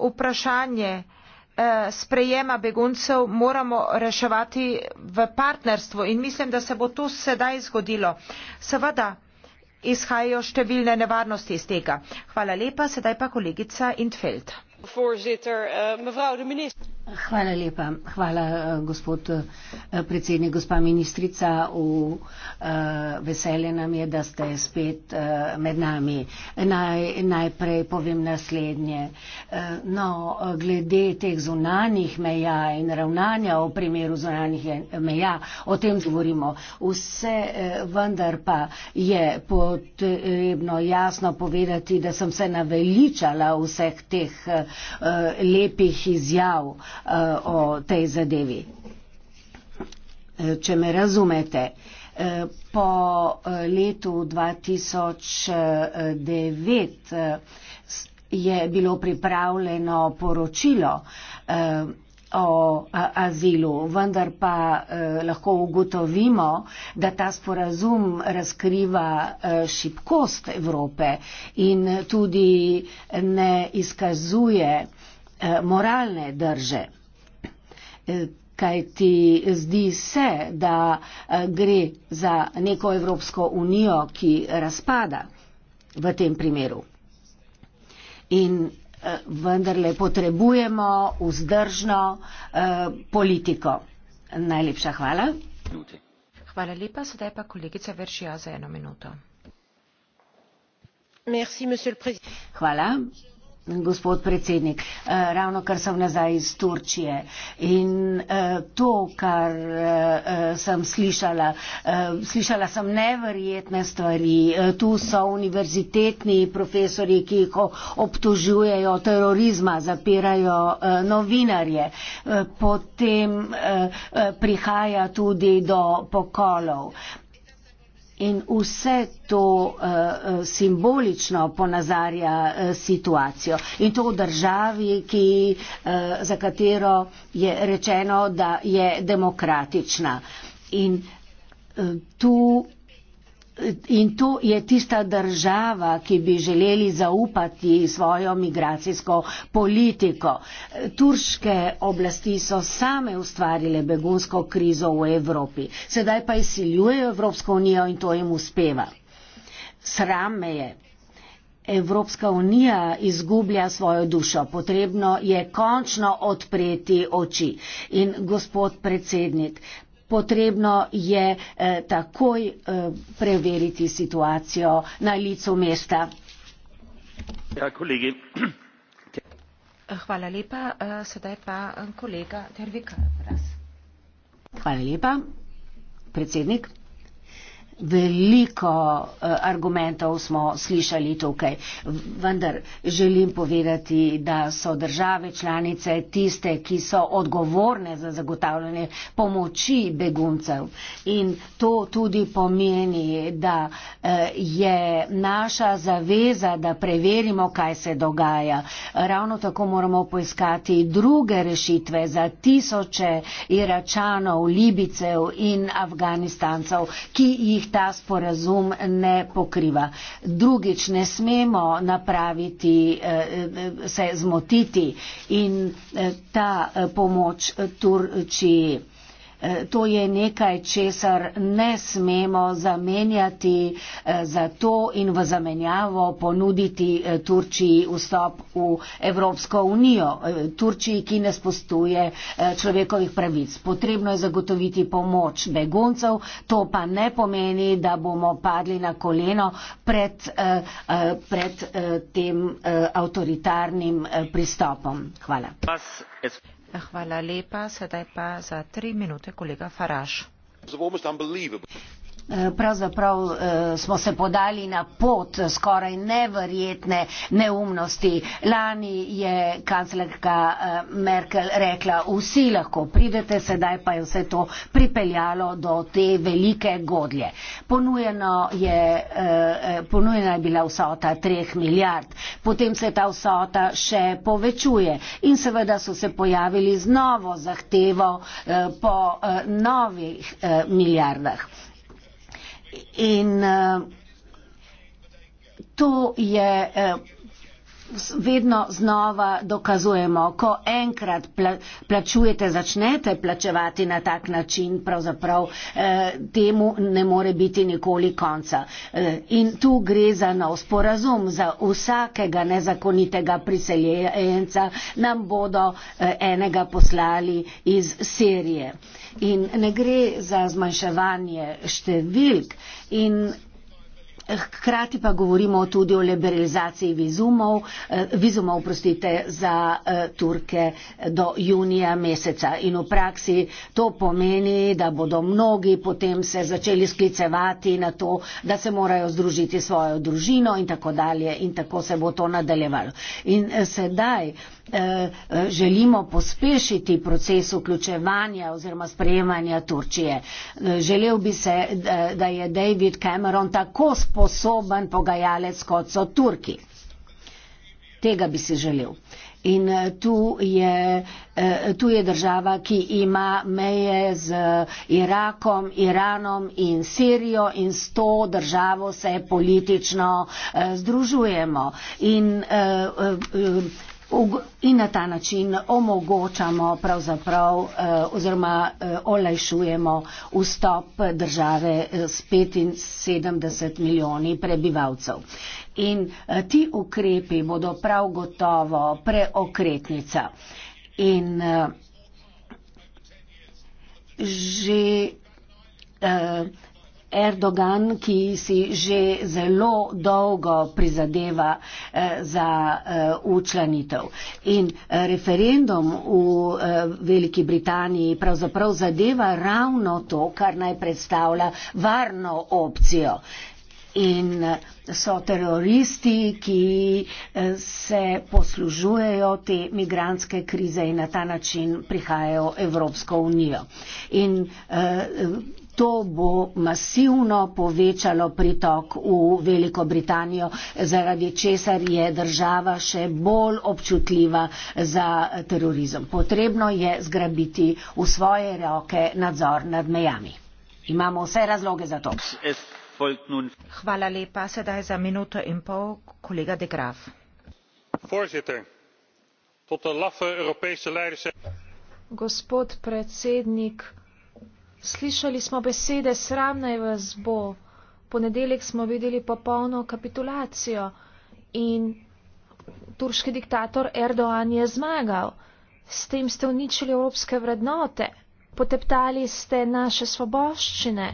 vprašanje eh, sprejema beguncev moramo reševati v partnerstvu in mislim, da se bo to sedaj zgodilo. Seveda izhajajo številne nevarnosti iz tega. Hvala lepa, sedaj pa kolegica Intfeld. Voorzitter, uh, mevrouw de minister. Hvala lepa. Hvala, eh, gospod eh, predsednik, gospa ministrica. V, uh, eh, vesele nam je, da ste spet uh, med nami. Naj, najprej povem naslednje. Uh, no, glede teh zunanih meja in ravnanja v primeru zunanih meja, o tem govorimo. Vse uh, vendar pa je potrebno jasno povedati, da sem se naveličala vseh teh uh, lepih izjav o tej zadevi. E, če me razumete, e, po e, letu 2009 je bilo pripravljeno poročilo o azilu, vendar pa lahko ugotovimo, da ta sporazum razkriva šibkost Evrope in tudi ne izkazuje Eh, moralne drže. Eh, Kaj ti zdi se, da eh, gre za neko Evropsko unijo, ki razpada v tem primeru? In vendarle potrebujemo vzdržno politiko. Najlepša hvala. Hvala lepa, sedaj pa kolegica Veršija za eno minuto. Merci, hvala. Gospod predsednik, eh, ravno kar sem nazaj iz Turčije in eh, to, kar eh, sem slišala, slišala sem neverjetne stvari. Tu so univerzitetni profesori, ki jih obtožujejo terorizma, zapirajo novinarje. Potem prihaja tudi do pokolov. In vse to uh, simbolično ponazarja uh, situacijo. In to v državi, ki, uh, za katero je rečeno, da je demokratična. In uh, tu In to je tista država, ki bi želeli zaupati svojo migracijsko politiko. Turške oblasti so same ustvarile begunsko krizo v Evropi, sedaj pa izsiljujejo Evropsko unijo in to jim uspeva. Srame je. Evropska unija izgublja svojo dušo. Potrebno je končno odpreti oči. In gospod predsednik, potrebno je eh, takoj eh, preveriti situacijo na licu mesta. Ja, kolegi. Hvala lepa. Eh, sedaj pa kolega Dervika. Hvala lepa. Predsednik veliko eh, argumentov smo slišali tukaj, vendar želim povedati, da so države članice tiste, ki so odgovorne za zagotavljanje pomoči beguncev in to tudi pomeni, da eh, je naša zaveza, da preverimo, kaj se dogaja. Ravno tako moramo poiskati druge rešitve za tisoče Iračanov, Libicev in Afganistancev, ki jih ta sporazum ne pokriva. Drugič, ne smemo napraviti, eh, eh, se zmotiti in eh, ta pomoč Turčiji. Eh, to je nekaj, česar ne smemo zamenjati eh, za to in v zamenjavo ponuditi eh, Turčiji vstop v Evropsko unijo. Turčiji, ki ne spostuje človekovih pravic. Potrebno je zagotoviti pomoč beguncev, to pa ne pomeni, da bomo padli na koleno pred, pred tem avtoritarnim pristopom. Hvala. Hvala lepa. Sedaj pa za tri minute kolega Faraž. Eh, pravzaprav eh, smo se podali na pot skoraj neverjetne neumnosti. Lani je kanclerka eh, Merkel rekla, vsi lahko pridete, sedaj pa je vse to pripeljalo do te velike godlje. Je, ponujena je bila vsota 3 milijard, potem se ta vsota še povečuje in seveda so se pojavili z novo zahtevo po novih milijardah. In eh, to je eh, vedno znova dokazujemo, ko enkrat plačujete, začnete plačevati na tak način, pravzaprav eh, temu ne more biti nikoli konca. In tu gre za nov sporazum, za vsakega nezakonitega priseljenca nam bodo enega poslali iz Sirije in ne gre za zmanjševanje številk. In eh, Hkrati pa govorimo tudi o liberalizaciji vizumov, eh, vizumov prostite, za eh, Turke do junija meseca. In v praksi to pomeni, da bodo mnogi potem se začeli sklicevati na to, da se morajo združiti svojo družino in tako dalje. In tako se bo to nadaljevalo. In sedaj, Eh, želimo pospešiti proces vključevanja oziroma sprejemanja Turčije. Eh, želel bi se, da je David Cameron tako sposoben pogajalec, kot so Turki. Tega bi si želel. In eh, tu je, tu je država, ki ima meje z Irakom, Iranom in Sirijo in s to državo se politično združujemo. In, uh, uh, uh, in na ta način omogočamo pravzaprav eh, oziroma eh, olajšujemo vstop države eh, s 75 milijoni prebivalcev. In ti ukrepi bodo prav gotovo preokretnica. In že Erdogan, ki si že zelo dolgo prizadeva eh, za eh, učlanitev. In eh, referendum v Veliki Britaniji pravzaprav zadeva ravno to, kar naj predstavlja varno opcijo. In so teroristi, ki se poslužujejo te migranske krize in na ta način prihajajo v Evropsko unijo. In, to bo masivno povečalo pritok v Veliko Britanijo, zaradi česar je država še bolj občutljiva za terorizem. Potrebno je zgrabiti v svoje roke nadzor nad mejami. Imamo vse razloge za to. Hvala lepa. Sedaj za minuto in pol kolega De Graaf. Gospod predsednik, Slišali smo besede, sram naj vas bo. Ponedeljek smo videli popolno kapitulacijo in turški diktator Erdoan je zmagal. S tem ste uničili evropske vrednote, poteptali ste naše svoboščine.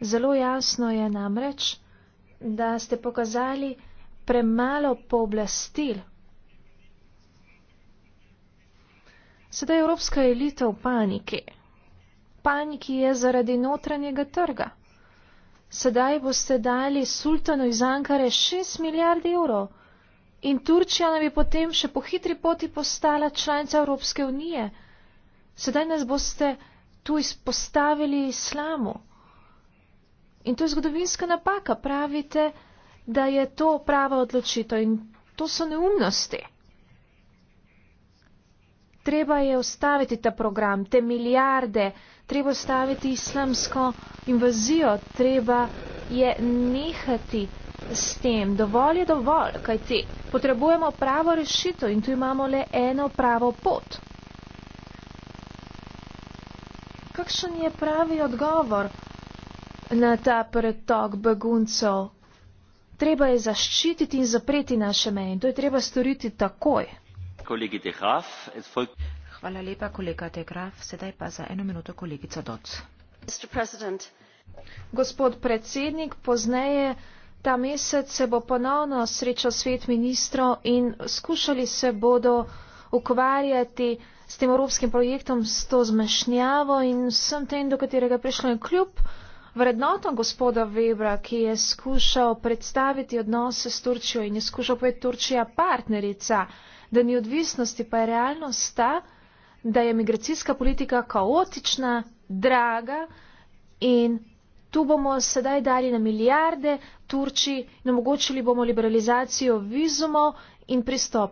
Zelo jasno je namreč, da ste pokazali premalo pooblastil Sedaj je evropska elita v paniki. Paniki je zaradi notranjega trga. Sedaj boste dali sultanu iz Ankare 6 milijard evrov in Turčija nam je potem še po hitri poti postala članica Evropske unije. Sedaj nas boste tu izpostavili islamu. In to je zgodovinska napaka. Pravite, da je to prava odločitev in to so neumnosti. Treba je ustaviti ta program, te milijarde, treba ustaviti islamsko invazijo, treba je nehati s tem. Dovolj je dovolj, kajti potrebujemo pravo rešito in tu imamo le eno pravo pot. Kakšen je pravi odgovor na ta pretok beguncev? Treba je zaščititi in zapreti naše meje in to je treba storiti takoj gospod predsednik pozneje ta mesec se bo ponovno srečal svet ministrov in skušali se bodo ukvarjati s tem evropskim projektom s to zmešnjavo in vsem tem do katerega je prišlo in kljub vrednotom gospoda Webra, ki je skušal predstaviti odnose s Turčijo in je skušal povedati Turčija partnerica da ni odvisnosti, pa je realnost ta, da je migracijska politika kaotična, draga in tu bomo sedaj dali na milijarde Turčji in omogočili bomo liberalizacijo vizumov in pristop.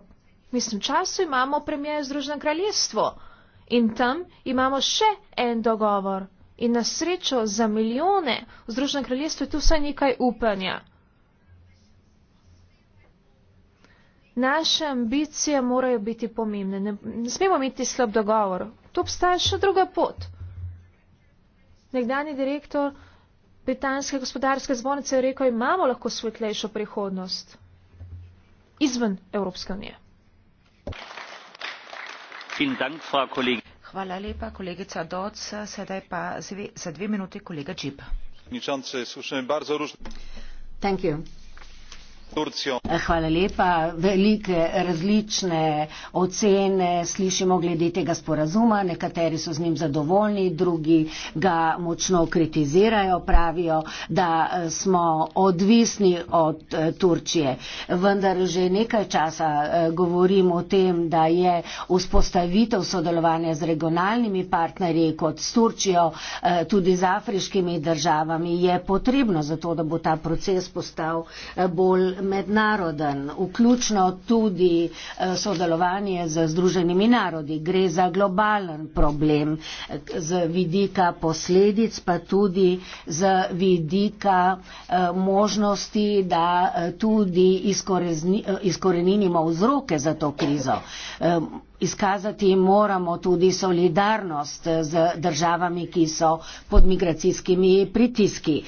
Mislim, času imamo premije Združeno kraljestvo in tam imamo še en dogovor. In na srečo za milijone v Združenem kraljestvu je tu vsaj nekaj upanja. Naše ambicije morajo biti pomembne. Ne, ne smemo imeti slab dogovor. Tu obstaja še druga pot. Nekdani direktor Britanske gospodarske zbornice je rekel, imamo lahko svetlejšo prihodnost izven Evropske unije. Hvala lepa, kolegica Doc. Sedaj pa za dve minuti kolega Čip. Thank you. Eh, hvala lepa. Velike različne ocene slišimo glede tega sporazuma. Nekateri so z njim zadovoljni, drugi ga močno kritizirajo, pravijo, da eh, smo odvisni od eh, Turčije. Vendar že nekaj časa govorim o tem, da je vzpostavitev sodelovanja z regionalnimi partnerji kot s Turčijo, tudi z afriškimi državami, je potrebno za to, da bo ta proces postal bolj mednaroden, vključno tudi eh, sodelovanje z Združenimi narodi. Gre za globalen problem eh, z vidika posledic, pa tudi z vidika eh, možnosti, da tudi izkoreninimo vzroke za to krizo izkazati moramo tudi solidarnost z državami, ki so pod migracijskimi pritiski.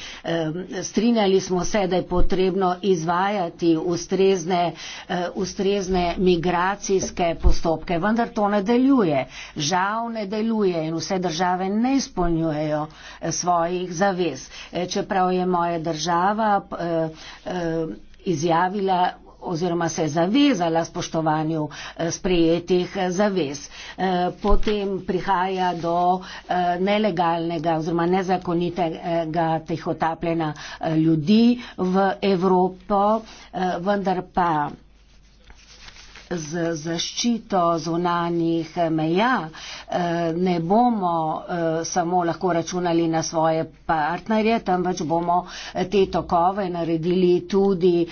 Strinjali smo se, da je potrebno izvajati ustrezne, eh, ustrezne migracijske postopke, vendar to ne deluje. Žal ne deluje in vse države ne izpolnjujejo eh, svojih zavez. Eh, čeprav je moja država izjavila oziroma se je zavezala spoštovanju eh, sprejetih eh, zavez. Eh, potem prihaja do nelegalnega oziroma nezakonitega tihotapljena ljudi v Evropo, vendar pa z zaščito zunanjih meja eh, ne bomo eh, samo lahko računali na svoje partnerje, temveč bomo eh, te tokove naredili tudi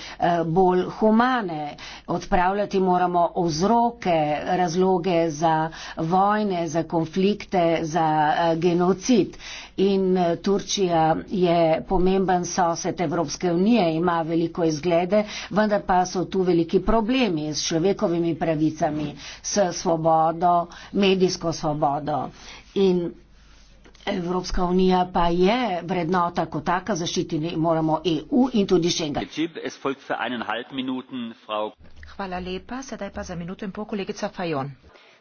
bolj humane. Odpravljati moramo ozroke, razloge za vojne, za konflikte, za genocid in eh, Turčija je pomemben sosed Evropske unije, ima veliko izglede, vendar pa so tu veliki problemi s človekovimi pravicami, s svobodo, medijsko svobodo. In Evropska unija pa je vrednota kot taka, zaščititi moramo EU in tudi Schengen. Hvala lepa, sedaj pa za minuto in pol kolegica Fajon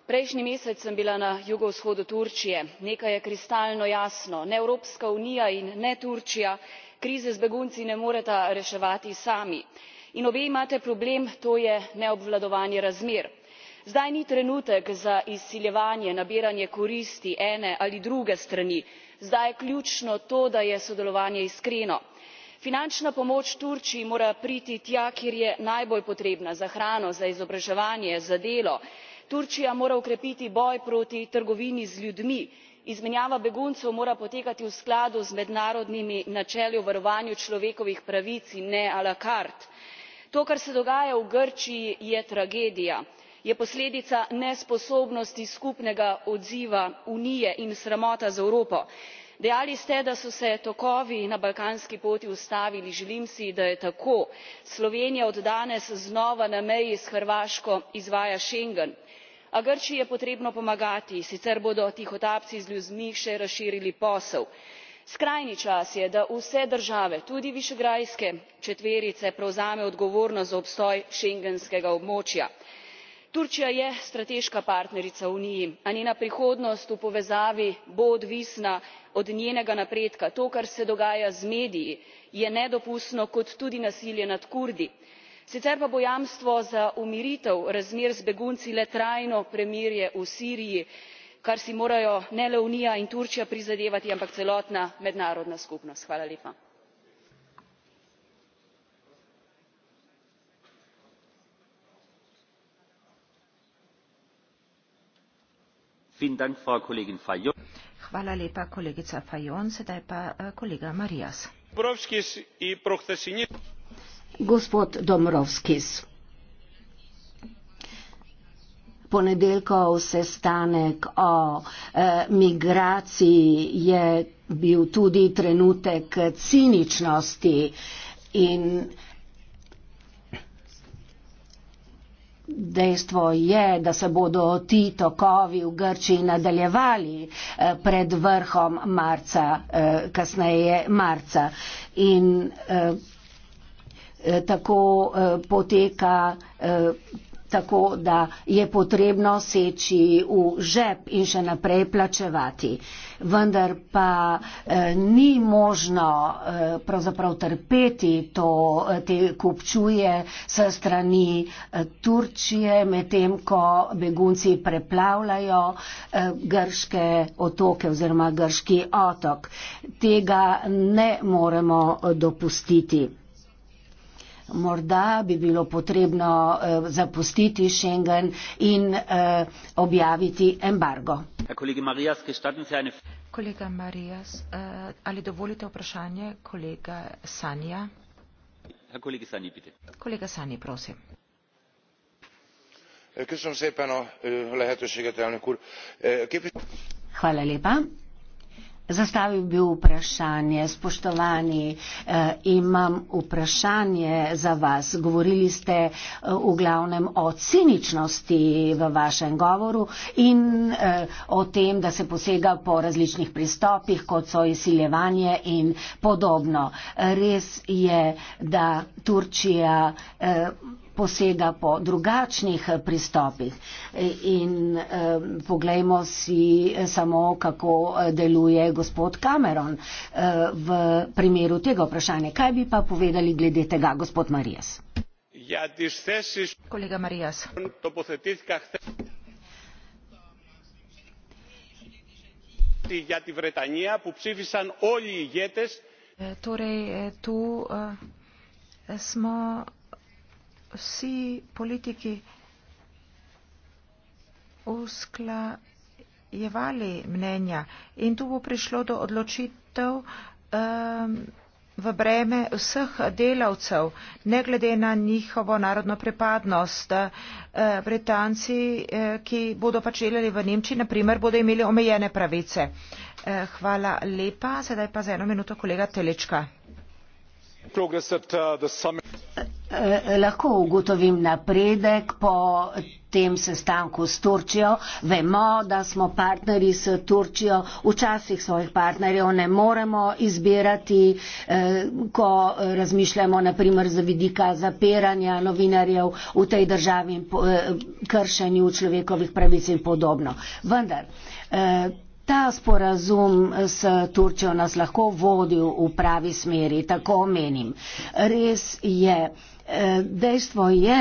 prejšnji mesec sem bila na jugovzhodu turčije nekaj je kristalno jasno ne evropska unija in ne turčija krize z begunci ne moreta reševati sami in obe imate problem to je neobvladovanje razmer. zdaj ni trenutek za izsiljevanje nabiranje koristi ene ali druge strani zdaj je ključno to da je sodelovanje iskreno. finančna pomoč turčiji mora priti tja kjer je najbolj potrebna za hrano za izobraževanje za delo turčija mora okrepiti boj proti trgovini z ljudmi izmenjava beguncev mora potekati v skladu z mednarodnimi načeli o varovanju človekovih pravic in ne la carte. to kar se dogaja v grčiji je tragedija je posledica nesposobnosti skupnega odziva unije in sramota za evropo. dejali ste da so se tokovi na balkanski poti ustavili želim si da je tako. slovenija od danes znova na meji s hrvaško izvaja schengen a grčiji je potrebno pomagati sicer bodo tihotapci z ljudmi še razširili posel. skrajni čas je da vse države tudi višegrajske četverice prevzamejo odgovornost za obstoj schengenskega območja. turčija je strateška partnerica uniji a njena prihodnost v povezavi bo odvisna od njenega napredka. to kar se dogaja z mediji je nedopustno kot tudi nasilje nad kurdi sicer pa bo jamstvo za umiritev razmer z begunci le trajno premirje v siriji kar si morajo ne le unija in turčija prizadevati ampak celotna mednarodna skupnost. Gospod Domrovskis, ponedeljkov sestanek o e, migraciji je bil tudi trenutek ciničnosti in Dejstvo je, da se bodo ti tokovi v Grčiji nadaljevali eh, pred vrhom marca, eh, kasneje marca. In Eh, tako eh, poteka, eh, tako da je potrebno seči v žep in še naprej plačevati. Vendar pa ni možno pravzaprav trpeti to, te kupčuje s strani Turčije, medtem ko begunci preplavljajo grške otoke oziroma grški otok. Tega ne moremo dopustiti morda bi bilo potrebno eh, zapustiti Schengen in eh, objaviti embargo. Kolega Marijas, eine... kolega Marijas eh, ali dovolite vprašanje kolega Sanja? Kolega Sani, prosim. Eh, eh, eh, Hvala lepa. Zastavil bi vprašanje, spoštovani, eh, imam vprašanje za vas. Govorili ste eh, v glavnem o ciničnosti v vašem govoru in eh, o tem, da se posega po različnih pristopih, kot so izsiljevanje in podobno. Res je, da Turčija posega po drugačnih pristopih. In eh, poglejmo si samo, kako eh, deluje gospod Cameron eh, v primeru tega vprašanja. Kaj bi pa povedali glede tega, gospod Marijas? Ja, tesis... Kolega Marijas. Ja, eh, torej, eh, tu smo vsi politiki usklajevali mnenja in tu bo prišlo do odločitev um, v breme vseh delavcev, ne glede na njihovo narodno pripadnost. Eh, Britanci, eh, ki bodo pač delali v Nemčiji, naprimer, bodo imeli omejene pravice. Eh, hvala lepa. Sedaj pa za eno minuto kolega Telečka. Progress at uh, the summit. Eh, lahko ugotovim napredek po tem sestanku s Turčijo. Vemo, da smo partneri s Turčijo. Včasih svojih partnerjev ne moremo izbirati, eh, ko razmišljamo naprimer za vidika zapiranja novinarjev v tej državi in eh, kršenju človekovih pravic in podobno. Vendar. Ta sporazum s Turčjo nas lahko vodi v pravi smeri, tako menim. Res je, Eh, dejstvo je,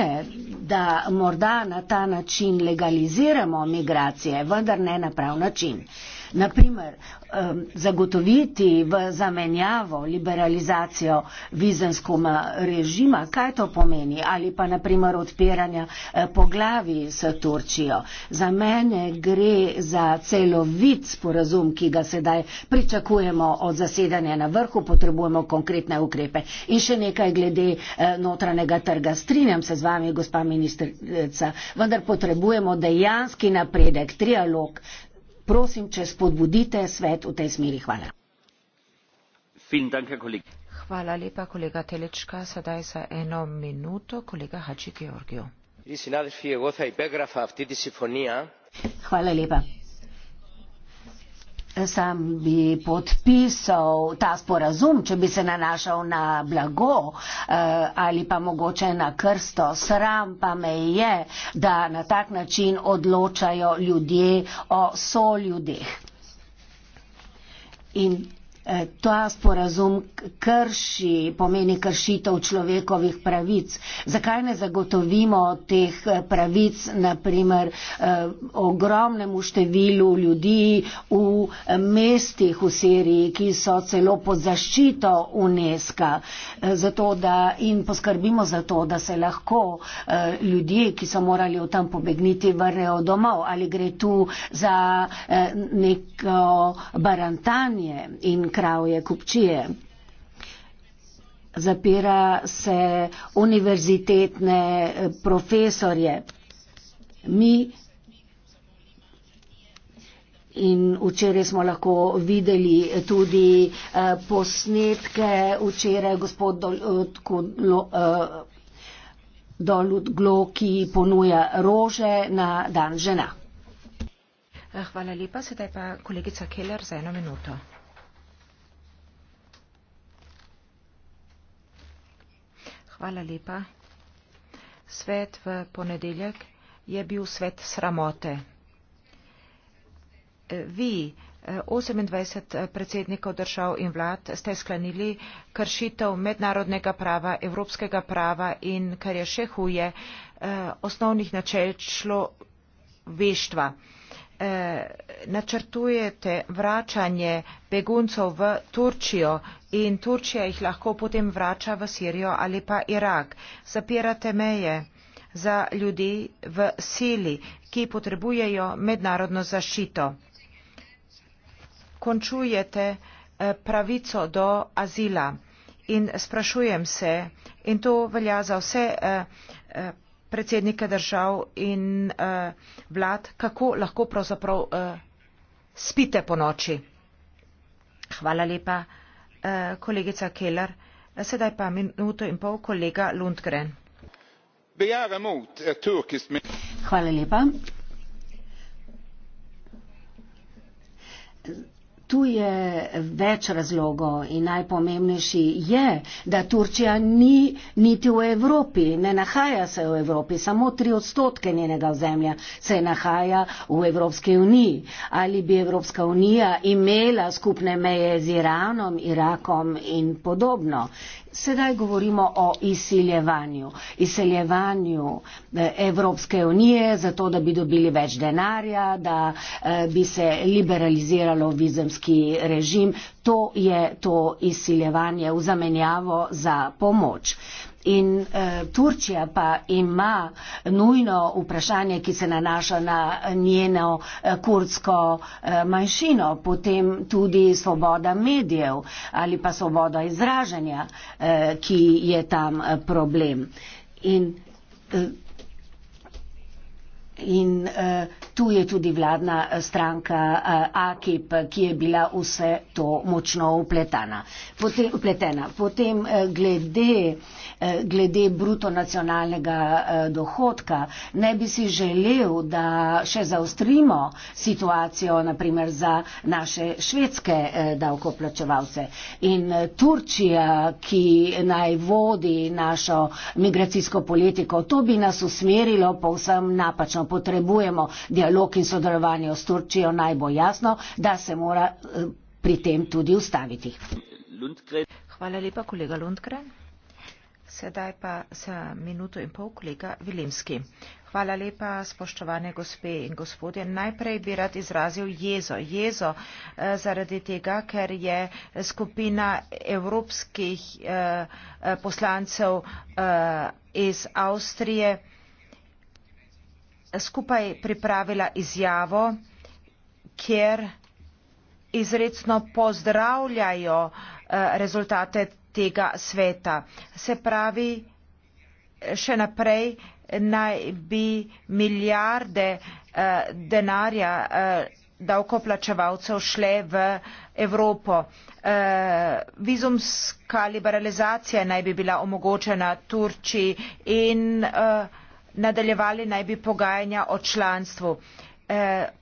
da morda na ta način legaliziramo migracije, vendar ne na prav način. Naprimer, zagotoviti v zamenjavo liberalizacijo vizenskoma režima, kaj to pomeni, ali pa naprimer odpiranja eh, poglavi s Turčijo. Za mene gre za celovit sporazum, ki ga sedaj pričakujemo od zasedanja na vrhu, potrebujemo konkretne ukrepe. In še nekaj glede eh, notranjega trga. Strinjam se z vami, gospa ministrica, vendar potrebujemo dejanski napredek, trialog prosim, če spodbudite svet v tej smeri. Hvala. Hvala lepa, kolega Telečka. Sedaj za eno minuto, kolega Hači Georgijo. Hvala lepa sam bi podpisal ta sporazum, če bi se nanašal na blago eh, ali pa mogoče na krsto. Sram pa me je, da na tak način odločajo ljudje o soljudeh. In Eh, ta sporazum krši, pomeni kršitev človekovih pravic. Zakaj ne zagotovimo teh eh, pravic, naprimer, eh, ogromnemu številu ljudi v mestih v Siriji, ki so celo pod zaščito UNESCO zato, da, in poskrbimo za to, da se lahko ljudje, ki so morali v tam pobegniti, vrnejo domov ali gre tu za neko barantanje kravje kupčije. Zapira se univerzitetne eh, profesorje. Mi in včeraj smo lahko videli tudi eh, posnetke včeraj gospod eh, Dolud Glo, ki ponuja rože na dan žena. Hvala lepa, sedaj pa kolegica Keller za eno minuto. Hvala lepa. Svet v ponedeljek je bil svet sramote. E, vi, 28 e, e, predsednikov držav in vlad, ste sklenili kršitev mednarodnega prava, evropskega prava in, kar je še huje, osnovnih načel šlo veštva. Načrtujete vračanje beguncov v Turčijo in Turčija jih lahko potem vrača v Sirijo ali pa Irak. Zapirate meje za ljudi v sili, ki potrebujejo mednarodno zaščito. Končujete eh, pravico do azila in sprašujem se, in to velja za vse eh, eh, predsednike držav in vlad, kako lahko pravzaprav spite po noči. Hvala lepa. Eh, kolegica keller eh, sedaj pa minuto in pol kolega lundgren Tu je več razlogov in najpomembnejši je, da Turčija ni niti v Evropi, ne nahaja se v Evropi, samo tri odstotke njenega ozemlja se nahaja v Evropski uniji. Ali bi Evropska unija imela skupne meje z Iranom, Irakom in podobno? Sedaj govorimo o izseljevanju. Izseljevanju eh, Evropske unije, zato da bi dobili več denarja, da eh, bi se liberaliziralo vizemski režim. To je to izseljevanje v zamenjavo za pomoč. In eh, Turčija pa ima nujno vprašanje, ki se nanaša na njeno eh, kurdsko eh, manjšino, potem tudi svoboda medijev ali pa svoboda izražanja, eh, ki je tam eh, problem. In, eh, In uh, tu je tudi vladna eh, stranka uh, AKIP, ki je bila vse to močno upletena. Potem, upletena. Potem uh, glede uh, Eh, glede bruto nacionalnega eh, dohodka. Ne bi si želel, da še zaostrimo situacijo, naprimer za naše švedske eh, davkoplačevalce. In Turčija, ki naj vodi našo migracijsko politiko, to bi nas usmerilo povsem napačno. Potrebujemo dialog in sodelovanje s Turčijo, naj bo jasno, da se mora pri tem tudi ustaviti. Lundgren. Hvala lepa, kolega Lundgren. Sedaj pa za minuto in pol kolega Vilimski. Hvala lepa, spoštovane gospe in gospodje. Najprej bi rad izrazil jezo. Jezo eh, zaradi tega, ker je skupina evropskih eh, eh, poslancev iz Avstrije skupaj pripravila izjavo, kjer izredno pozdravljajo rezultate tega sveta. Se pravi, še naprej naj bi milijarde eh, denarja eh, davkoplačevalcev šle v Evropo. Eh, vizumska liberalizacija naj bi bila omogočena Turčiji in eh, nadaljevali naj bi pogajanja o članstvu. Eh,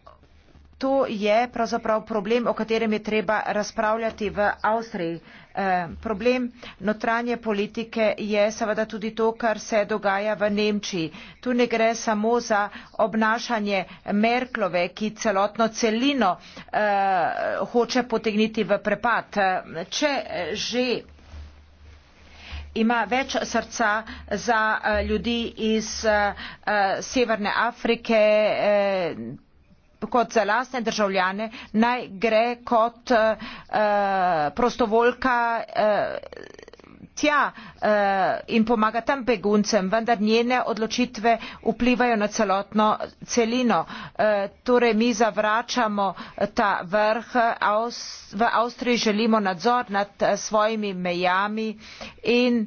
to je pravzaprav problem, o katerem je treba razpravljati v Avstriji. Eh, Eh, problem notranje politike je seveda tudi to, kar se dogaja v Nemčiji. Tu ne gre samo za obnašanje Merklove, ki celotno celino eh, hoče potegniti v prepad. Eh, če eh, že ima več srca za ljudi iz eh, Severne Afrike, eh, kot za lastne državljane naj gre kot uh, prostovoljka uh, tja uh, in pomaga tam beguncem, vendar njene odločitve vplivajo na celotno celino. Uh, torej mi zavračamo ta vrh, Aus v Avstriji želimo nadzor nad uh, svojimi mejami in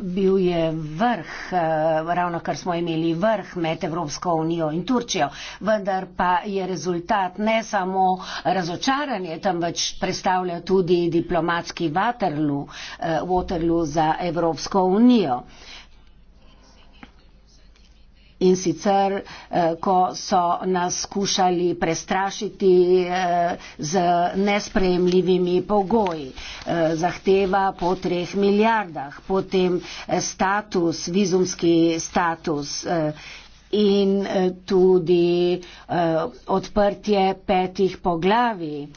bil je vrh, eh, ravno kar smo imeli vrh med Evropsko unijo in Turčijo, vendar pa je rezultat ne samo razočaranje, temveč predstavlja tudi diplomatski Waterloo, eh, Waterloo za Evropsko unijo in sicer, eh, ko so nas skušali prestrašiti eh, z nesprejemljivimi pogoji. Eh, zahteva po treh milijardah, potem status, vizumski status in tudi odprtje petih poglavi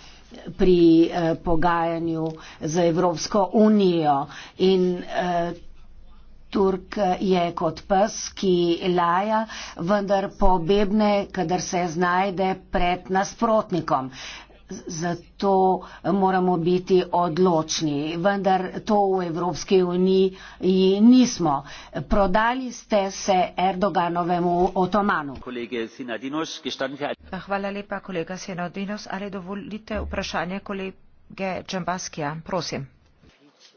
pri pogajanju z Evropsko unijo in Turk je kot pes, ki laja, vendar pobebne, kadar se znajde pred nasprotnikom. Zato moramo biti odločni, vendar to v Evropski uniji nismo. Prodali ste se Erdoganovemu otomanu. Ja, hvala lepa, kolega Sinodinos. Ali dovolite vprašanje kolege Džambaskija? Prosim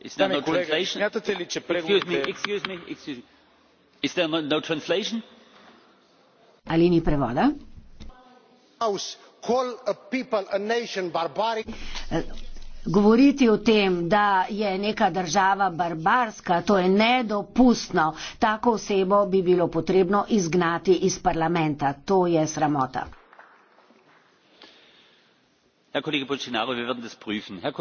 is there no translation? excuse me excuse me excuse me is there no, no translation? ali ni prevoda? Eh, govoriti o tem da je neka država barbarska to je nedopustno tako osebo bi bilo potrebno izgnati iz parlamenta to je sramota kolega bolsonaro wir werden das prüfen. Eh,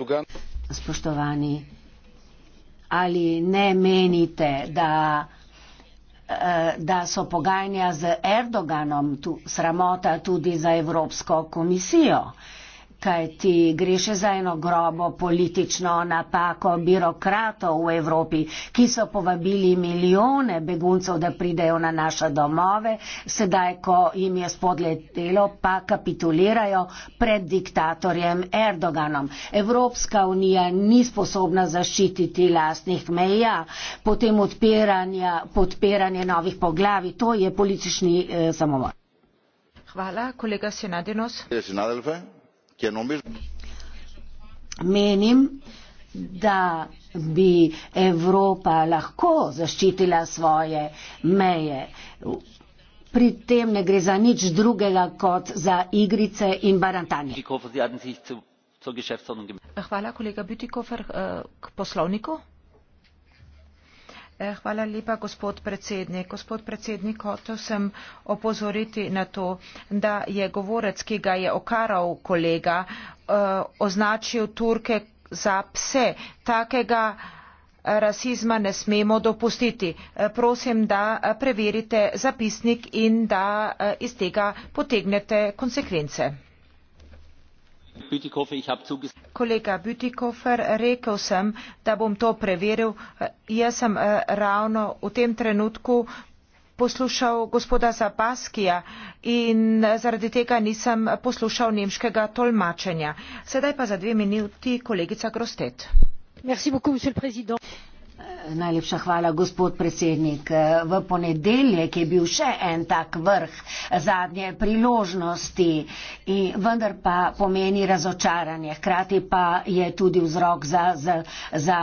eh, spoštovani ali ne menite da, eh, da so pogajanja z erdoganom tu sramota tudi za evropsko komisijo? kaj ti gre še za eno grobo politično napako birokratov v Evropi, ki so povabili milijone beguncev, da pridejo na naše domove, sedaj, ko jim je spodletelo, pa kapitulirajo pred diktatorjem Erdoganom. Evropska unija ni sposobna zaščititi lastnih meja, potem podpiranje novih poglavi, to je politični eh, samomor. Hvala, kolega Senadinos. Senadelfe. Menim, da bi Evropa lahko zaščitila svoje meje. Pri tem ne gre za nič drugega kot za igrice in barantanje. Hvala, kolega Bütikofer. Eh, k poslovniku? Eh, hvala lepa, gospod predsednik. Gospod predsednik, hotel sem opozoriti na to, da je govorec, ki ga je okaral kolega, eh, označil Turke za pse. Takega eh, rasizma ne smemo dopustiti. Prosim, da preverite zapisnik in da iz tega potegnete konsekvence kolega bütikofer rekel sem da bom to preveril jaz sem eh, ravno v tem trenutku poslušal gospoda zapaskija in eh, zaradi tega nisem poslušal nemškega tolmačenja. sedaj pa za dve minuti kolegica grossette. Najlepša hvala, gospod predsednik. V ponedeljek je bil še en tak vrh zadnje priložnosti, in vendar pa pomeni razočaranje, hkrati pa je tudi vzrok za, za, za,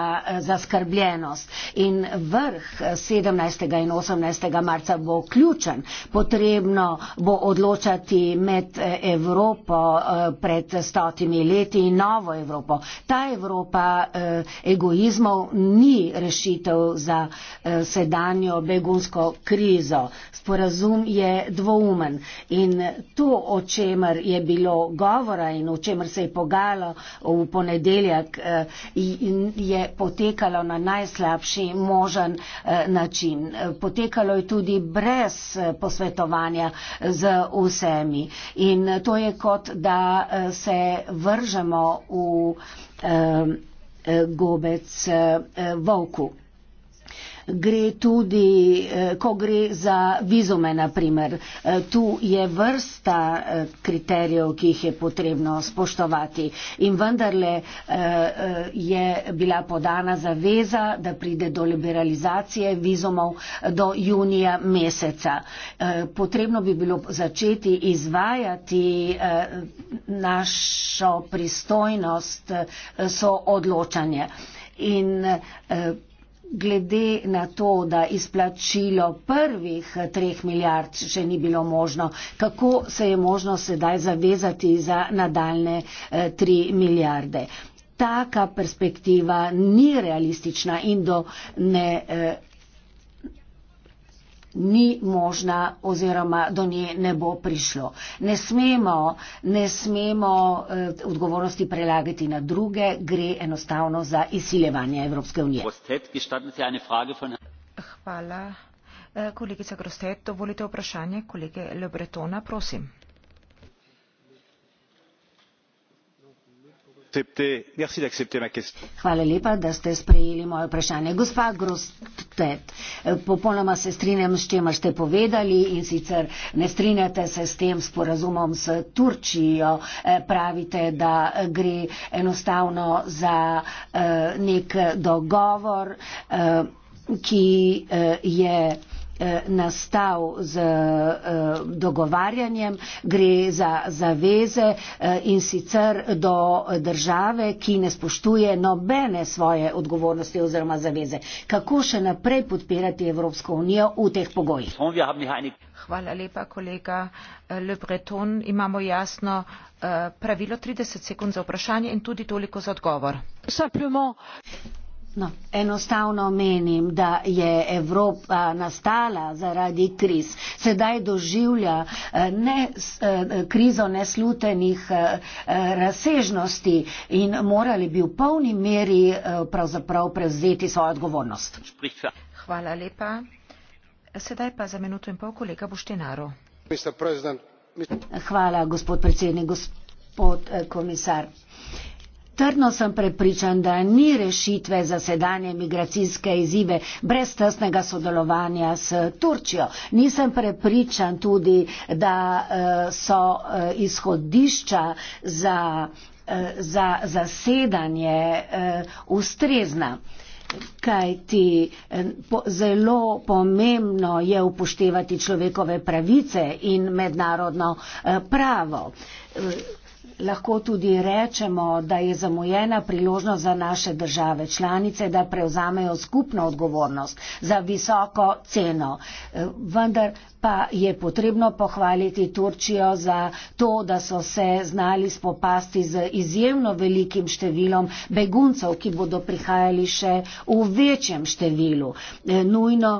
za skrbljenost. In vrh 17. in 18. marca bo ključen. Potrebno bo odločati med eh, Evropo eh, pred stotimi leti in novo Evropo. Ta Evropa eh, egoizmov ni rešitev za eh, sedanjo begunsko krizo. Sporazum je dvoumen in to, o čemer je bilo govora in o čemer se je pogajalo v ponedeljak, eh, je potekalo na najslabši možen eh, način. Potekalo je tudi brez posvetovanja z vsemi in to je kot, da se vržemo v. Eh, gobec eh, eh, volku gre tudi, eh, ko gre za vizume, naprimer. Eh, tu je vrsta eh, kriterijev, ki jih je potrebno spoštovati. In vendarle je bila podana zaveza, da pride do liberalizacije vizumov do junija meseca. Potrebno bi bilo začeti izvajati našo pristojnost soodločanje. In eh, glede na to, da izplačilo prvih treh milijard še ni bilo možno, kako se je možno sedaj zavezati za nadaljne eh, tri milijarde. Taka perspektiva ni realistična in do ne. Eh, ni možna oziroma do nje ne bo prišlo. Ne smemo, ne smemo eh, odgovornosti prelagati na druge, gre enostavno za izsiljevanje Evropske unije. Hvala. Eh, kolegica Grostet, dovolite vprašanje kolege Lebretona, prosim. lepa, da ste sprejeli moje vprašanje. Gospa Grostet, eh, popolnoma se strinjam s čem ste povedali in sicer ne strinjate se s tem sporazumom s Turčijo. Eh, pravite, da gre enostavno za eh, nek dogovor, ki je. Eh, nastal z eh, dogovarjanjem, gre za zaveze eh, in sicer do države, ki ne spoštuje nobene svoje odgovornosti oziroma zaveze. Kako še naprej podpirati Evropsko unijo v teh pogojih? Hvala lepa, kolega Le Breton. Imamo jasno pravilo 30 sekund za vprašanje in tudi toliko za odgovor. No, enostavno menim, da je Evropa nastala zaradi kriz. Sedaj doživlja eh, ne, eh, krizo neslutenih eh, razsežnosti in morali bi v polni meri pravzaprav prevzeti svojo odgovornost. Hvala lepa. Sedaj pa za minuto in pol kolega Boštenaro. Hvala, gospod predsednik, gospod komisar. Trdno sem prepričan, da ni rešitve za sedanje migracijske izzive brez tesnega sodelovanja s Turčijo. Nisem prepričan tudi, da eh, so eh, izhodišča za, eh, za zasedanje ustrezna kaj ti zelo pomembno je upoštevati človekove pravice in mednarodno pravo lahko tudi rečemo, da je zamujena priložnost za naše države članice, da prevzamejo skupno odgovornost za visoko ceno. Eh, vendar pa je potrebno pohvaliti Turčijo za to, da so se znali spopasti z izjemno velikim številom beguncev, ki bodo prihajali še v večjem številu. Eh, nujno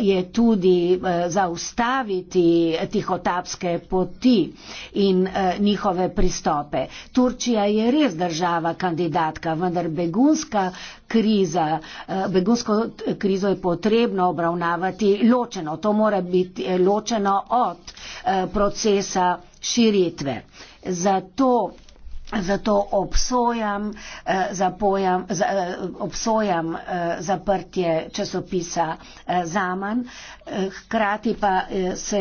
je tudi eh, zaustaviti tihotapske poti in eh, njihove pristope. Turčija je res država kandidatka, vendar begunska kriza, eh, begunsko krizo je potrebno obravnavati ločeno. To mora biti ločeno od procesa širitve. Zato Zato obsojam, eh, zapojam, eh, obsojam eh, zaprtje časopisa Zaman, hkrati pa se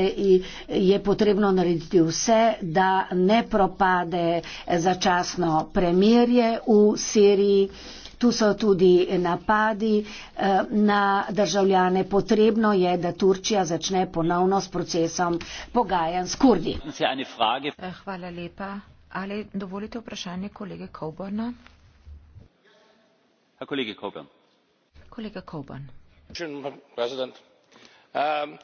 je potrebno narediti vse, da ne propade začasno premirje v Siriji. Tu so tudi napadi na državljane. Potrebno je, da Turčija začne ponovno s procesom pogajanj s Kurdi. Hvala lepa. Ali dovolite vprašanje kolege Coburna? Kolega Coburn. Kolega Coburn. Um,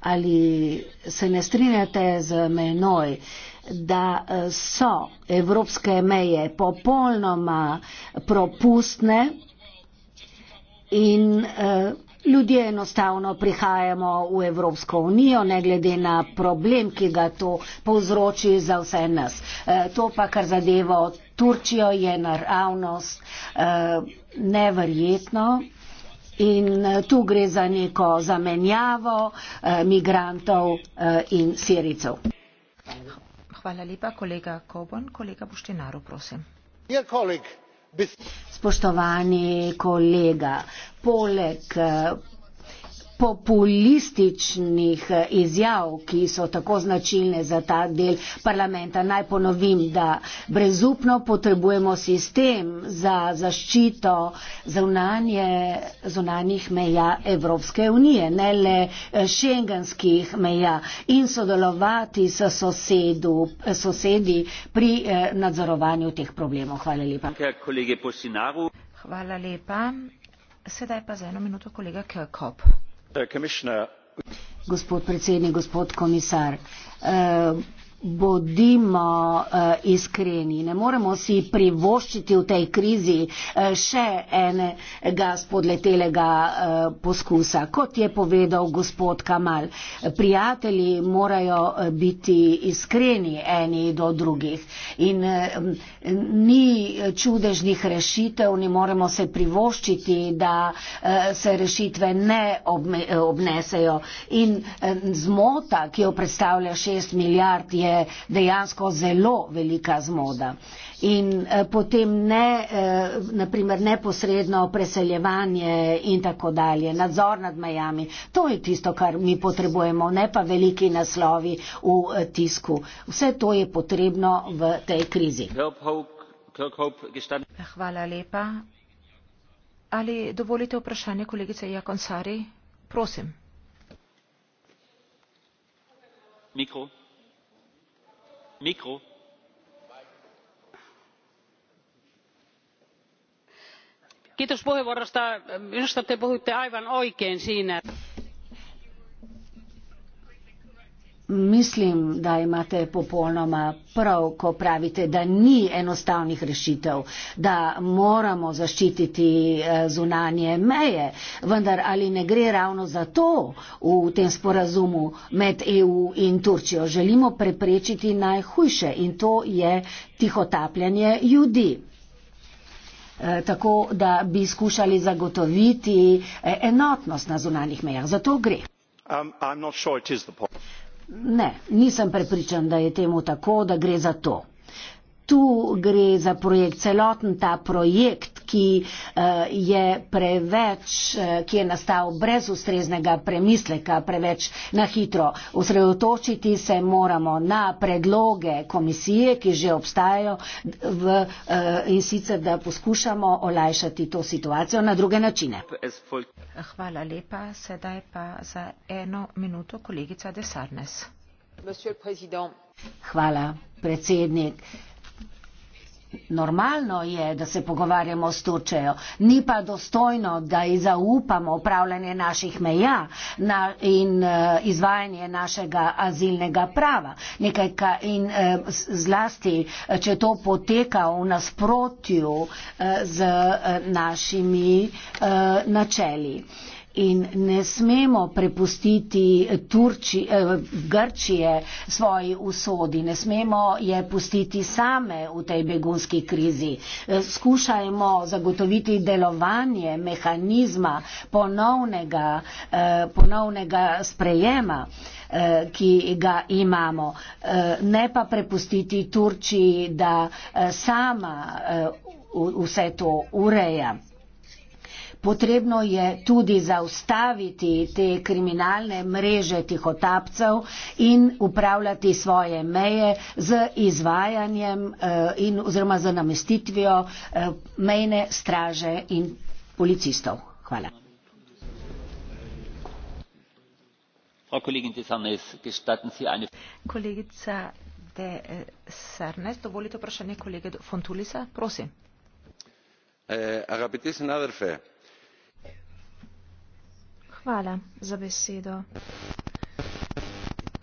Ali se ne strinjate z menoj, da eh, so evropske meje popolnoma propustne in uh, Ljudje enostavno prihajamo v Evropsko unijo, ne glede na problem, ki ga to povzroči za vse nas. E, to pa, kar zadeva Turčijo, je naravnost e, neverjetno. In e, tu gre za neko zamenjavo eh, migrantov eh, in siricov. Hvala lepa, kolega Kobon. Kolega Buštenaru, prosim. Dear colleague, Spoštovani kolega, poleg eh, populističnih eh, izjav, ki so tako značilne za ta del parlamenta. Naj ponovim, da brezupno potrebujemo sistem za zaščito zunanje, zunanjih meja Evropske unije, ne le eh, šengenskih meja in sodelovati s sosedu, eh, sosedi pri nadzorovanju teh problemov. Hvala lepa. Hvala lepa. Sedaj pa za eno minuto kolega Kirkop. Uh, gospod predsednik gospod komisar gospod barnier je rekel da bodimo uh, iskreni, ne moremo si privoščiti v tej krizi uh, še enega spodletelega uh, poskusa. Kot je povedal gospod Kamal, prijatelji morajo biti iskreni eni do drugih in uh, ni čudežnih rešitev, ni moremo se privoščiti, da uh, se rešitve ne obnesejo. In uh, zmota, ki jo predstavlja 6 milijard, je je dejansko zelo velika zmoda. In eh, potem ne, eh, naprimer, neposredno preseljevanje in tako dalje, nadzor nad majami. To je tisto, kar mi potrebujemo, ne pa veliki naslovi v eh, tisku. Vse to je potrebno v tej krizi. Hvala lepa. Ali dovolite vprašanje, kolegice Jakonsari? Prosim. Mikrofon kiitos puheenvuorosta minusta te puhuitte aivan oikein siinä että Mislim, da imate popolnoma prav, ko pravite, da ni enostavnih rešitev, da moramo zaščititi eh, zunanje meje. Vendar ali ne gre ravno za to v tem sporazumu med EU in Turčijo? Želimo preprečiti najhujše in to je tihotapljanje ljudi. Eh, tako da bi skušali zagotoviti eh, enotnost na zunanjih mejah. Za to gre. Um, Ne, nisem prepričan, da je temu tako, da gre za to. Tu gre za projekt, celoten ta projekt ki eh, je preveč, eh, ki je nastal brez ustreznega premisleka, preveč na hitro. Osredotočiti se moramo na predloge komisije, ki že obstajajo v, eh, in sicer, da poskušamo olajšati to situacijo na druge načine. Hvala lepa. Sedaj pa za eno minuto kolegica Desarnes. Hvala, predsednik. Normalno je, da se pogovarjamo s Turčejo, ni pa dostojno, da ji zaupamo upravljanje naših meja na, in uh, izvajanje našega azilnega prava. Nekaj, ka, in uh, zlasti, eh, če to poteka v nasprotju uh, z uh, našimi uh, načeli. Uh, in ne smemo prepustiti Turči, eh, Grčije svoji usodi, ne smemo je pustiti same v tej begunski krizi. Eh, skušajmo zagotoviti delovanje mehanizma ponovnega, eh, ponovnega sprejema, eh, ki ga imamo, eh, ne pa prepustiti Turčiji, da eh, sama eh, vse to ureja. Potrebno je tudi zaustaviti te kriminalne mreže tihotapcev in upravljati svoje meje z izvajanjem eh, in, oziroma z namestitvijo eh, mejne straže in policistov. Hvala. Kolegica De eh, Sarnes, dovolite vprašanje kolege Fontulisa, prosim. Eh, Hvala za besedo.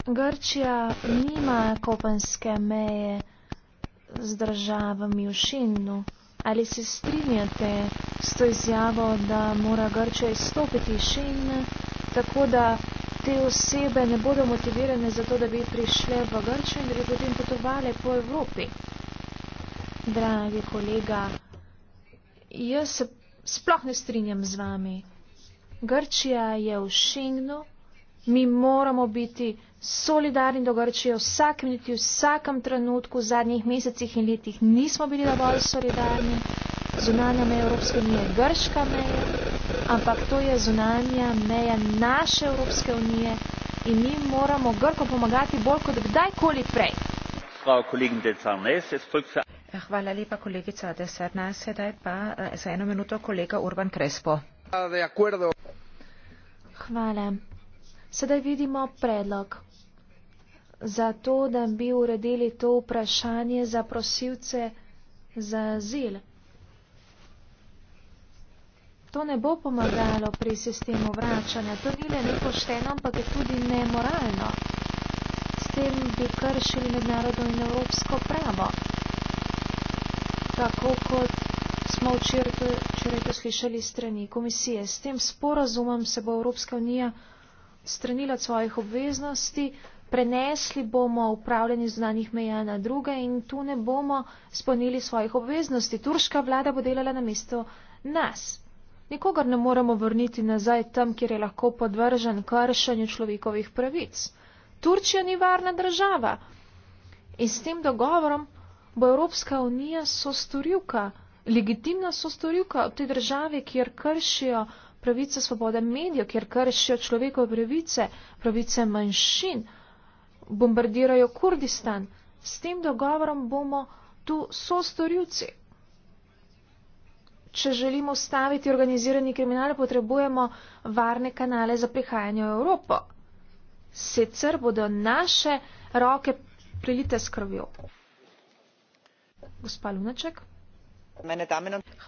Grčija nima kopenske meje z državami v Šengnu. Ali se strinjate s to izjavo, da mora Grčija izstopiti iz Šengna, tako da te osebe ne bodo motivirane za to, da bi prišle v Grčijo in da bi potem potovali po Evropi? Dragi kolega, jaz se sploh ne strinjam z vami. Grčija je v Šingnu, mi moramo biti solidarni do Grčije vsak minuti, vsakem trenutku, v zadnjih mesecih in letih nismo bili dovolj solidarni. Zunanja meja Evropske unije je grška meja, ampak to je zunanja meja naše Evropske unije in mi moramo Grko pomagati bolj kot kdajkoli prej. Hvala lepa kolegica Desernas, sedaj pa eh, za eno minuto kolega Urban Krespo. Hvala. Sedaj vidimo predlog. Zato, da bi uredili to vprašanje za prosilce za azil. To ne bo pomagalo pri sistemu vračanja. To ni le nepošteno, ampak je tudi nemoralno. S tem bi kršili mednarodno in evropsko pravo. Tako kot smo včeraj to slišali strani komisije. S tem sporazumem se bo Evropska unija strnila svojih obveznosti, prenesli bomo upravljanje zunanjih meja na druge in tu ne bomo spolnili svojih obveznosti. Turška vlada bo delala na mesto nas. Nikogar ne moremo vrniti nazaj tam, kjer je lahko podvržen kršenju človekovih pravic. Turčija ni varna država. In s tem dogovorom bo Evropska unija sostorjuka legitimna sostorilka v tej državi, kjer kršijo pravice svobode medijev, kjer kršijo človekove pravice, pravice manjšin, bombardirajo Kurdistan. S tem dogovorom bomo tu sostorilci. Če želimo ustaviti organizirani kriminal, potrebujemo varne kanale za prihajanje v Evropo. Sicer bodo naše roke prilite s krvjo. Gospa Lunaček.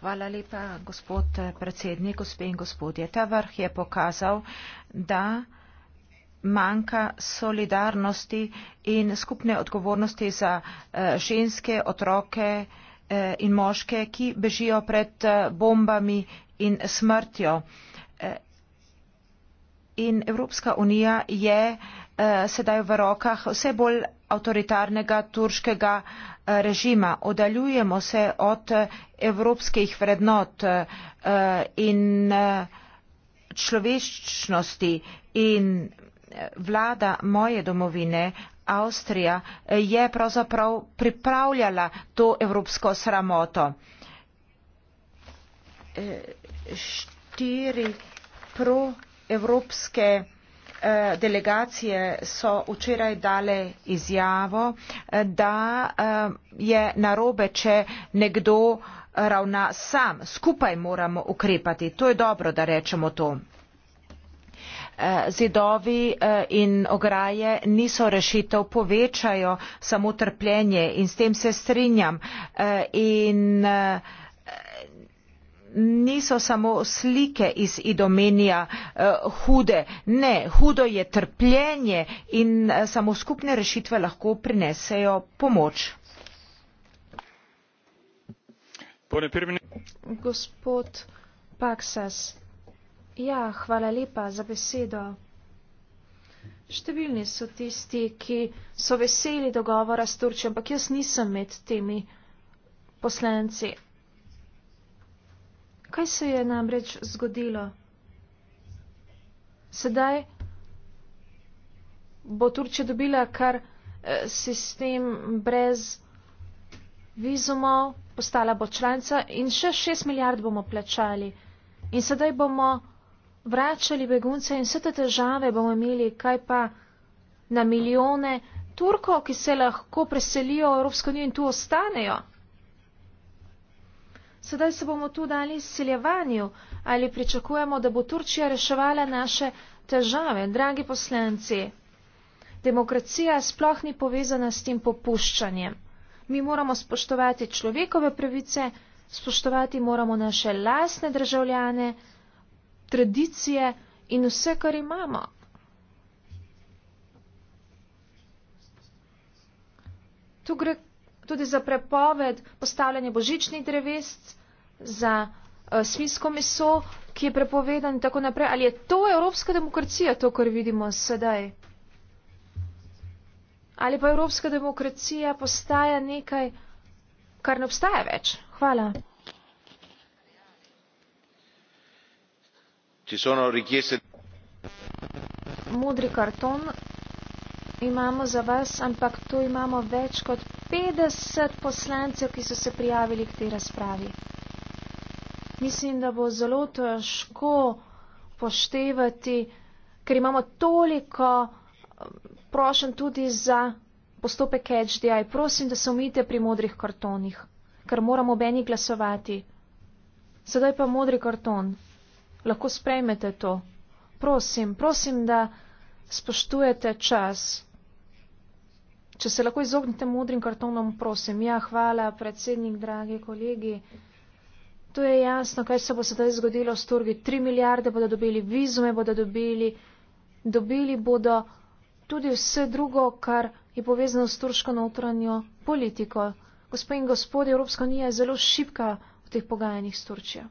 Hvala lepa, gospod predsednik, gospe in gospodje. Ta vrh je pokazal, da manjka solidarnosti in skupne odgovornosti za eh, ženske, otroke eh, in moške, ki bežijo pred eh, bombami in smrtjo. In Evropska unija je sedaj v rokah vse bolj avtoritarnega turškega eh, režima. Odaljujemo se od eh, evropskih vrednot eh, in človeščnosti in vlada moje domovine Avstrija je pravzaprav pripravljala to evropsko sramoto. Štiri proevropske Eh, delegacije so včeraj dale izjavo, eh, da eh, je narobe, če nekdo ravna sam. Skupaj moramo ukrepati. To je dobro, da rečemo to. Zidovi in ograje niso rešitev, povečajo samo trpljenje in s tem se strinjam. In niso samo slike iz idomenija eh, hude ne hudo je trpljenje in eh, samo skupne rešitve lahko prinesejo pomoč. gospod paksas ja hvala lepa za besedo številni so tisti ki so veseli dogovora s turčijo ampak jaz nisem med temi poslanci Kaj se je namreč zgodilo? Sedaj bo Turčija dobila kar eh, sistem brez vizumov, postala bo članica in še 6 milijard bomo plačali. In sedaj bomo vračali begunce in vse te težave bomo imeli, kaj pa na milijone Turkov, ki se lahko preselijo v Evropsko unijo in tu ostanejo. Sedaj se bomo tu dali siljevanju ali pričakujemo, da bo Turčija reševala naše težave, dragi poslanci. Demokracija sploh ni povezana s tem popuščanjem. Mi moramo spoštovati človekove pravice, spoštovati moramo naše lasne državljane, tradicije in vse, kar imamo. Tu gre tudi za prepoved postavljanja božičnih dreves, za uh, eh, svinsko meso, ki je prepovedan in tako naprej. Ali je to evropska demokracija, to, kar vidimo sedaj? Ali pa evropska demokracija postaja nekaj, kar ne obstaja več? Hvala. Modri karton imamo za vas, ampak tu imamo več kot 50 poslancev, ki so se prijavili k tej razpravi. Mislim, da bo zelo težko poštevati, ker imamo toliko eh, prošen tudi za postopek HDI. Prosim, da se umite pri modrih kartonih, ker moramo meni glasovati. Sedaj pa modri karton. Lahko sprejmete to. Prosim, prosim, da spoštujete čas. Če se lahko izognite modrim kartonom, prosim. Ja, hvala, predsednik, dragi kolegi. To je jasno, kaj se bo sedaj zgodilo s Turgi. 3 milijarde bodo dobili, vizume bodo dobili, dobili bodo tudi vse drugo, kar je povezano s turško notranjo politiko. Gospod in gospodje, Evropska unija je zelo šipka v teh pogajanjih s Turčijo.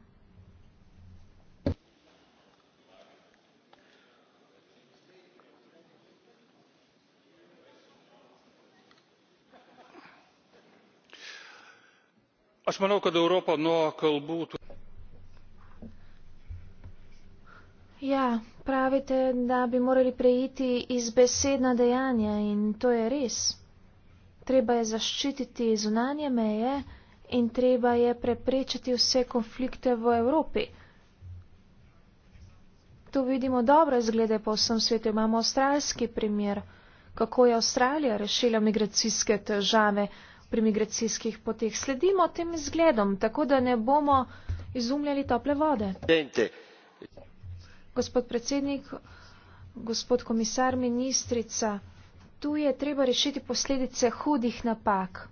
aš manau kad europa nuo kalbų Ja, pravite, da bi morali preiti iz besed na dejanja in to je res. Treba je zaščititi zunanje meje in treba je preprečiti vse konflikte v Evropi. Tu vidimo dobre zglede po vsem svetu. Imamo avstralski primer, kako je Avstralija rešila migracijske težave pri migracijskih poteh. Sledimo tem izgledom, tako da ne bomo izumljali tople vode. Gospod predsednik, gospod komisar, ministrica, tu je treba rešiti posledice hudih napak.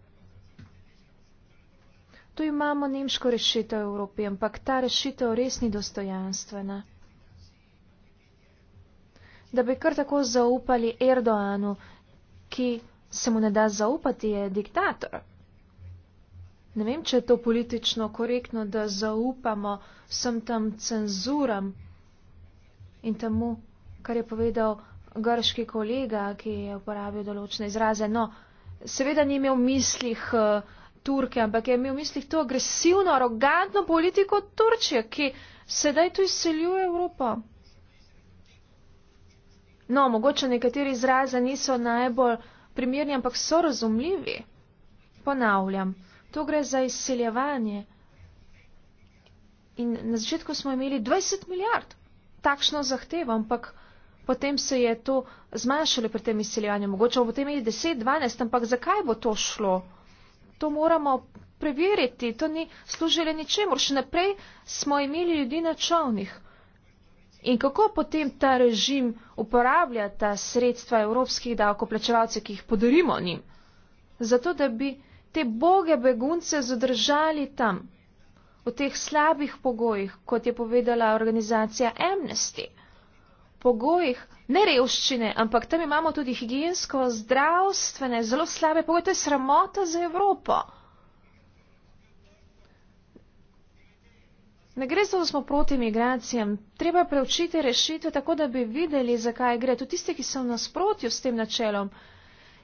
Tu imamo nemško rešitev v Evropi, ampak ta rešitev res ni dostojanstvena. Da bi kar tako zaupali Erdoanu, ki se mu ne da zaupati, je diktator. Ne vem, če je to politično korektno, da zaupamo vsem tam cenzuram in temu, kar je povedal grški kolega, ki je uporabil določene izraze. No, seveda ni imel v mislih eh, Turke, ampak je imel v mislih to agresivno, arogantno politiko Turčije, ki sedaj tu izseljuje Evropo. No, mogoče nekateri izraze niso najbolj primerni, ampak so razumljivi. Ponavljam, to gre za izseljevanje. In na začetku smo imeli 20 milijard. Takšno zahtevo, ampak potem se je to zmanjšalo pri tem izseljevanju. Mogoče bo potem imeli 10, 12, ampak zakaj bo to šlo? To moramo preveriti, to ni služilo ničemu. Še naprej smo imeli ljudi na čovnih. In kako potem ta režim uporablja ta sredstva evropskih davkoplačevalcev, ki jih podarimo njim, zato da bi te boge begunce zadržali tam, v teh slabih pogojih, kot je povedala organizacija Amnesty, pogojih ne revščine, ampak tam imamo tudi higijensko, zdravstvene, zelo slabe pogoje, to je sramota za Evropo. Ne gre za to, da smo proti migracijam. Treba preučiti rešitve tako, da bi videli, zakaj gre. Tudi tiste, ki so v nasprotju s tem načelom,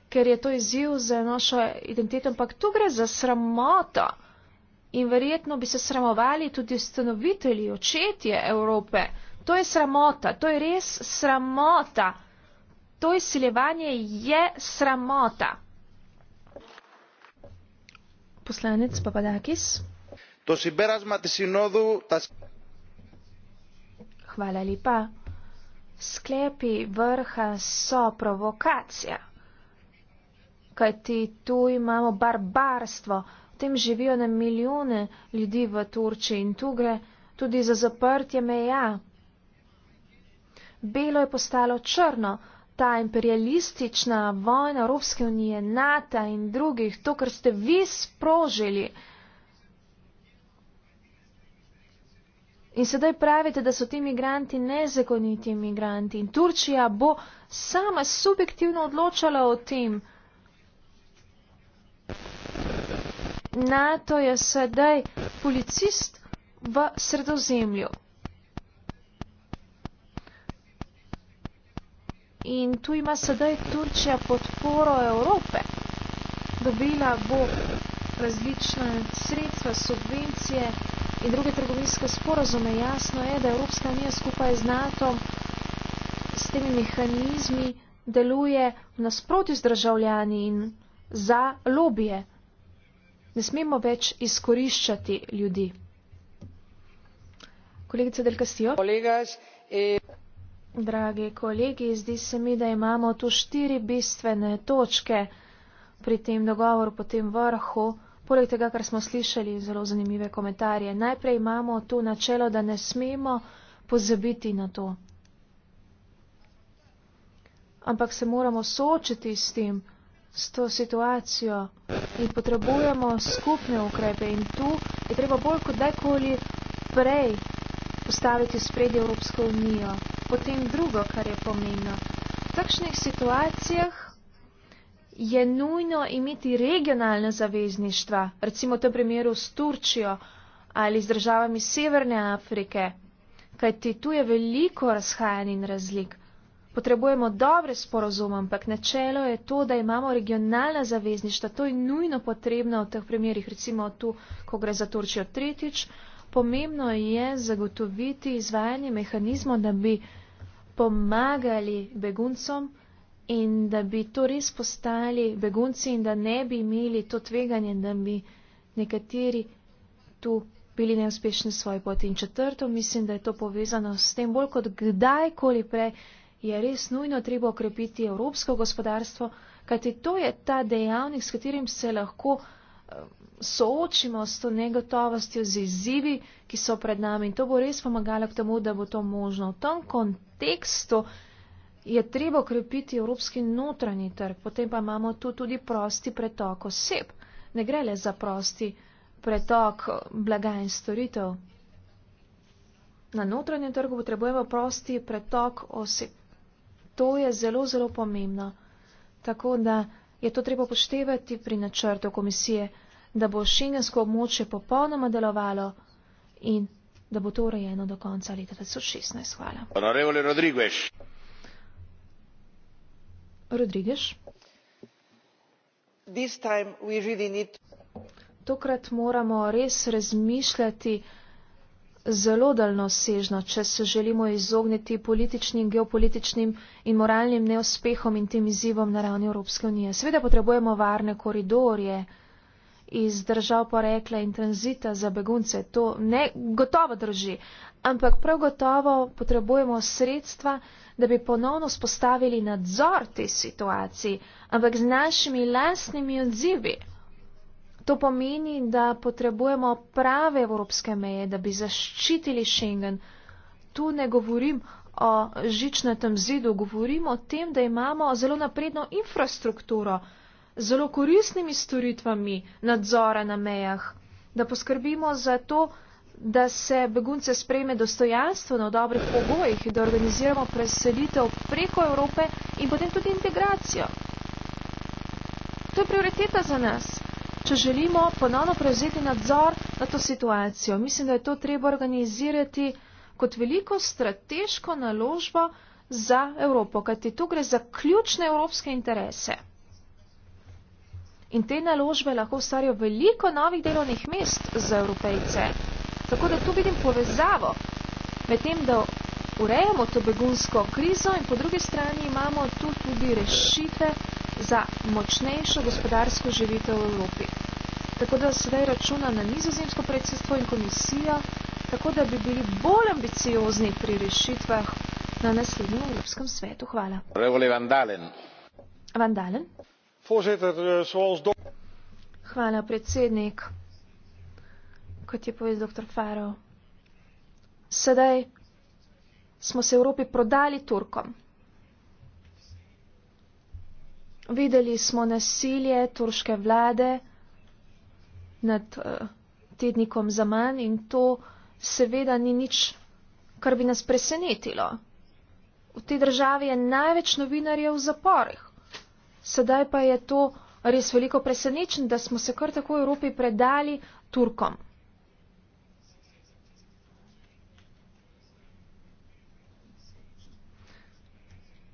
ker je to izziv za našo identiteto, ampak tu gre za sramoto. In verjetno bi se sramovali tudi ustanovitelji, očetje Evrope. To je sramota, to je res sramota. To izsiljevanje je sramota. Poslanec Papadakis. To συμπέρασμα της Συνόδου... Hvala lepa. Sklepi vrha so provokacija, kajti tu imamo barbarstvo. V tem živijo na milijone ljudi v Turčiji in tu gre tudi za zaprtje meja. Belo je postalo črno, ta imperialistična vojna Evropske unije, NATO in drugih, to, kar ste vi sprožili. In sedaj pravite, da so ti imigranti nezakoniti imigranti in Turčija bo sama subjektivno odločala o tem. NATO je sedaj policist v sredozemlju. In tu ima sedaj Turčija podporo Evrope. Dobila bo različne sredstva, subvencije, in druge trgovinske sporazume. Jasno je, da Evropska unija skupaj z NATO s temi mehanizmi deluje nasprotju z državljani in za lobije. Ne smemo več izkoriščati ljudi. Kolegica Del Castillo. Kolegas, eh... Dragi kolegi, zdi se mi, da imamo tu štiri bistvene točke pri tem dogovoru po tem vrhu. Poleg tega, kar smo slišali, zelo zanimive komentarje. Najprej imamo to načelo, da ne smemo pozabiti na to. Ampak se moramo soočiti s tem, s to situacijo in potrebujemo skupne ukrepe. In tu je treba bolj kot dajkoli prej postaviti spredje Evropsko unijo. Potem drugo, kar je pomembno. V takšnih situacijah je nujno imeti regionalne zavezništva, recimo v tem primeru s Turčijo ali z državami Severne Afrike, kajti tu je veliko razhajanj in razlik. Potrebujemo dobre sporozume, ampak načelo je to, da imamo regionalna zavezništva. To je nujno potrebno v teh primerjih, recimo tu, ko gre za Turčijo tretjič. Pomembno je zagotoviti izvajanje mehanizmov, da bi pomagali beguncom in da bi to res postali begunci in da ne bi imeli to tveganje, da bi nekateri tu bili neuspešni v svoji poti. In četrto, mislim, da je to povezano s tem bolj kot kdajkoli prej, je res nujno treba okrepiti evropsko gospodarstvo, kajti to je ta dejavnik, s katerim se lahko eh, soočimo s to negotovostjo, z izzivi, ki so pred nami. In to bo res pomagalo k temu, da bo to možno. V tom kontekstu je treba okrepiti evropski notranji trg, potem pa imamo tu tudi prosti pretok oseb. Ne gre le za prosti pretok eh, blaga in storitev. Na notranjem trgu potrebujemo prosti pretok oseb. To je zelo, zelo pomembno. Tako da je to treba poštevati pri načrtu komisije, da bo šengensko območje popolnoma delovalo in da bo to urejeno do konca leta 2016. Hvala. Tokrat moramo res razmišljati zelo daljnosežno, če se želimo izogniti političnim, geopolitičnim in moralnim neuspehom in tem izzivom na ravni Evropske unije. Seveda potrebujemo varne koridorje, iz držav porekla in tranzita za begunce. To ne gotovo drži, ampak prav gotovo potrebujemo sredstva, da bi ponovno spostavili nadzor te situaciji, ampak z našimi lastnimi odzivi. To pomeni, da potrebujemo prave evropske meje, da bi zaščitili Schengen. Tu ne govorim o žičnem zidu, govorim o tem, da imamo zelo napredno infrastrukturo zelo koristnimi storitvami nadzora na mejah, da poskrbimo za to, da se begunce sprejme dostojanstveno v dobrih pogojih in da organiziramo preselitev preko Evrope in potem tudi integracijo. To je prioriteta za nas, če želimo ponovno prevzeti nadzor na to situacijo. Mislim, da je to treba organizirati kot veliko strateško naložbo za Evropo, kajti tu gre za ključne evropske interese in te naložbe lahko ustvarijo veliko novih delovnih mest za evropejce. Tako da tu vidim povezavo med tem, da urejamo to begunsko krizo in po drugi strani imamo tu tudi rešitve za močnejšo gospodarsko živitev v Evropi. Tako da sedaj računa na nizozemsko predsedstvo in komisijo, tako da bi bili bolj ambiciozni pri rešitvah na naslednjem Evropskem svetu. Hvala. Vandalen. Vandalen. Eh, Hvala, predsednik. Kot je povedal dr. Farov, sedaj smo se Evropi prodali Turkom. Videli smo nasilje turške vlade nad eh, tednikom Zaman in to seveda ni nič, kar bi nas presenetilo. V tej državi je največ novinarjev v zaporih sedaj pa je to res veliko presenečen, da smo se kar tako v Evropi predali Turkom.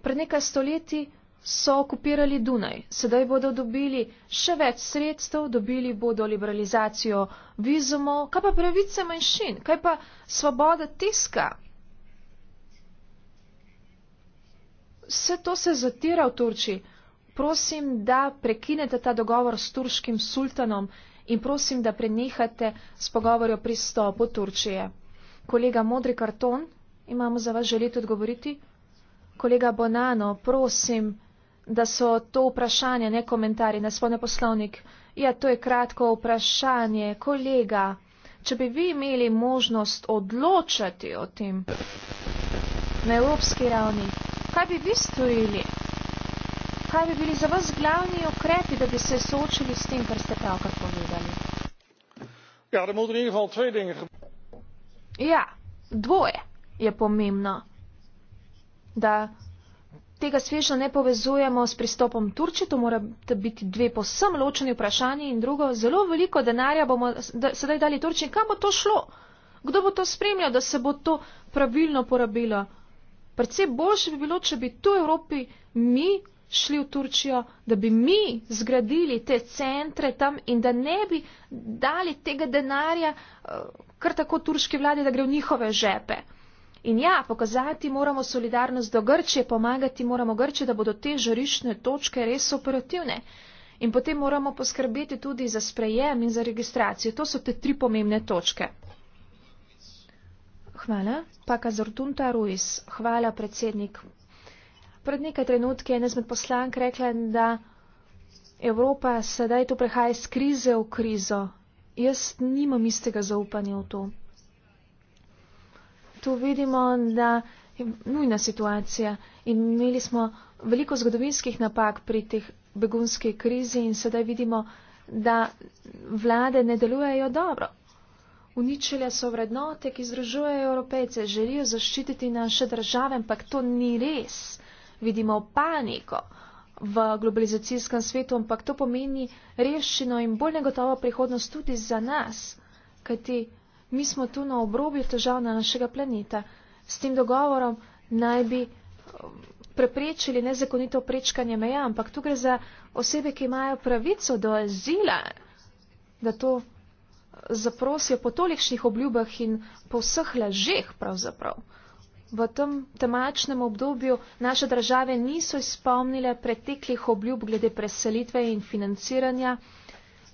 Pred nekaj stoleti so okupirali Dunaj, sedaj bodo dobili še več sredstev, dobili bodo liberalizacijo vizumov, kaj pa pravice manjšin, kaj pa svoboda tiska. Vse to se zatira v Turčiji prosim, da prekinete ta dogovor s turškim sultanom in prosim, da prenehate s pogovorjo pri stopu Turčije. Kolega Modri karton, imamo za vas želeti odgovoriti. Kolega Bonano, prosim, da so to vprašanje, ne komentarji na svoj poslovnik. Ja, to je kratko vprašanje. Kolega, če bi vi imeli možnost odločati o tem na evropski ravni, kaj bi vi storili? kaj bi bili za vas glavni ukrepi, da bi se soočili s tem, kar ste pravkar povedali? Ja, da moramo v njihovem tvegu. Ja, dvoje je pomembno, da tega svežega ne povezujemo s pristopom Turčije, to mora biti dve posem ločeni vprašanji in drugo, zelo veliko denarja bomo sedaj dali Turčiji, kam bo to šlo, kdo bo to spremljal, da se bo to pravilno porabilo. Predvsem boljše bi bilo, če bi tu v Evropi mi šli v Turčijo, da bi mi zgradili te centre tam in da ne bi dali tega denarja eh, kar tako turški vladi, da gre v njihove žepe. In ja, pokazati moramo solidarnost do Grčije, pomagati moramo Grčije, da bodo te žarišne točke res operativne. In potem moramo poskrbeti tudi za sprejem in za registracijo. To so te tri pomembne točke. Hvala. Paka Zortunta Ruiz. Hvala, predsednik Pred nekaj trenutki je en izmed poslank rekla, da Evropa sedaj to prehaja iz krize v krizo. Jaz nimam istega zaupanja v to. Tu vidimo, da je nujna situacija in imeli smo veliko zgodovinskih napak pri teh begunski krizi in sedaj vidimo, da vlade ne delujejo dobro. Uničile so vrednote, ki združujejo evropejce, želijo zaščititi naše države, ampak to ni res vidimo paniko v globalizacijskem svetu, ampak to pomeni rešeno in bolj negotovo prihodnost tudi za nas, kajti mi smo tu na obrobju težav na našega planeta. S tem dogovorom naj bi um, preprečili nezakonito prečkanje meja, ampak tu gre za osebe, ki imajo pravico do azila, da to uh, zaprosijo po tolikšnih obljubah in po vseh lažeh pravzaprav v tem temačnem obdobju naše države niso izpolnile preteklih obljub glede preselitve in financiranja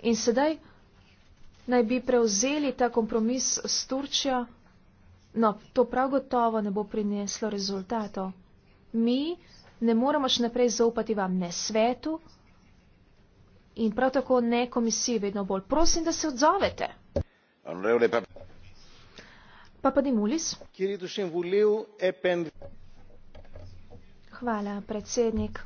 in sedaj naj bi prevzeli ta kompromis s Turčjo, no, to prav gotovo ne bo prineslo rezultatov. Mi ne moremo še naprej zaupati vam ne svetu in prav tako ne komisiji vedno bolj. Prosim, da se odzovete. Papadimulis. Hvala, predsednik.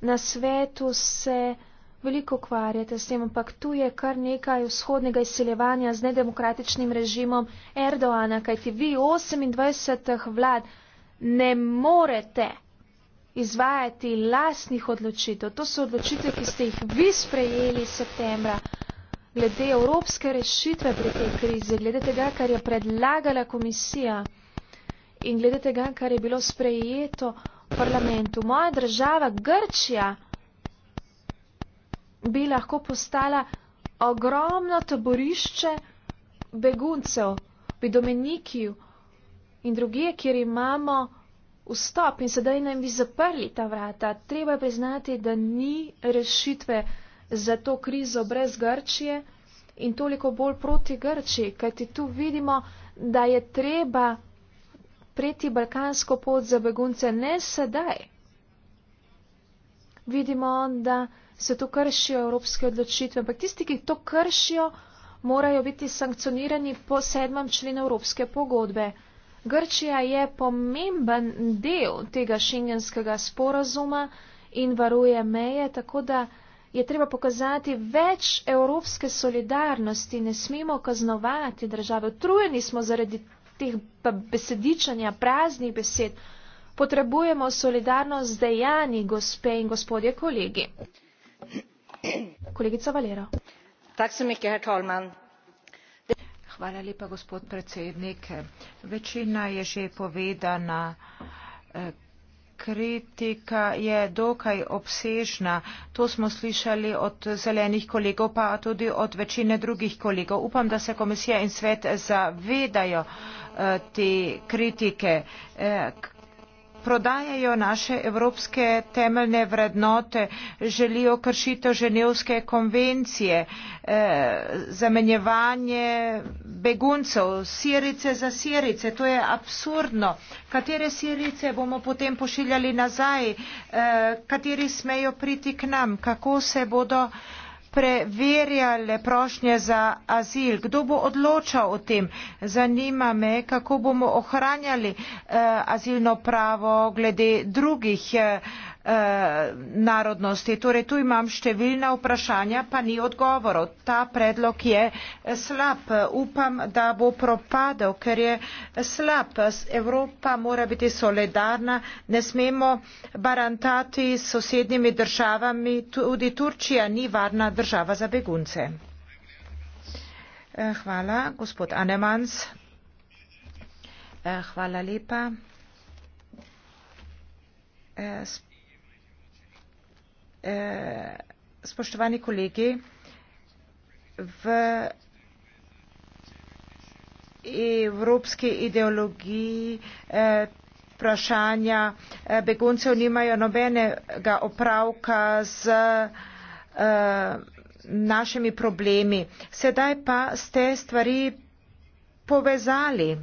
Na svetu se veliko kvarjate s tem, ampak tu je kar nekaj vzhodnega izseljevanja z nedemokratičnim režimom Erdoana, kajti vi 28 vlad ne morete izvajati lasnih odločitev. To so odločitev, ki ste jih vi sprejeli septembra glede evropske rešitve pri tej krizi, glede tega, kar je predlagala komisija in glede tega, kar je bilo sprejeto v parlamentu. Moja država Grčija bi lahko postala ogromno taborišče beguncev v Dominikiju in druge, kjer imamo vstop in sedaj naj bi zaprli ta vrata. Treba je priznati, da ni rešitve za to krizo brez Grčije in toliko bolj proti Grčiji, kajti tu vidimo, da je treba preti balkansko pot za begunce ne sedaj. Vidimo, da se tu kršijo evropske odločitve, ampak tisti, ki to kršijo, morajo biti sankcionirani po sedmem členu Evropske pogodbe. Grčija je pomemben del tega šengenskega sporazuma in varuje meje, tako da je treba pokazati več evropske solidarnosti, ne smemo kaznovati države. Trujeni smo zaradi teh besedičanja, praznih besed. Potrebujemo solidarnost dejani, gospe in gospodje kolegi. Kolegica Valero. Hvala lepa, gospod predsednik. Večina je že povedana, eh, kritika je dokaj obsežna. To smo slišali od zelenih kolegov, pa tudi od večine drugih kolegov. Upam, da se komisija in svet zavedajo eh, te kritike. Eh, prodajajo naše evropske temeljne vrednote, želijo kršitev Ženevske konvencije, eh, zamenjevanje beguncev, sirice za sirice. To je absurdno. Katere sirice bomo potem pošiljali nazaj, eh, kateri smejo priti k nam, kako se bodo preverjale prošnje za azil? Kdo bo odločal o tem? Zanima me, kako bomo ohranjali eh, azilno pravo glede drugih. Eh, Eh, narodnosti. Torej tu imam številna vprašanja, pa ni odgovorov. Ta predlog je eh, slab. Upam, da bo propadel, ker je eh, slab. Evropa mora biti solidarna, ne smemo barantati s sosednjimi državami. Tudi Turčija ni varna država za begunce. Hvala, gospod Anemans. Hvala lepa. Eh, spoštovani kolegi, v evropski ideologiji eh, vprašanja eh, beguncev nimajo nobenega opravka z eh, našimi problemi. Sedaj pa ste stvari povezali,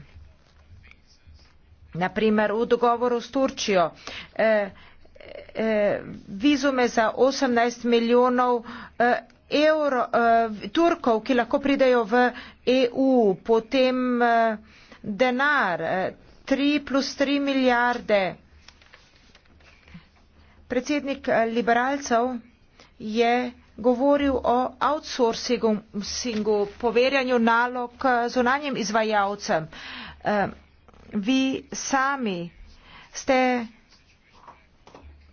naprimer v dogovoru s Turčijo. Eh, E, vizume za 18 milijonov e, evro, e, Turkov, ki lahko pridejo v EU, potem denar 3 plus 3 milijarde. Predsednik liberalcev je govoril o outsourcingu, poverjanju nalog zunanjem izvajalcem. Vi sami ste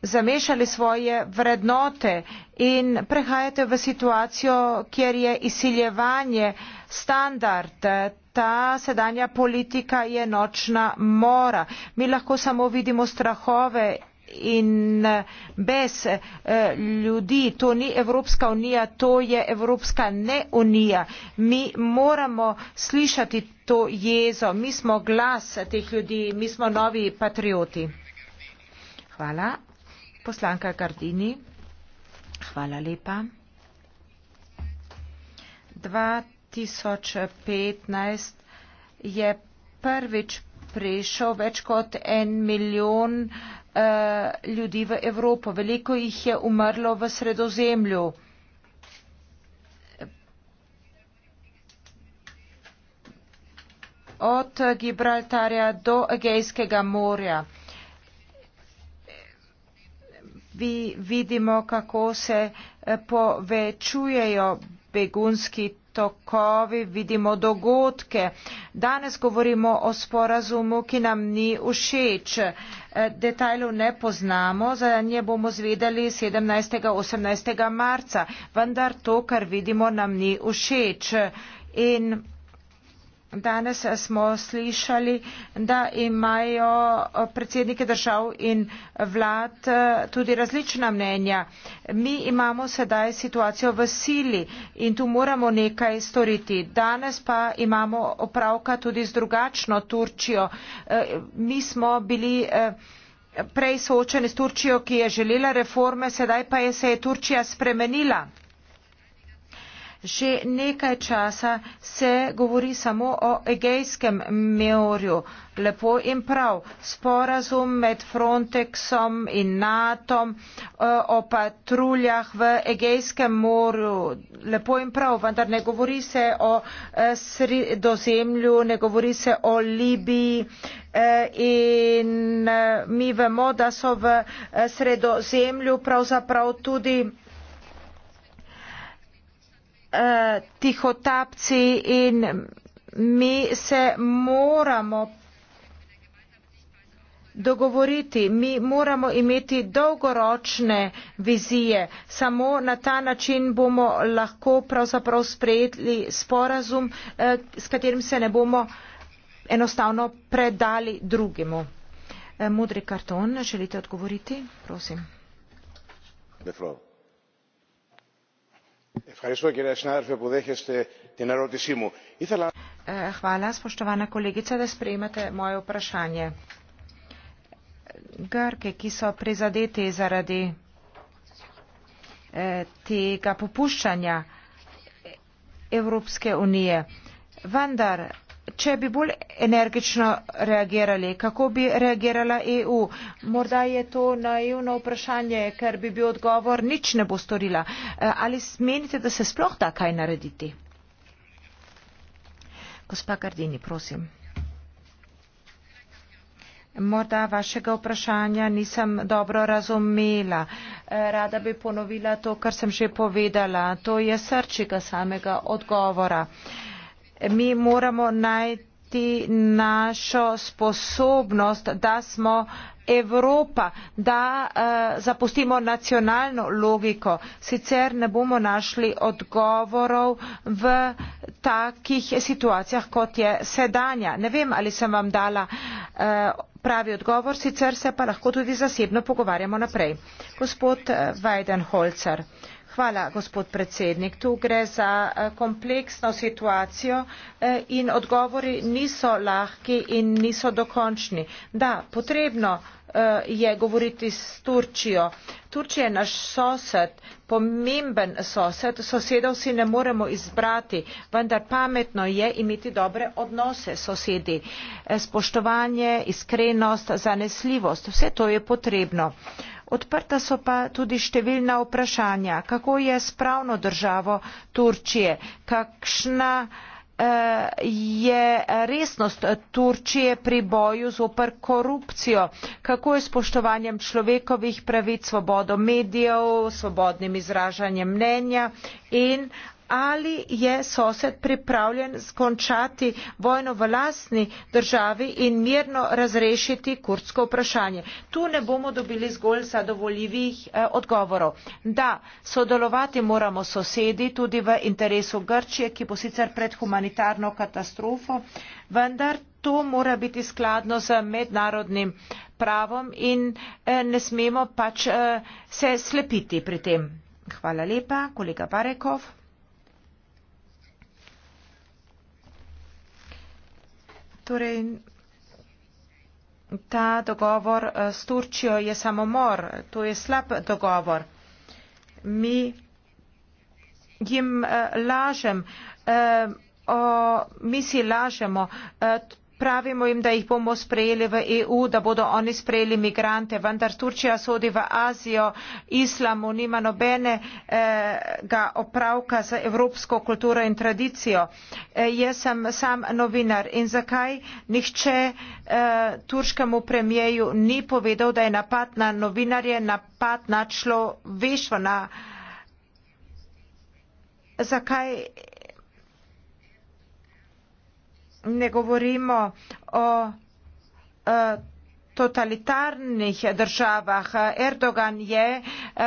zamešali svoje vrednote in prehajate v situacijo, kjer je izsiljevanje standard. Ta sedanja politika je nočna mora. Mi lahko samo vidimo strahove in bes eh, ljudi. To ni Evropska unija, to je Evropska neunija. Mi moramo slišati to jezo. Mi smo glas teh ljudi, mi smo novi patrioti. Hvala. Poslanka Gardini. Hvala lepa. 2015 je prvič prešel več kot en milijon uh, ljudi v Evropo. Veliko jih je umrlo v sredozemlju. Od Gibraltarja do Egejskega morja vi, vidimo, kako se eh, povečujejo begunski tokovi, vidimo dogodke. Danes govorimo o sporazumu, ki nam ni všeč. Eh, detajlov ne poznamo, za nje bomo zvedali 17. 18. marca, vendar to, kar vidimo, nam ni všeč. In Danes eh, smo slišali, da imajo eh, predsednike držav in vlad eh, tudi različna mnenja. Mi imamo sedaj situacijo v sili in tu moramo nekaj storiti. Danes pa imamo opravka tudi z drugačno Turčijo. Mi smo bili prej soočeni s Turčijo, ki je želela reforme, sedaj pa je se je Turčija spremenila. Že nekaj časa se govori samo o Egejskem morju. Lepo in prav. Sporazum med Frontexom in NATO e, o patruljah v Egejskem morju. Lepo in prav, vendar ne govori se o e, sredozemlju, ne govori se o Libiji e, in mi vemo, da so v sredozemlju pravzaprav tudi uh, tihotapci in mi se moramo dogovoriti, mi moramo imeti dolgoročne vizije. Samo na ta način bomo lahko pravzaprav sprejeli sporazum, eh, s katerim se ne bomo enostavno predali drugemu. Eh, modri karton, želite odgovoriti? Prosim. The floor hvala spoštovana kolegica da sprejmete moje vprašanje grki ki so prizadeti zaradi tega popuščanja evropske unije vendar če bi bolj energično reagirali, kako bi reagirala EU? Morda je to naivno vprašanje, ker bi bil odgovor, nič ne bo storila. E, ali menite, da se sploh da kaj narediti? Gospa Gardini, prosim. Morda vašega vprašanja nisem dobro razumela. E, rada bi ponovila to, kar sem že povedala. To je srčika samega odgovora. Uh, mi moramo najti našo sposobnost, da smo Evropa, da uh, zapustimo nacionalno logiko. Sicer ne bomo našli odgovorov v takih situacijah, kot je sedanja. Ne vem, ali sem vam dala uh, pravi odgovor, sicer se pa lahko tudi zasebno pogovarjamo naprej. Gospod eh, Weidenholzer. Uh, tu gre za eh, kompleksno situacijo eh, in odgovori niso lahki in niso dokončni. da potrebno eh, je govoriti s turčijo. turčija je naš sosed pomemben sosed sosedov si ne moremo izbrati vendar pametno je imeti dobre odnose s sosedi spoštovanje iskrenost zanesljivost vse to je potrebno. Odprta so pa tudi številna vprašanja, kako je s pravno državo Turčije, kakšna eh, je resnost Turčije pri boju z opr korupcijo, kako je spoštovanjem človekovih pravic, svobodo medijev, svobodnim izražanjem mnenja in ali je sosed pripravljen skončati vojno v lasni državi in mirno razrešiti kurdsko vprašanje. Tu ne bomo dobili zgolj zadovoljivih eh, odgovorov. Da, sodelovati moramo sosedi tudi v interesu Grčije, ki bo sicer pred humanitarno katastrofo, vendar to mora biti skladno z mednarodnim pravom in eh, ne smemo pač eh, se slepiti pri tem. Hvala lepa, kolega Barekov. Torej, ta dogovor eh, s Turčijo je samomor, to je slab dogovor. Mi jim eh, lažem, eh, o, mi si lažemo, pravimo jim, da jih bomo sprejeli v EU, da bodo oni sprejeli migrante, vendar Turčija sodi v Azijo, islamu nima nobenega eh, opravka za evropsko kulturo in tradicijo. Eh, jaz sem sam novinar in zakaj nihče eh, turškemu premijeju ni povedal, da je napad na novinarje, napad na človeštvo, na. Zakaj ne govorimo o e, totalitarnih državah. Erdogan je e,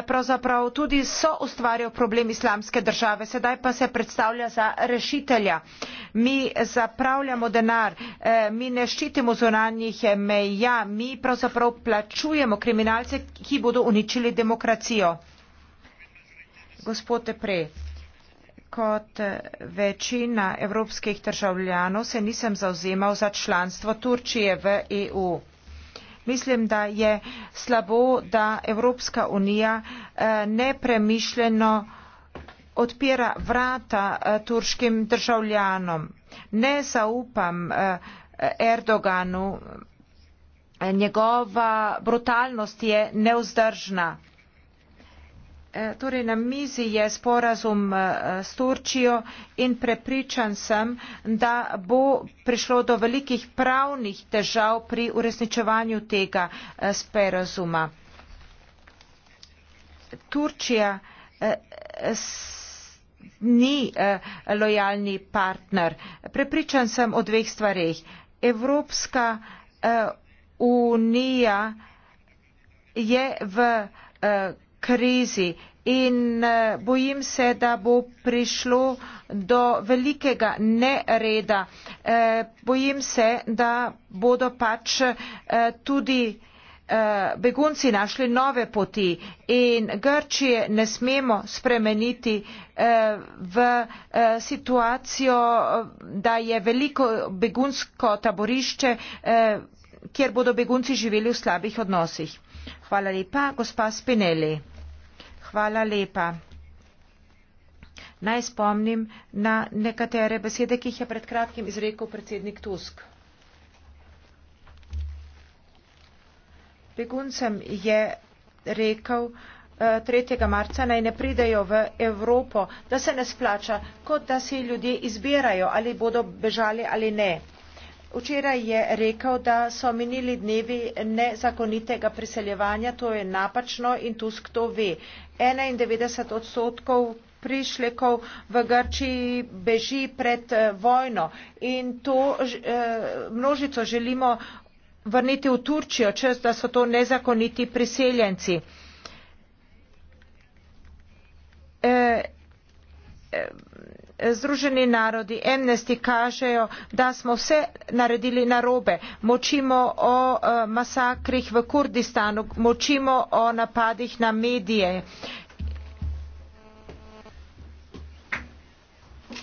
pravzaprav tudi so ustvarjal problem islamske države, sedaj pa se predstavlja za rešitelja. Mi zapravljamo denar, e, mi ne ščitimo zunanjih meja, mi pravzaprav plačujemo kriminalce, ki bodo uničili demokracijo. Gospod Epre, kot večina evropskih državljanov se nisem zauzemal za članstvo Turčije v EU. Mislim, da je slabo, da Evropska unija eh, nepremišljeno odpira vrata eh, turškim državljanom. Ne zaupam eh, Erdoganu, njegova brutalnost je neuzdržna. E, torej na mizi je sporazum e, s Turčijo in prepričan sem, da bo prišlo do velikih pravnih težav pri uresničevanju tega e, sporazuma. Turčija ni lojalni partner. Prepričan sem o dveh stvarih. Evropska unija je v krizi in eh, bojim se, da bo prišlo do velikega nereda. Eh, bojim se, da bodo pač eh, tudi begunci našli nove poti in Grčije ne smemo spremeniti v situacijo, da je veliko begunsko taborišče, kjer bodo begunci živeli v slabih odnosih. Hvala lepa, gospa Spinelli hvala lepa. Naj spomnim na nekatere besede, ki jih je pred kratkim izrekel predsednik Tusk. Beguncem je rekel 3. Eh, marca naj ne pridejo v Evropo, da se ne splača, kot da si ljudje izbirajo, ali bodo bežali ali ne. Včeraj je rekel, da so minili dnevi nezakonitega priseljevanja, to je napačno in Tusk to ve. 91 odstotkov prišlekov v Grčiji beži pred eh, vojno in to eh, množico želimo vrniti v Turčijo, čez da so to nezakoniti priseljenci. E, e, združeni narodi amnesty kažejo da smo vse naredili narobe močimo o eh, masakrih v kurdistanu močimo o napadih na medije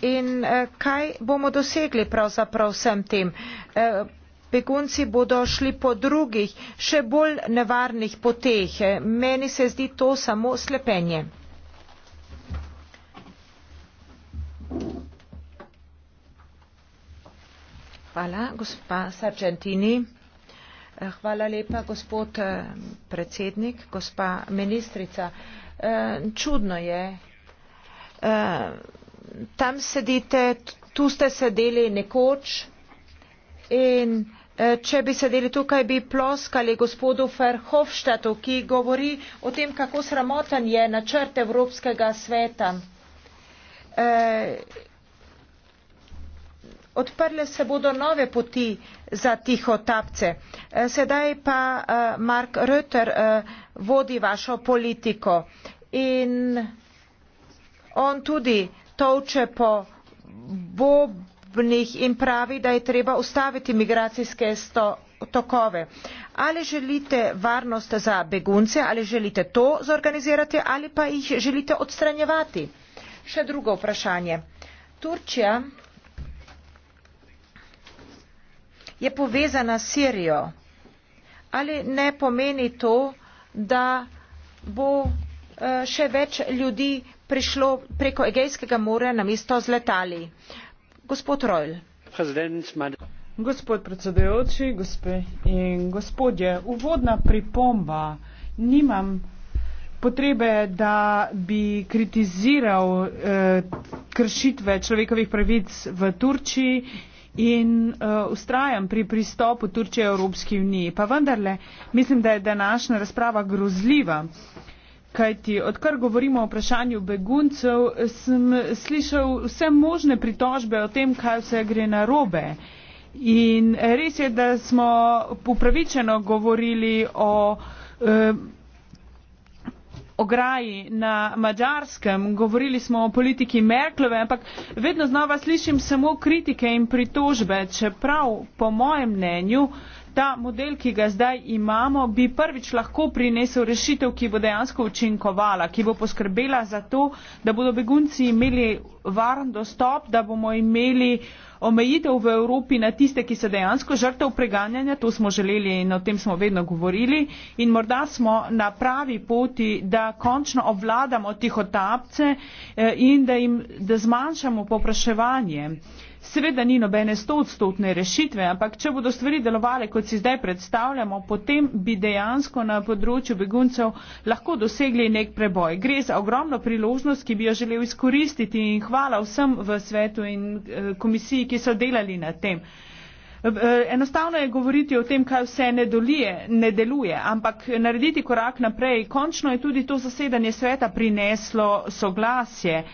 in eh, kaj bomo dosegli pravzaprav vsem tem eh, begunci bodo šli po drugih še bolj nevarnih poteh meni se zdi to samo slepenje Hvala, gospa Sargentini. Eh, hvala lepa, gospod eh, predsednik, gospa ministrica. Eh, čudno je. Tam sedite, tu ste sedeli nekoč in če bi sedeli tukaj, bi ploskali gospodu Ferhofštatu, ki govori o tem, kako sramoten je načrt Evropskega sveta odprle se bodo nove poti za tihotapce. E, sedaj pa e, Mark Röter e, vodi vašo politiko in on tudi tolče po bobnih in pravi, da je treba ustaviti migracijske sto tokove. Ali želite varnost za begunce, ali želite to zorganizirati, ali pa jih želite odstranjevati? Še drugo vprašanje. Turčija je povezana s Sirijo. Ali ne pomeni to, da bo eh, še več ljudi prišlo preko Egejskega morja na mesto z letali? Gospod Rojl. Gospod predsedujoči, gospe in gospodje, uvodna pripomba. Nimam potrebe, da bi kritiziral eh, kršitve človekovih pravic v Turčiji in uh, ustrajam pri pristopu Turčije Evropski uniji. Pa vendarle, mislim, da je današnja razprava grozljiva. Kajti, odkar govorimo o vprašanju beguncev, sem slišal vse možne pritožbe o tem, kaj vse gre na robe. In res je, da smo upravičeno govorili o. Uh, ograji na Mađarskem, govorili smo o politiki Merklove, ampak vedno znova slišim samo kritike in pritožbe, čeprav po mojem mnenju ta model, ki ga zdaj imamo, bi prvič lahko prinesel rešitev, ki bo dejansko učinkovala, ki bo poskrbela za to, da bodo begunci imeli varen dostop, da bomo imeli uh, omejitev v Evropi na tiste, ki so dejansko žrtev preganjanja, to smo želeli in o tem smo vedno govorili in morda smo na pravi poti, da končno obvladamo tih otapce eh, in da, jim, da zmanjšamo popraševanje. Seveda ni nobene stotstotne rešitve, ampak če bodo stvari delovale, kot si zdaj predstavljamo, potem bi dejansko na področju beguncev lahko dosegli nek preboj. Gre za ogromno priložnost, ki bi jo želel izkoristiti in hvala vsem v svetu in eh, komisiji, ki so delali na tem. Eh, enostavno je govoriti o tem, kaj vse ne, dolije, ne deluje, ampak narediti korak naprej. Končno je tudi to zasedanje sveta prineslo soglasje.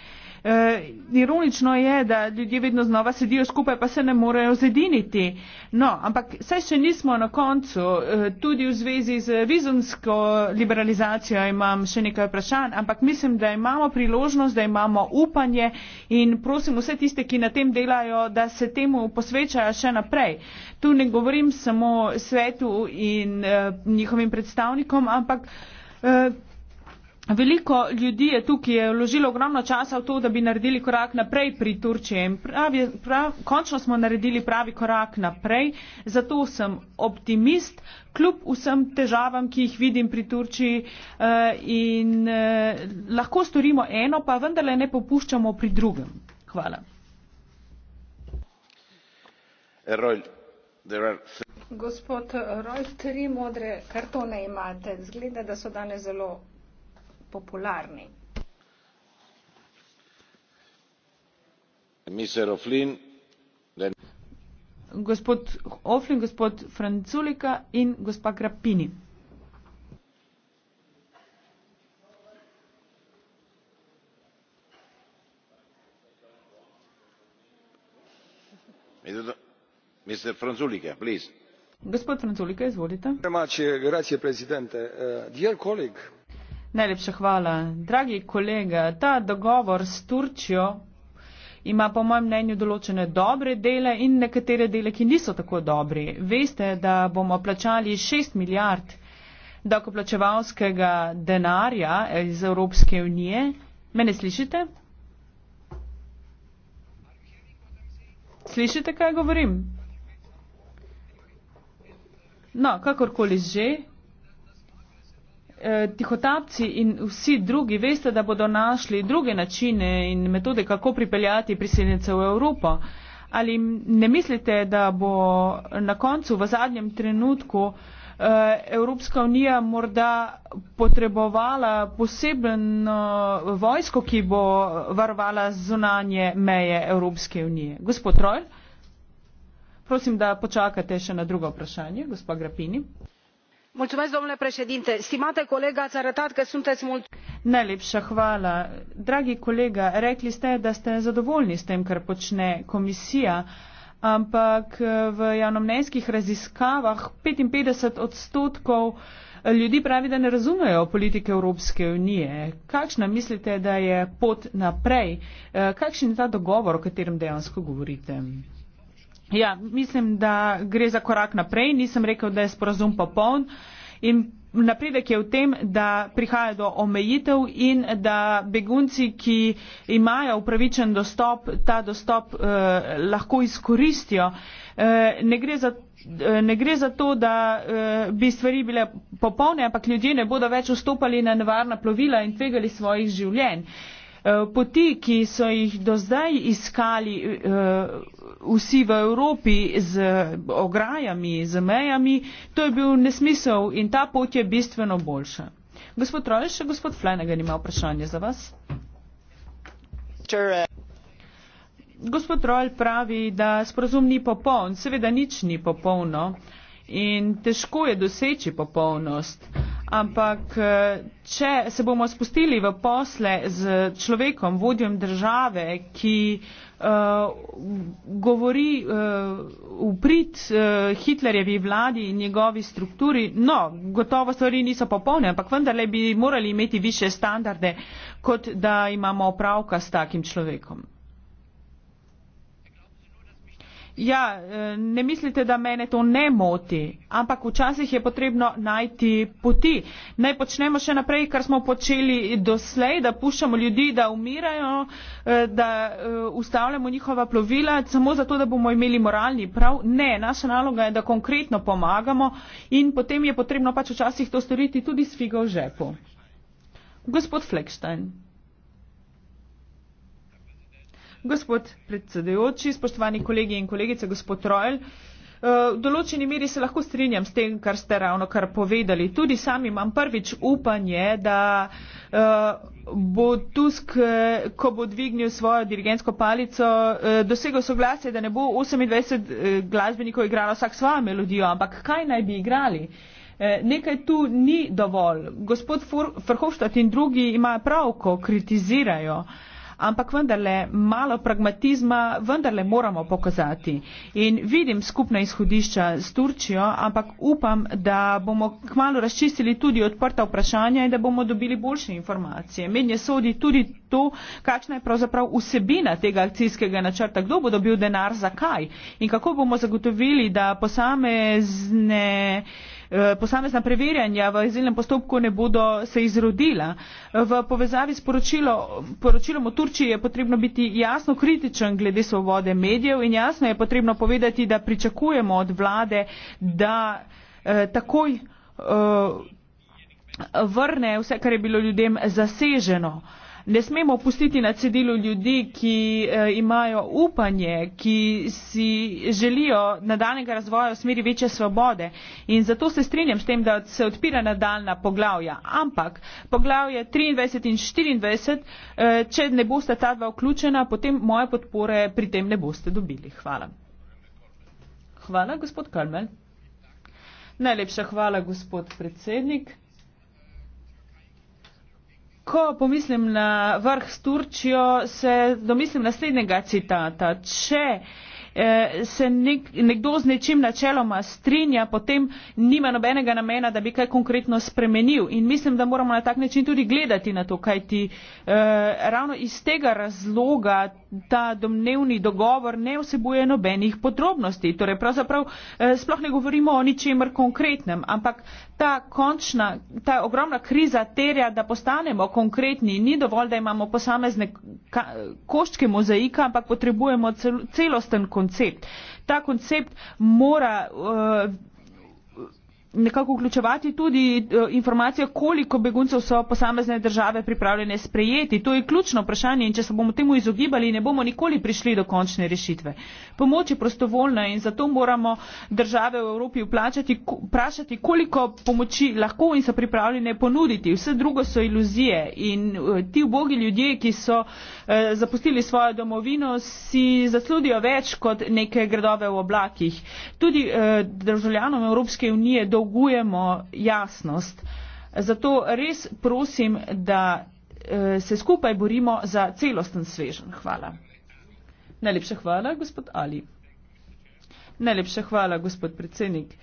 Eh, ironično je, da ljudje vedno znova sedijo skupaj, pa se ne morejo zediniti. No, ampak saj še nismo na koncu. Eh, tudi v zvezi z vizonsko liberalizacijo imam še nekaj vprašanj, ampak mislim, da imamo priložnost, da imamo upanje in prosim vse tiste, ki na tem delajo, da se temu posvečajo še naprej. Tu ne govorim samo svetu in eh, njihovim predstavnikom, ampak Veliko ljudi je tu, ki je vložilo ogromno časa v to, da bi naredili korak naprej pri Turčiji. Pravi, prav, končno smo naredili pravi korak naprej, zato sem optimist, kljub vsem težavam, ki jih vidim pri Turčiji. Eh, in, eh, lahko storimo eno, pa vendarle ne popuščamo pri drugem. Hvala. Erol. Gospod Rojt, tri modre kartone imate. Zgleda, da so danes zelo popularni. Gospod Oflin, gospod Franculika in gospa Grappini. Mr. Franzulika, please. Gospod Franzulika, izvolite. Eh, grazie, presidente. Eh, dear colleague, Najlepša hvala. Dragi kolega, ta dogovor s Turčjo ima po mojem mnenju določene dobre dele in nekatere dele, ki niso tako dobri. Veste, da bomo plačali 6 milijard dokoplačevalskega denarja iz Evropske unije. Mene slišite? Slišite, kaj govorim? No, kakorkoli že. Eh, tihotapci in vsi drugi veste, da bodo našli druge načine in metode, kako pripeljati priseljence v Evropo. Ali ne mislite, da bo na koncu, v zadnjem trenutku, eh, Evropska unija morda potrebovala posebno vojsko, ki bo varovala zunanje meje Evropske unije? Gospod Trojl, prosim, da počakate še na drugo vprašanje, gospod Grapini domnule președinte stimate coleg ați arătat că sunteți mult. najlepša hvala dragi kolega rekli ste da ste zadovoljni s tem kar počne komisija ampak eh, v javnomnenjskih raziskavah petinpetdeset odstotkov ljudi pravi da ne razumejo politike evropske unije kakšna mislite da je pot naprej eh, kakšen je ta dogovor o katerem dejansko govorite? Ja, mislim, da gre za korak naprej. Nisem rekel, da je sporazum popoln. In napredek je v tem, da prihaja do omejitev in da begunci, ki imajo upravičen dostop, ta dostop eh, lahko izkoristijo. Eh, ne gre, za, eh, ne gre za to, da eh, bi stvari bile popolne, ampak ljudje ne bodo več vstopali na nevarna plovila in tvegali svojih življenj. Poti, ki so jih do zdaj iskali vsi v Evropi z ograjami, z mejami, to je bil nesmisel in ta pot je bistveno boljša. Gospod Rojš, gospod Flanagan ima vprašanje za vas. Gospod Rojl pravi, da sporozum ni popoln. Seveda nič ni popolno in težko je doseči popolnost. Ampak, če se bomo spustili v posle z človekom, vodjem države, ki uh, uh, govori uh, eh, uprit uh, eh, Hitlerjevi vladi in njegovi strukturi. No, gotovo stvari niso popolne, ampak vendarle bi morali imeti više standarde, kot da imamo opravka s takim človekom. Ja, eh, ne mislite, da mene to ne moti, ampak včasih je potrebno najti poti. Naj počnemo še naprej, kar smo počeli doslej, da puščamo ljudi, da umirajo, eh, da eh, ustavljamo njihova plovila, samo zato, da bomo imeli moralni prav. Ne, naša naloga je, da konkretno pomagamo in potem je potrebno pač včasih to storiti tudi s figo v žepu. Gospod Fleckstein. Gospod predsedujoči, spoštovani kolegi in kolegice, gospod Trojl, eh, v določeni meri se lahko strinjam s tem, kar ste ravno kar povedali. Tudi sam imam prvič upanje, da eh, bo Tusk, eh, ko bo dvignil svojo dirigentsko palico, dosegel soglasje, da ne bo 28 glasbenikov igralo vsak svojo melodijo, ampak kaj naj bi igrali? Nekaj tu ni dovolj. Gospod Frhovštat in drugi imajo prav, ko kritizirajo ampak vendarle malo pragmatizma vendarle moramo pokazati. In vidim skupna izhodišča s Turčijo, ampak upam, da bomo kmalo razčistili tudi odprta vprašanja in da bomo dobili boljše informacije. Mednje sodi tudi to, kakšna je pravzaprav vsebina tega akcijskega načrta, kdo bo dobil denar, zakaj in kako bomo zagotovili, da posamezne Eh, posamezna preverjanja v azilnem postopku ne bodo se izrodila. V povezavi s poročilo, poročilom o Turčiji je potrebno biti jasno kritičen glede svobode medijev in jasno je potrebno povedati, da pričakujemo od vlade, da eh, takoj eh, vrne vse, kar je bilo ljudem zaseženo. Eh, ne smemo pustiti na cedilu ljudi, ki eh, imajo upanje, ki si želijo nadaljnega razvoja v smeri večje svobode. In zato se strinjam s tem, da se odpira nadaljna poglavja. Ampak poglavje 23 in 24, eh, če ne boste ta dva vključena, potem moje podpore pri tem ne boste dobili. Hvala. Hvala, gospod Kalmel. Najlepša hvala, gospod predsednik ko pomislim na vrh s Turčijo, se domislim naslednjega citata. Če eh, se nek, nekdo z nečim načeloma strinja, potem nima nobenega namena, da bi kaj konkretno spremenil. In mislim, da moramo na tak način tudi gledati na to, kaj ti eh, ravno iz tega razloga ta domnevni dogovor ne vsebuje nobenih podrobnosti. Torej, pravzaprav eh, sploh ne govorimo o ničemer konkretnem, ampak ta končna, ta ogromna kriza terja, da postanemo konkretni. Ni dovolj, da imamo posamezne ka, koščke mozaika, ampak potrebujemo cel, celosten koncept. Ta koncept mora. Eh, nekako vključevati tudi eh, informacije, koliko beguncev so posamezne države pripravljene sprejeti. To je ključno vprašanje in če se bomo temu izogibali, ne bomo nikoli prišli do končne rešitve. Pomoč je prostovoljna in zato moramo države v Evropi vprašati, koliko pomoči lahko in so pripravljene ponuditi. Vse drugo so iluzije in eh, ti ubogi ljudje, ki so eh, zapustili svojo domovino, si zasludijo več kot neke gradove v oblakih. Tudi državljanom Evropske unije do dolgujemo jasnost. Zato res prosim, da eh, se skupaj borimo za celosten svežen. Hvala. Najlepša hvala, gospod Ali. Najlepša hvala, gospod predsednik.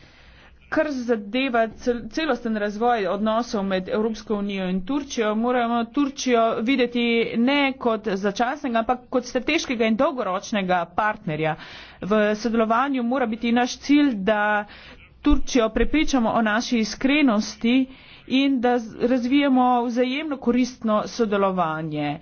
Kar zadeva celosten razvoj odnosov med Evropsko unijo in Turčijo, moramo Turčijo videti ne kot začasnega, ampak kot strateškega in dolgoročnega partnerja. V sodelovanju mora biti naš cilj, da turčijo prepričamo o naši iskrenosti in da razvijamo vzajemno koristno sodelovanje.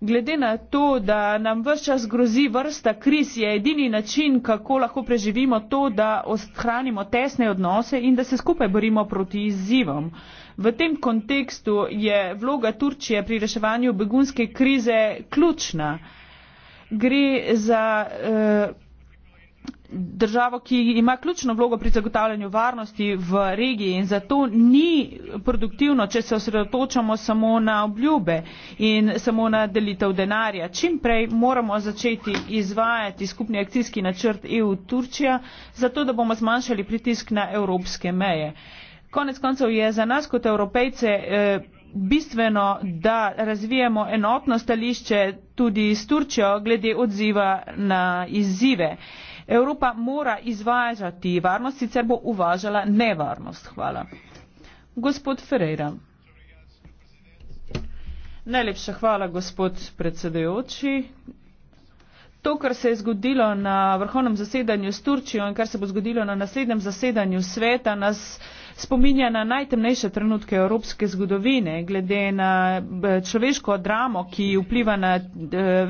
Glede na to, da nam vse čas grozi vrsta kriz, je edini način, kako lahko preživimo to, da ohranimo tesne odnose in da se skupaj borimo proti izzivom. V tem kontekstu je vloga Turčije pri reševanju begunske krize ključna. Gre za eh, državo, ki ima ključno vlogo pri zagotavljanju varnosti v regiji in zato ni produktivno, če se osredotočamo samo na obljube in samo na delitev denarja. Čim prej moramo začeti izvajati skupni akcijski načrt EU-Turčija, zato da bomo zmanjšali pritisk na evropske meje. Konec koncev je za nas kot evropejce eh, bistveno, da razvijemo enotno stališče tudi s Turčjo glede odziva na izzive. Evropa mora izvažati varnost, sicer bo uvažala nevarnost. Hvala. Gospod Ferreira. Najlepša hvala, gospod predsedujoči to, kar se je zgodilo na vrhovnem zasedanju s Turčijo in kar se bo zgodilo na naslednjem zasedanju sveta, nas spominja na najtemnejše trenutke evropske zgodovine, glede na eh, človeško dramo, ki vpliva na eh,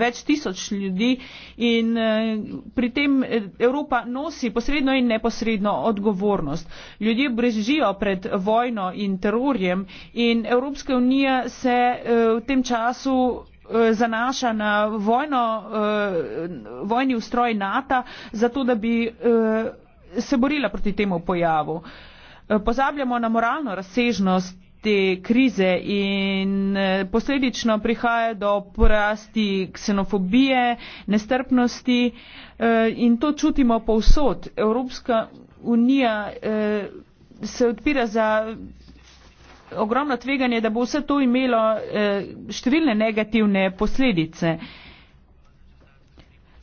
več tisoč ljudi in eh, pri tem Evropa nosi posredno in neposredno odgovornost. Ljudje brežijo pred vojno in terorjem in Evropska unija se v tem času Eh, zanaša na vojno, eh, vojni ustroj NATO, zato da bi eh, se borila proti temu pojavu. Pozabljamo na moralno razsežnost te krize in posledično prihaja do porasti ksenofobije, nestrpnosti in to čutimo povsod. Evropska unija se odpira za ogromno tveganje, da bo vse to imelo eh, številne negativne posledice.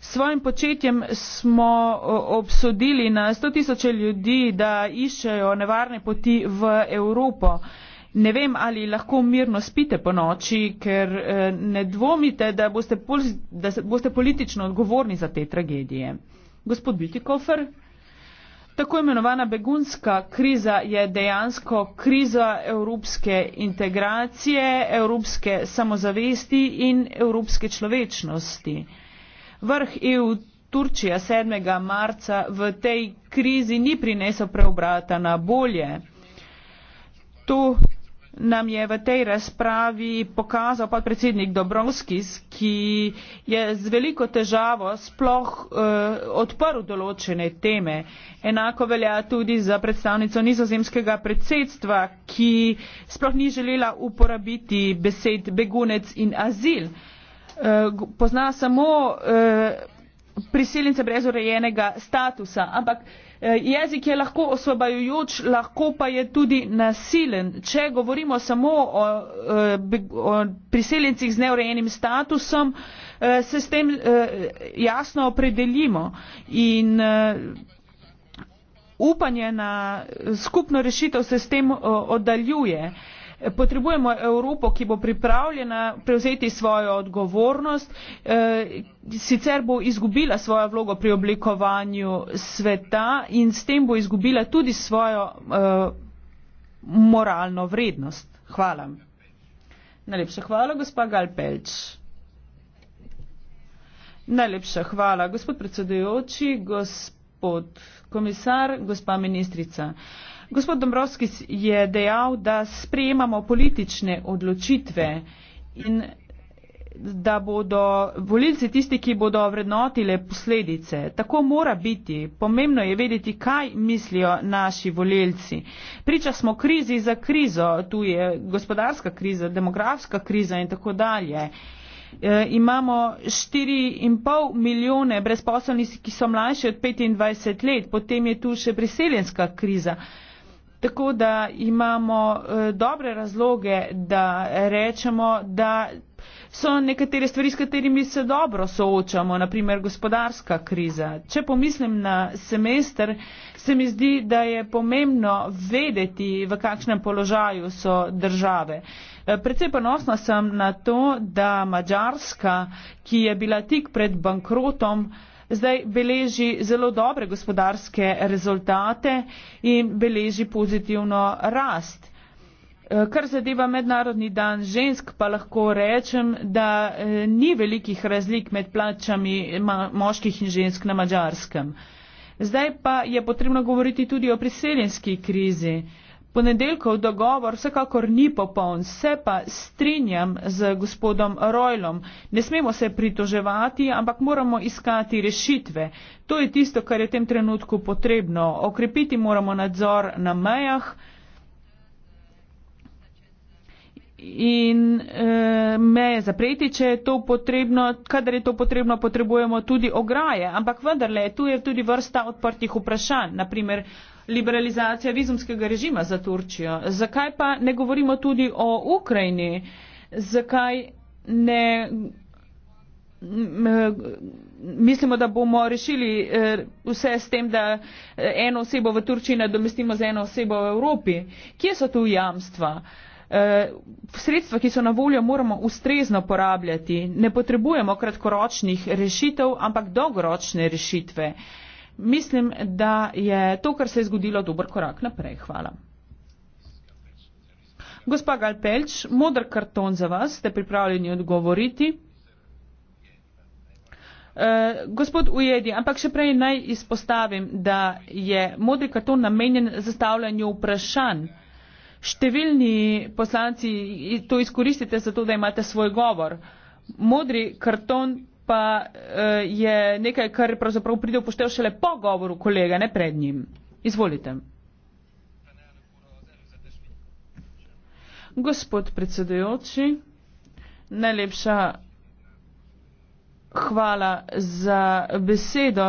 S svojim početjem smo obsodili na 100 tisoče ljudi, da iščejo nevarne poti v Evropo. Ne vem, ali lahko mirno spite po noči, ker eh, ne dvomite, da boste, da boste politično odgovorni za te tragedije. Gospod Bütikofer. Tako imenovana begunska kriza je dejansko kriza evropske integracije, evropske samozavesti in evropske človečnosti. Vrh EU Turčija 7. marca v tej krizi ni prinesel preobrata na bolje. To nam je v tej razpravi pokazal podpredsednik dombrovskis ki je z veliko težavo sploh uh, odprl določene teme. Enako velja tudi za predstavnico nizozemskega predsedstva, ki sploh ni želela uporabiti besed begunec in azil. Uh, pozna samo uh, eh, prisilnice brez urejenega statusa, ampak uh, Eh, jezik je lahko osvobajajoč, lahko pa je tudi nasilen. Če govorimo samo o, eh, o priseljencih z neurejenim statusom, eh, se s tem jasno opredelimo. In upanje na skupno rešitev se s tem oddaljuje potrebujemo Evropo, ki bo pripravljena prevzeti svojo odgovornost, eh, sicer bo izgubila svojo vlogo pri oblikovanju sveta in s tem bo izgubila tudi svojo eh, moralno vrednost. Hvala. Najlepša hvala, gospa Galpelč. Najlepša hvala, gospod predsedujoči, gospod komisar, gospa ministrica. Uh, Gospod Dombrovskis je dejal, da sprejemamo politične odločitve in da bodo volilci tisti, ki bodo vrednotile posledice. Tako mora biti. Pomembno je vedeti, kaj mislijo naši volilci. Priča smo krizi za krizo, tu je gospodarska kriza, demografska kriza in tako dalje. E, imamo 4,5 milijone brezposobnih, ki so mlajši od 25 let, potem je tu še priseljenska kriza. Tako da imamo eh, dobre razloge, da rečemo, da so nekatere stvari, s katerimi se dobro soočamo, naprimer gospodarska kriza. Če pomislim na semester, se mi zdi, da je pomembno vedeti, v kakšnem položaju so države. Eh, Predvsej ponosna sem na to, da Mačarska, ki je bila tik pred bankrotom, zdaj beleži zelo dobre gospodarske rezultate in beleži pozitivno rast. E, kar zadeva Mednarodni dan žensk, pa lahko rečem, da e, ni velikih razlik med plačami moških in žensk na mačarskem. Zdaj pa je potrebno govoriti tudi o priseljenski krizi. Ponedeljkov dogovor vsekakor ni popoln, se pa strinjam z gospodom Rojlom. Ne smemo se pritoževati, ampak moramo iskati rešitve. To je tisto, kar je v tem trenutku potrebno. Okrepiti moramo nadzor na mejah in e, meje zapreti, če je to potrebno. Kadar je to potrebno, potrebujemo tudi ograje. Ampak vendarle, tu je tudi vrsta odprtih vprašanj. Naprimer, liberalizacija vizumskega režima za Turčijo? Zakaj pa ne govorimo tudi o Ukrajini? Zakaj ne. Mislimo, da bomo rešili eh, vse s tem, da eh, eno osebo v Turčiji nadomestimo z eno osebo v Evropi. Kje so tu jamstva? Eh, sredstva, ki so na voljo, moramo ustrezno porabljati. Ne potrebujemo kratkoročnih rešitev, ampak dolgoročne rešitve mislim, da je to, kar se je zgodilo, dober korak naprej. Hvala. Gospa Galpelč, modr karton za vas, ste pripravljeni odgovoriti. E, gospod Ujedi, ampak še prej naj izpostavim, da je modri karton namenjen zastavljanju vprašanj. Številni poslanci to izkoristite zato, da imate svoj govor. Modri karton pa uh, je nekaj, kar pravzaprav pride v poštev šele po govoru kolega, ne pred njim. Izvolite. Gospod predsedujoči, najlepša hvala za besedo.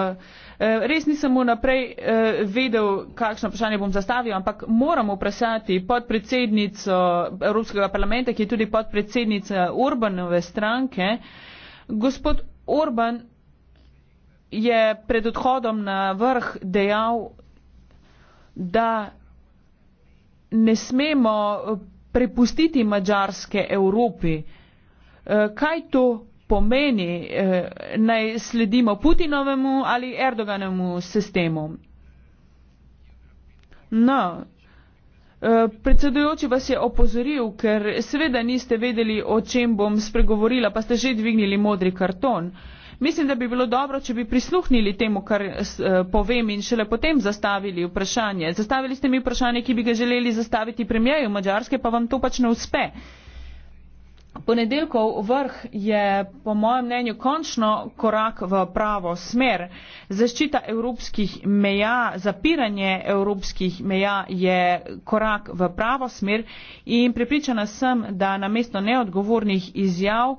Eh, res nisem vnaprej eh, vedel, kakšno vprašanje bom zastavil, ampak moram vprašati podpredsednico Evropskega parlamenta, ki je tudi podpredsednica Urbanove stranke. Gospod Orban je pred odhodom na vrh dejal, da ne smemo prepustiti mađarske Evropi. Eh, kaj to pomeni, eh, naj sledimo Putinovemu ali Erdoganemu sistemu? No, Eh, predsedujoči vas je opozoril, ker seveda niste vedeli, o čem bom spregovorila, pa ste že dvignili modri karton. Mislim, da bi bilo dobro, če bi prisluhnili temu, kar eh, povem in šele potem zastavili vprašanje. Zastavili ste mi vprašanje, ki bi ga želeli zastaviti premijeju Mačarske, pa vam to pač ne uspe. Uh, Ponedeljkov vrh je po mojem mnenju končno korak v pravo smer. Zaščita evropskih meja, zapiranje evropskih meja je korak v pravo smer in pripričana sem, da namesto neodgovornih izjav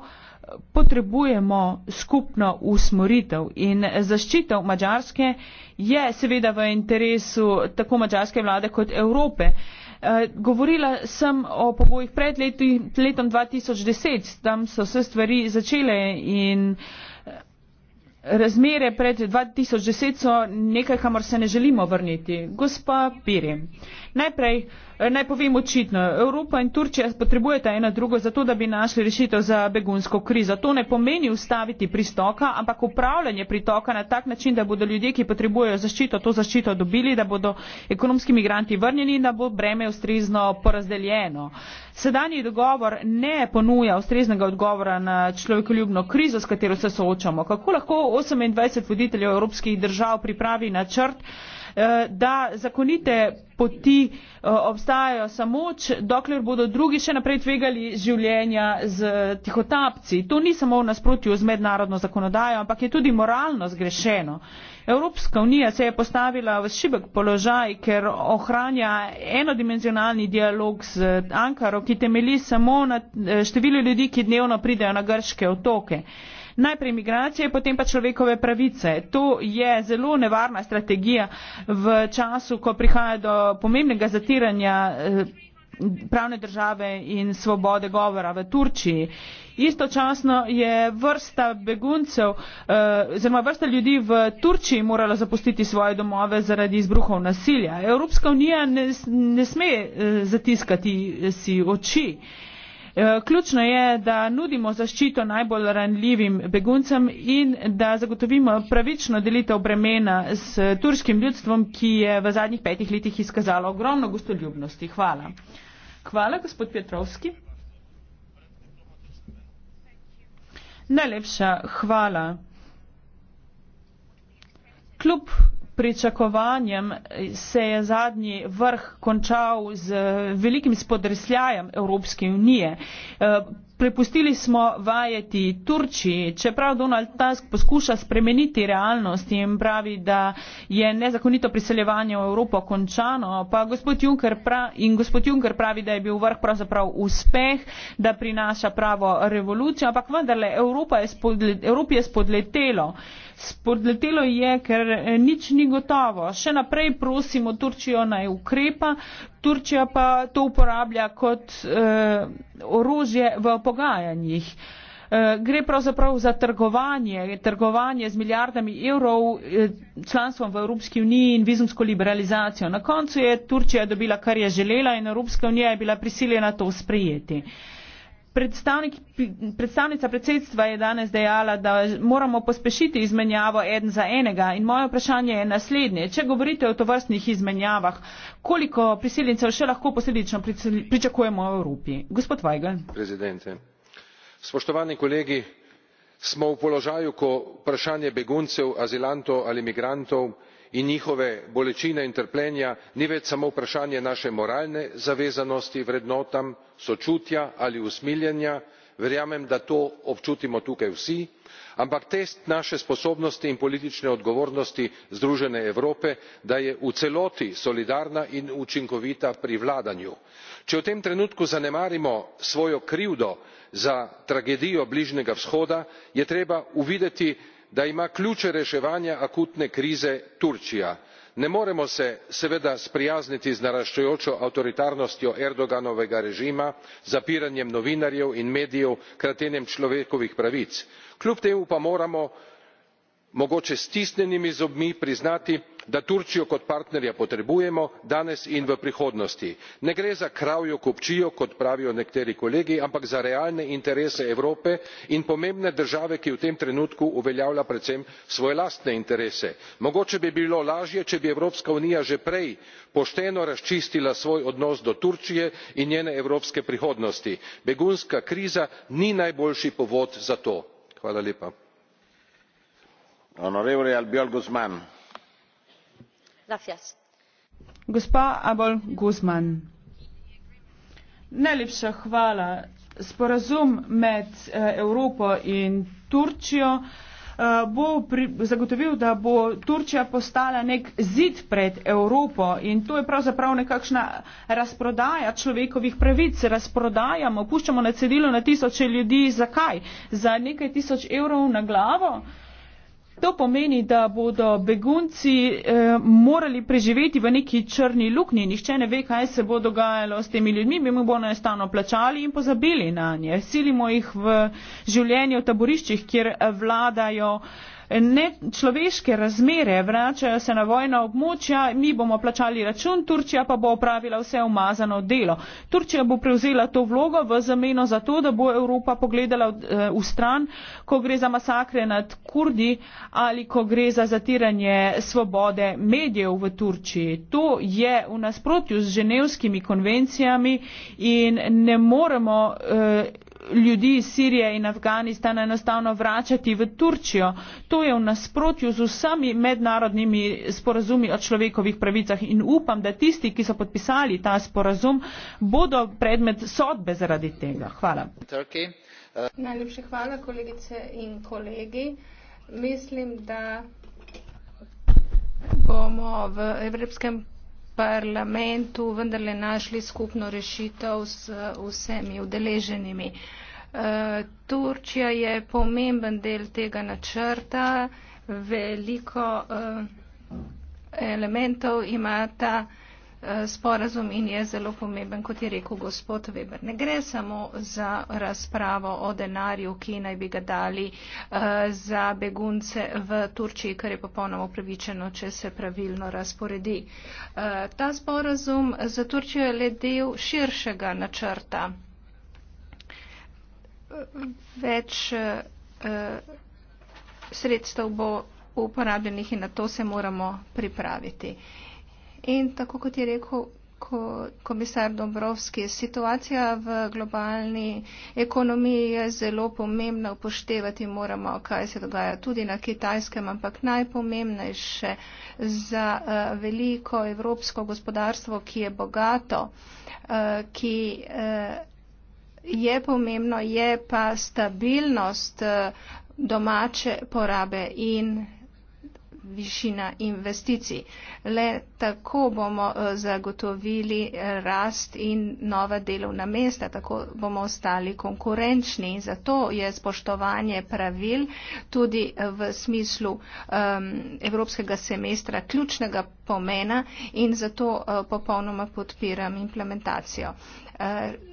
potrebujemo skupno usmoritev in zaščitev Mačarske je seveda v interesu tako mačarske vlade kot Evrope. Eh, govorila sem o pogojih pred leti, letom 2010, tam so se stvari začele in eh, razmere pred 2010 so nekaj, kamor se ne želimo vrniti. Gospa Piri, Najprej eh, naj povem očitno, Evropa in Turčija potrebujete eno drugo zato, da bi našli rešitev za begunsko krizo. To ne pomeni ustaviti pristoka, ampak upravljanje pritoka na tak način, da bodo ljudje, ki potrebujejo zaščito, to zaščito dobili, da bodo ekonomski migranti vrnjeni in da bo breme ustrezno porazdeljeno. Sedanji dogovor ne ponuja ustreznega odgovora na človekoljubno krizo, s katero se soočamo. Kako lahko 28 voditeljev evropskih držav pripravi načrt, eh, da zakonite poti eh, obstajajo samo, dokler bodo drugi še naprej tvegali življenja z tihotapci. To ni samo v nasprotju z mednarodno zakonodajo, ampak je tudi moralno zgrešeno. Evropska unija se je postavila v šibek položaj, ker ohranja enodimenzionalni dialog z Ankaro, ki temeli samo na eh, številu ljudi, ki dnevno pridejo na grške otoke najprej migracije, potem pa človekove pravice. To je zelo nevarna strategija v času, ko prihaja do pomembnega zatiranja eh, pravne države in svobode govora v Turčiji. Istočasno je vrsta beguncev, eh, oziroma vrsta ljudi v Turčiji morala zapustiti svoje domove zaradi izbruhov nasilja. Evropska unija ne, ne sme eh, zatiskati si oči. Eh, ključno je, da nudimo zaščito najbolj ranljivim beguncem in da zagotovimo pravično delitev bremena s turškim ljudstvom, ki je v zadnjih petih letih izkazalo ogromno gostoljubnosti. Hvala. Hvala, gospod Petrovski. Najlepša hvala. Kljub pričakovanjem se je zadnji vrh končal z eh, velikim spodresljajem Evropske unije. Eh, prepustili smo vajeti Turčiji, čeprav Donald Tusk poskuša spremeniti realnost in pravi, da je nezakonito priseljevanje v Evropo končano, pa gospod Juncker, pra in gospod Juncker pravi, da je bil vrh pravzaprav uspeh, da prinaša pravo revolucijo, ampak vendarle Evropa je Evropi je spodletelo. Uh, Spodletelo je, ker eh, nič ni gotovo. Še naprej prosimo Turčijo naj ukrepa, Turčija pa to uporablja kot eh, orožje v pogajanjih. Eh, gre pravzaprav za trgovanje, trgovanje z milijardami evrov eh, članstvom v Evropski uniji in vizumsko liberalizacijo. Na koncu je Turčija dobila, kar je želela in Evropska unija je bila prisiljena to sprejeti. Uh, Predstavnik, predstavnica predsedstva je danes dejala, da moramo pospešiti izmenjavo en za enega in moje vprašanje je naslednje. Če govorite o tovrstnih izmenjavah, koliko priseljencev še lahko posledično pričakujemo v Evropi? Gospod Vajgel. Prezidente, spoštovani kolegi, smo v položaju, ko vprašanje beguncev, azilantov ali migrantov in njihove bolečine in trpljenja ni več samo vprašanje naše moralne zavezanosti vrednotam sočutja ali usmiljenja verjamem da to občutimo tukaj vsi ampak test naše sposobnosti in politične odgovornosti združene evrope da je v celoti solidarna in učinkovita pri vladanju. če v tem trenutku zanemarimo svojo krivdo za tragedijo bližnjega vzhoda je treba uvideti da ima ključ reševanja akutne krize turčija. ne moremo se seveda sprijazniti z naraščajočo avtoritarnostjo erdoganovega režima zapiranjem novinarjev in medijev kratenjem človekovih pravic kljub temu pa moramo mogoče s stisnjenimi zobmi priznati da turčijo kot partnerja potrebujemo danes in v prihodnosti. ne gre za kravjo kupčijo kot pravijo nekateri kolegi ampak za realne interese evrope in pomembne države ki v tem trenutku uveljavlja predvsem svoje lastne interese. mogoče bi bilo lažje če bi evropska unija že prej pošteno razčistila svoj odnos do turčije in njene evropske prihodnosti. begunska kriza ni najboljši povod za to gospa abgor guzman najlepša hvala. sporazum med eh, evropo in turčijo eh, bo zagotovil da bo turčija postala nek zid pred evropo in to je pravzaprav nekakšna razprodaja človekovih pravic razprodajamo puščamo na cedilu na tisoče ljudi zakaj? za nekaj tisoč evrov na glavo? To pomeni, da bodo begunci eh, morali preživeti v neki črni luknji. Nihče ne ve, kaj se bo dogajalo s temi ljudmi. Mi bomo enostavno plačali in pozabili na nje. Silimo jih v življenje v taboriščih, kjer eh, vladajo eh, nečloveške razmere, vračajo se na vojna območja, mi bomo plačali račun, Turčija pa bo opravila vse umazano delo. Turčija bo prevzela to vlogo v zameno za to, da bo Evropa pogledala eh, v stran, ko gre za masakre nad Kurdi ali ko gre za zatiranje svobode medijev v Turčiji. To je v nasprotju z ženevskimi konvencijami in ne moremo. Eh, ljudi iz Sirije in Afganistana enostavno vračati v Turčijo. To je v nasprotju z vsemi mednarodnimi sporazumi o človekovih pravicah in upam, da tisti, ki so podpisali ta sporazum, bodo predmet sodbe zaradi tega. Hvala. Turkey, uh... Najlepše hvala, kolegice in kolegi. Mislim, da bomo v Evropskem parlamentu vendarle našli skupno rešitev z vsemi udeleženimi. Eh, Turčija je pomemben del tega načrta, veliko eh, elementov ima ta načrta, Eh, sporazum in je zelo pomemben, kot je rekel gospod Weber. Ne gre samo za razpravo o denarju, ki naj bi ga dali eh, za begunce v Turčiji, kar je popolnoma upravičeno, če se pravilno razporedi. Eh, ta sporazum za Turčijo je le del širšega načrta. Več sredstev bo uporabljenih in na to se moramo pripraviti. In tako kot je rekel komisar Dombrovski, situacija v globalni ekonomiji je zelo pomembna, upoštevati moramo, kaj se dogaja tudi na kitajskem, ampak najpomembnejše za eh, veliko evropsko gospodarstvo, ki je bogato, eh, ki eh, je pomembno, je pa stabilnost domače porabe in višina investicij. Le tako bomo eh, zagotovili eh, rast in nova delovna mesta, tako bomo ostali konkurenčni. Zato je spoštovanje pravil tudi eh, v smislu um, evropskega semestra ključnega pomena in zato uh, popolnoma podpiram implementacijo. Uh,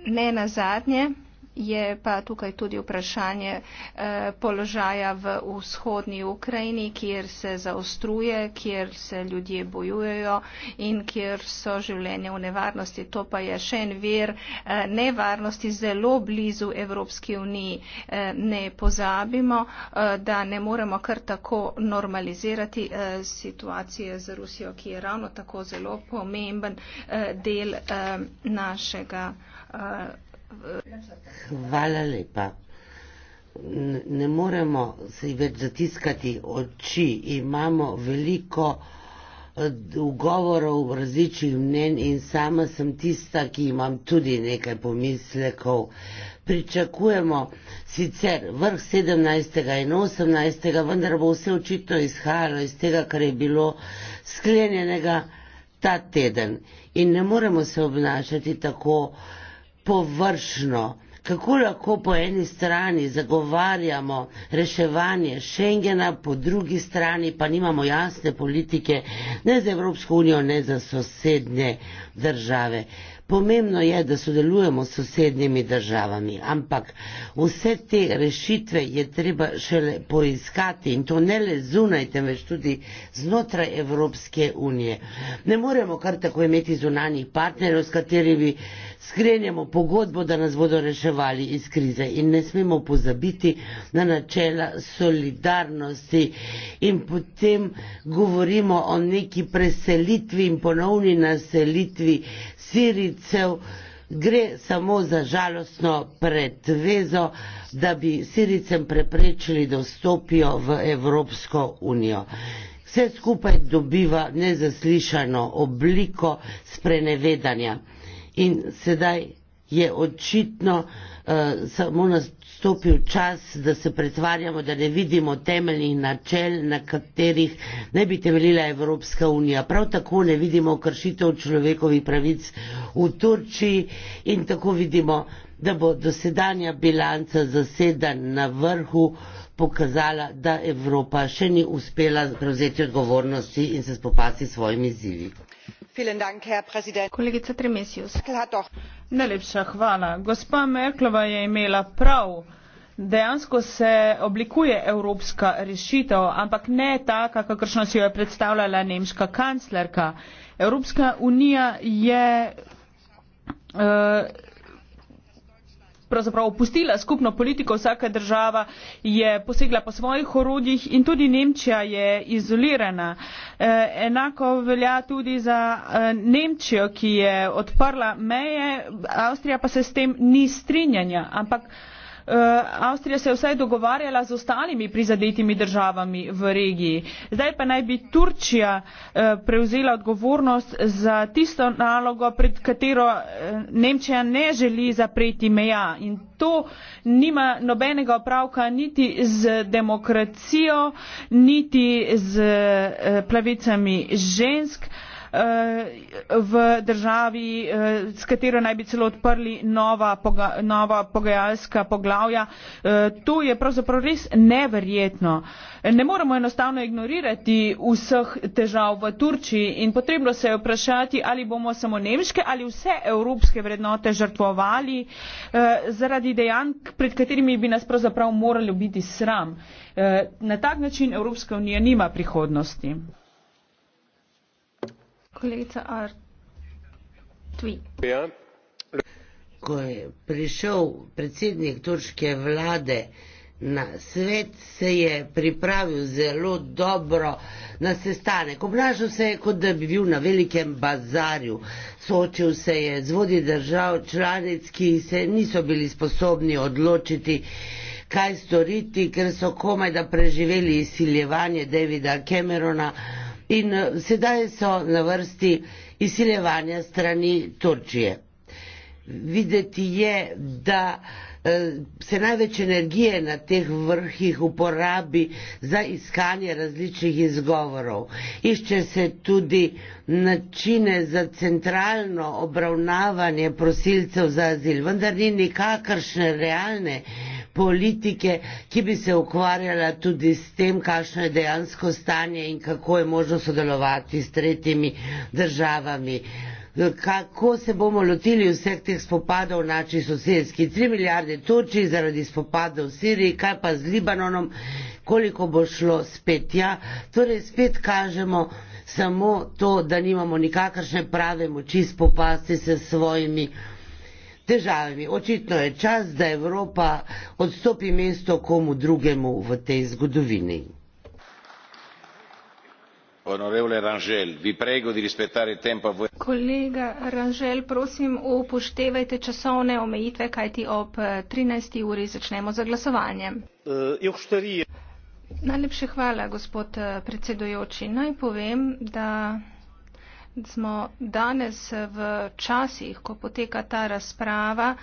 ne na zadnje je pa tukaj tudi vprašanje eh, položaja v vzhodni Ukrajini, kjer se zaostruje, kjer se ljudje bojujejo in kjer so življenje v nevarnosti. To pa je še en vir eh, nevarnosti zelo blizu Evropski uniji. Eh, ne pozabimo, da ne moremo kar tako normalizirati situacije z Rusijo, ki je ravno tako zelo pomemben del našega Hvala lepa. Ne moremo se več zatiskati oči. Imamo veliko eh, ugovorov, različnih mnen in sama sem tista, ki imam tudi nekaj pomislekov. Pričakujemo sicer vrh 17. in 18. vendar bo vse očitno izhajalo iz tega, kar je bilo sklenjenega ta teden. In ne moremo se obnašati tako, površno, kako lahko po eni strani zagovarjamo reševanje Schengena, po drugi strani pa nimamo jasne politike ne za Evropsko unijo, ne za sosednje države. Pomembno je, da sodelujemo s sosednjimi državami, ampak vse te rešitve je treba šele poiskati in to ne le zunaj, temveč tudi znotraj Evropske unije. Ne moremo kar tako imeti zunanjih partnerjev, s katerimi skrenjamo pogodbo, da nas bodo reševali iz krize in ne smemo pozabiti na načela solidarnosti in potem govorimo o neki preselitvi in ponovni naselitvi siricev, gre samo za žalostno predvezo, da bi siricem preprečili, da vstopijo v Evropsko unijo. Vse skupaj dobiva nezaslišano obliko sprenevedanja in sedaj je očitno uh, samo nas nastopil čas, da se pretvarjamo, da ne vidimo temeljnih načel, na katerih ne bi temeljila Evropska unija. Prav tako ne vidimo kršitev človekovih pravic v Turčiji in tako vidimo, da bo dosedanja bilanca zaseden na vrhu pokazala, da Evropa še ni uspela prevzeti odgovornosti in se spopasti s svojimi zivi najlepša hvala. gospa merklova je imela prav dejansko se oblikuje evropska rešitev ampak ne taka kakršno si jo je predstavljala nemška kanclerka. evropska unija je eh, pravzaprav opustila skupno politiko vsaka država je posegla po svojih orodjih in tudi nemčija je izolirana. E, enako velja tudi za e, nemčijo ki je odprla meje avstrija pa se s tem ni strinjala ampak Eh, Avstrija se je vsaj dogovarjala z ostalimi prizadetimi državami v regiji. Zdaj pa naj bi Turčija eh, prevzela odgovornost za tisto nalogo, pred katero eh, Nemčija ne želi zapreti meja. In to nima nobenega opravka niti z demokracijo, niti z plavicami žensk. Eh, v državi eh, s katero naj bi celo odprli nova, nova pogajalska poglavja. Eh, to je pravzaprav res neverjetno. Ne moremo enostavno ignorirati vseh težav v Turčiji in potrebno se je vprašati, ali bomo samo nemške ali vse evropske vrednote žrtvovali zaradi dejanj, pred katerimi bi nas pravzaprav moralo biti sram. Na tak način Evropska unija nima prihodnosti. Ko je prišel predsednik turške vlade na svet, se je pripravil zelo dobro na sestanek. Obnašal se je, kot da bi bil na velikem bazarju. Soočil se je z vodi držav članic, ki se niso bili sposobni odločiti, kaj storiti, ker so komaj da preživeli izsiljevanje Davida Camerona in eh, sedaj so na vrsti izsiljevanja strani Turčije. Videti je, da eh, se največ energije na teh vrhih uporabi za iskanje različnih izgovorov. Išče se tudi načine za centralno obravnavanje prosilcev za azil, vendar ni nikakršne realne politike, ki bi se ukvarjala tudi s tem, kakšno je dejansko stanje in kako je možno sodelovati s tretjimi državami. Kako se bomo lotili vseh teh spopadov v naši sosedski? Tri milijarde toči zaradi spopadov v Siriji, kaj pa z Libanonom, koliko bo šlo spet tja? Torej spet kažemo samo to, da nimamo nikakršne prave moči spopasti se s svojimi težavami. Očitno je čas, da Evropa odstopi mesto komu drugemu v tej zgodovini. Kolega Ranžel, prosim, upoštevajte časovne omejitve, kajti ob 13. Eh, uri začnemo za glasovanje. Eh, Najlepše hvala, gospod eh, predsedujoči. Naj povem, da smo danes v časih, ko poteka ta razprava,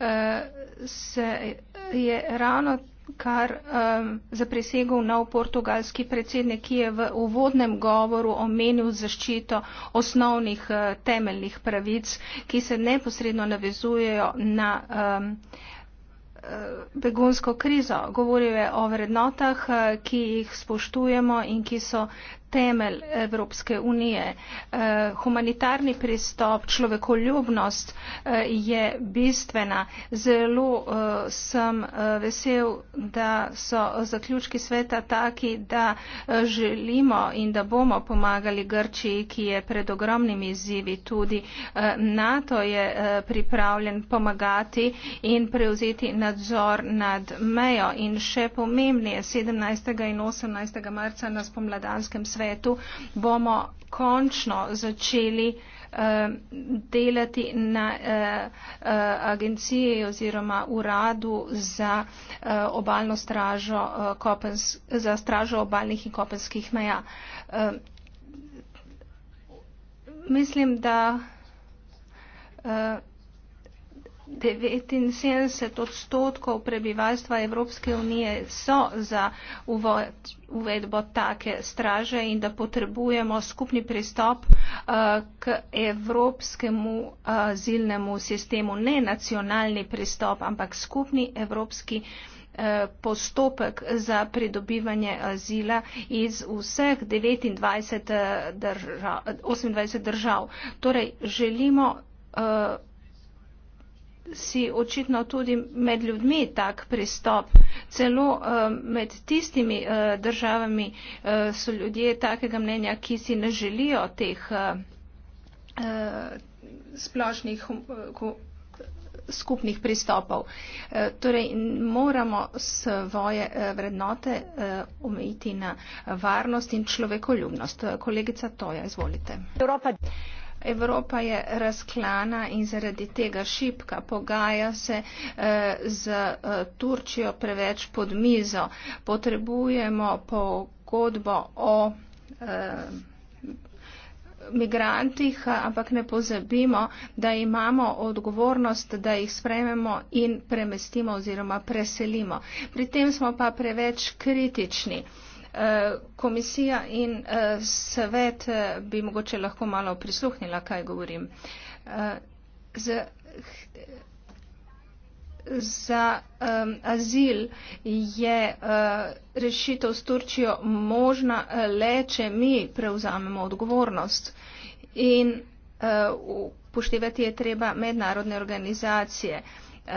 eh, se je ravno kar um, eh, zapresegel nov portugalski predsednik, ki je v uvodnem govoru omenil zaščito osnovnih uh, temeljnih pravic, ki se neposredno navezujejo na um, begunsko krizo. Govoril je o vrednotah, ki jih spoštujemo in ki so temelj Evropske unije. Eh, humanitarni pristop, človekoljubnost eh, je bistvena. Zelo eh, sem vesel, da so zaključki sveta taki, da želimo in da bomo pomagali Grčiji, ki je pred ogromnimi izzivi. Tudi NATO je pripravljen pomagati in prevzeti nadzor nad mejo. In še pomembnije, 17. in 18. marca na spomladanskem svetu svetu, bomo končno začeli eh, delati na eh, eh, agenciji oziroma uradu za obalno stražo, kopens, za stražo obalnih in kopenskih meja. Mislim, da 79 odstotkov prebivalstva Evropske unije so za uvedbo take straže in da potrebujemo skupni pristop eh, k evropskemu eh, azilnemu sistemu, ne nacionalni pristop, ampak skupni evropski eh, postopek za pridobivanje azila iz vseh 29 držav. 28 držav. Torej, želimo si očitno tudi med ljudmi tak pristop. Celo eh, med tistimi eh, državami eh, so ljudje takega mnenja, ki si ne želijo teh splošnih skupnih pristopov. Torej, moramo svoje vrednote omejiti na varnost in človekoljubnost. Kolegica Toja, izvolite. Evropa. Evropa je razklana in zaradi tega šipka pogaja se eh, z eh, Turčijo preveč pod mizo. Potrebujemo pogodbo o eh, migrantih, ampak ne pozabimo, da imamo odgovornost, da jih sprememo in premestimo oziroma preselimo. Pri tem smo pa preveč kritični. Eh, Eh, komisija in eh, svet eh, bi mogoče lahko malo prisluhnila, kaj govorim. Z, za um, azil je uh, rešitev s Turčijo možna le, če mi prevzamemo odgovornost in uh, upoštevati je treba mednarodne organizacije. Uh,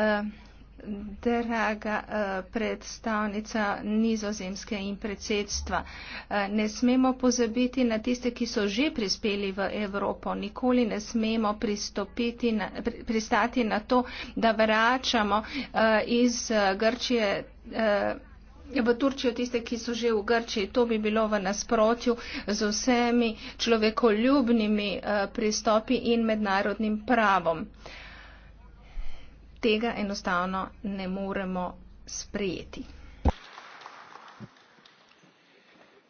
draga eh, predstavnica nizozemske in predsedstva. Eh, ne smemo pozabiti na tiste, ki so že prispeli v Evropo. Nikoli ne smemo na, pristati na to, da vračamo eh, iz Grčije v Turčijo tiste, ki so že v Grčiji. To bi bilo v nasprotju z vsemi človekoljubnimi pristopi in mednarodnim pravom tega enostavno ne moremo sprejeti.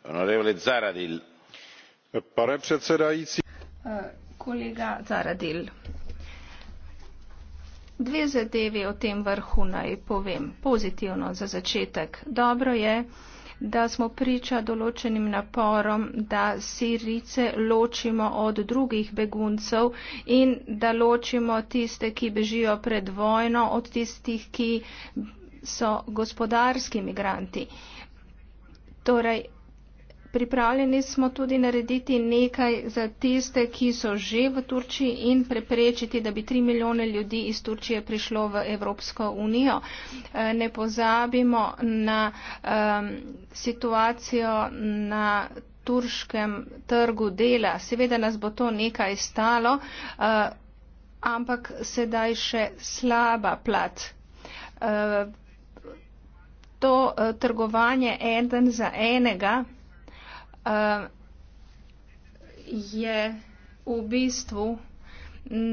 Pane predsedající. Eh, kolega Zaradil. Dve zadevi o tem vrhu naj povem. Pozitivno za začetek. Dobro je, da smo priča določenim naporom, da sirice ločimo od drugih beguncev in da ločimo tiste, ki bežijo pred vojno, od tistih, ki so gospodarski migranti. Torej, Pripravljeni smo tudi narediti nekaj za tiste, ki so že v Turčiji in preprečiti, da bi tri milijone ljudi iz Turčije prišlo v Evropsko unijo. Eh, ne pozabimo na um, situacijo na turškem trgu dela. Seveda nas bo to nekaj stalo, uh, ampak sedaj še slaba plat. Uh, to uh, trgovanje eden za enega Eh, je v bistvu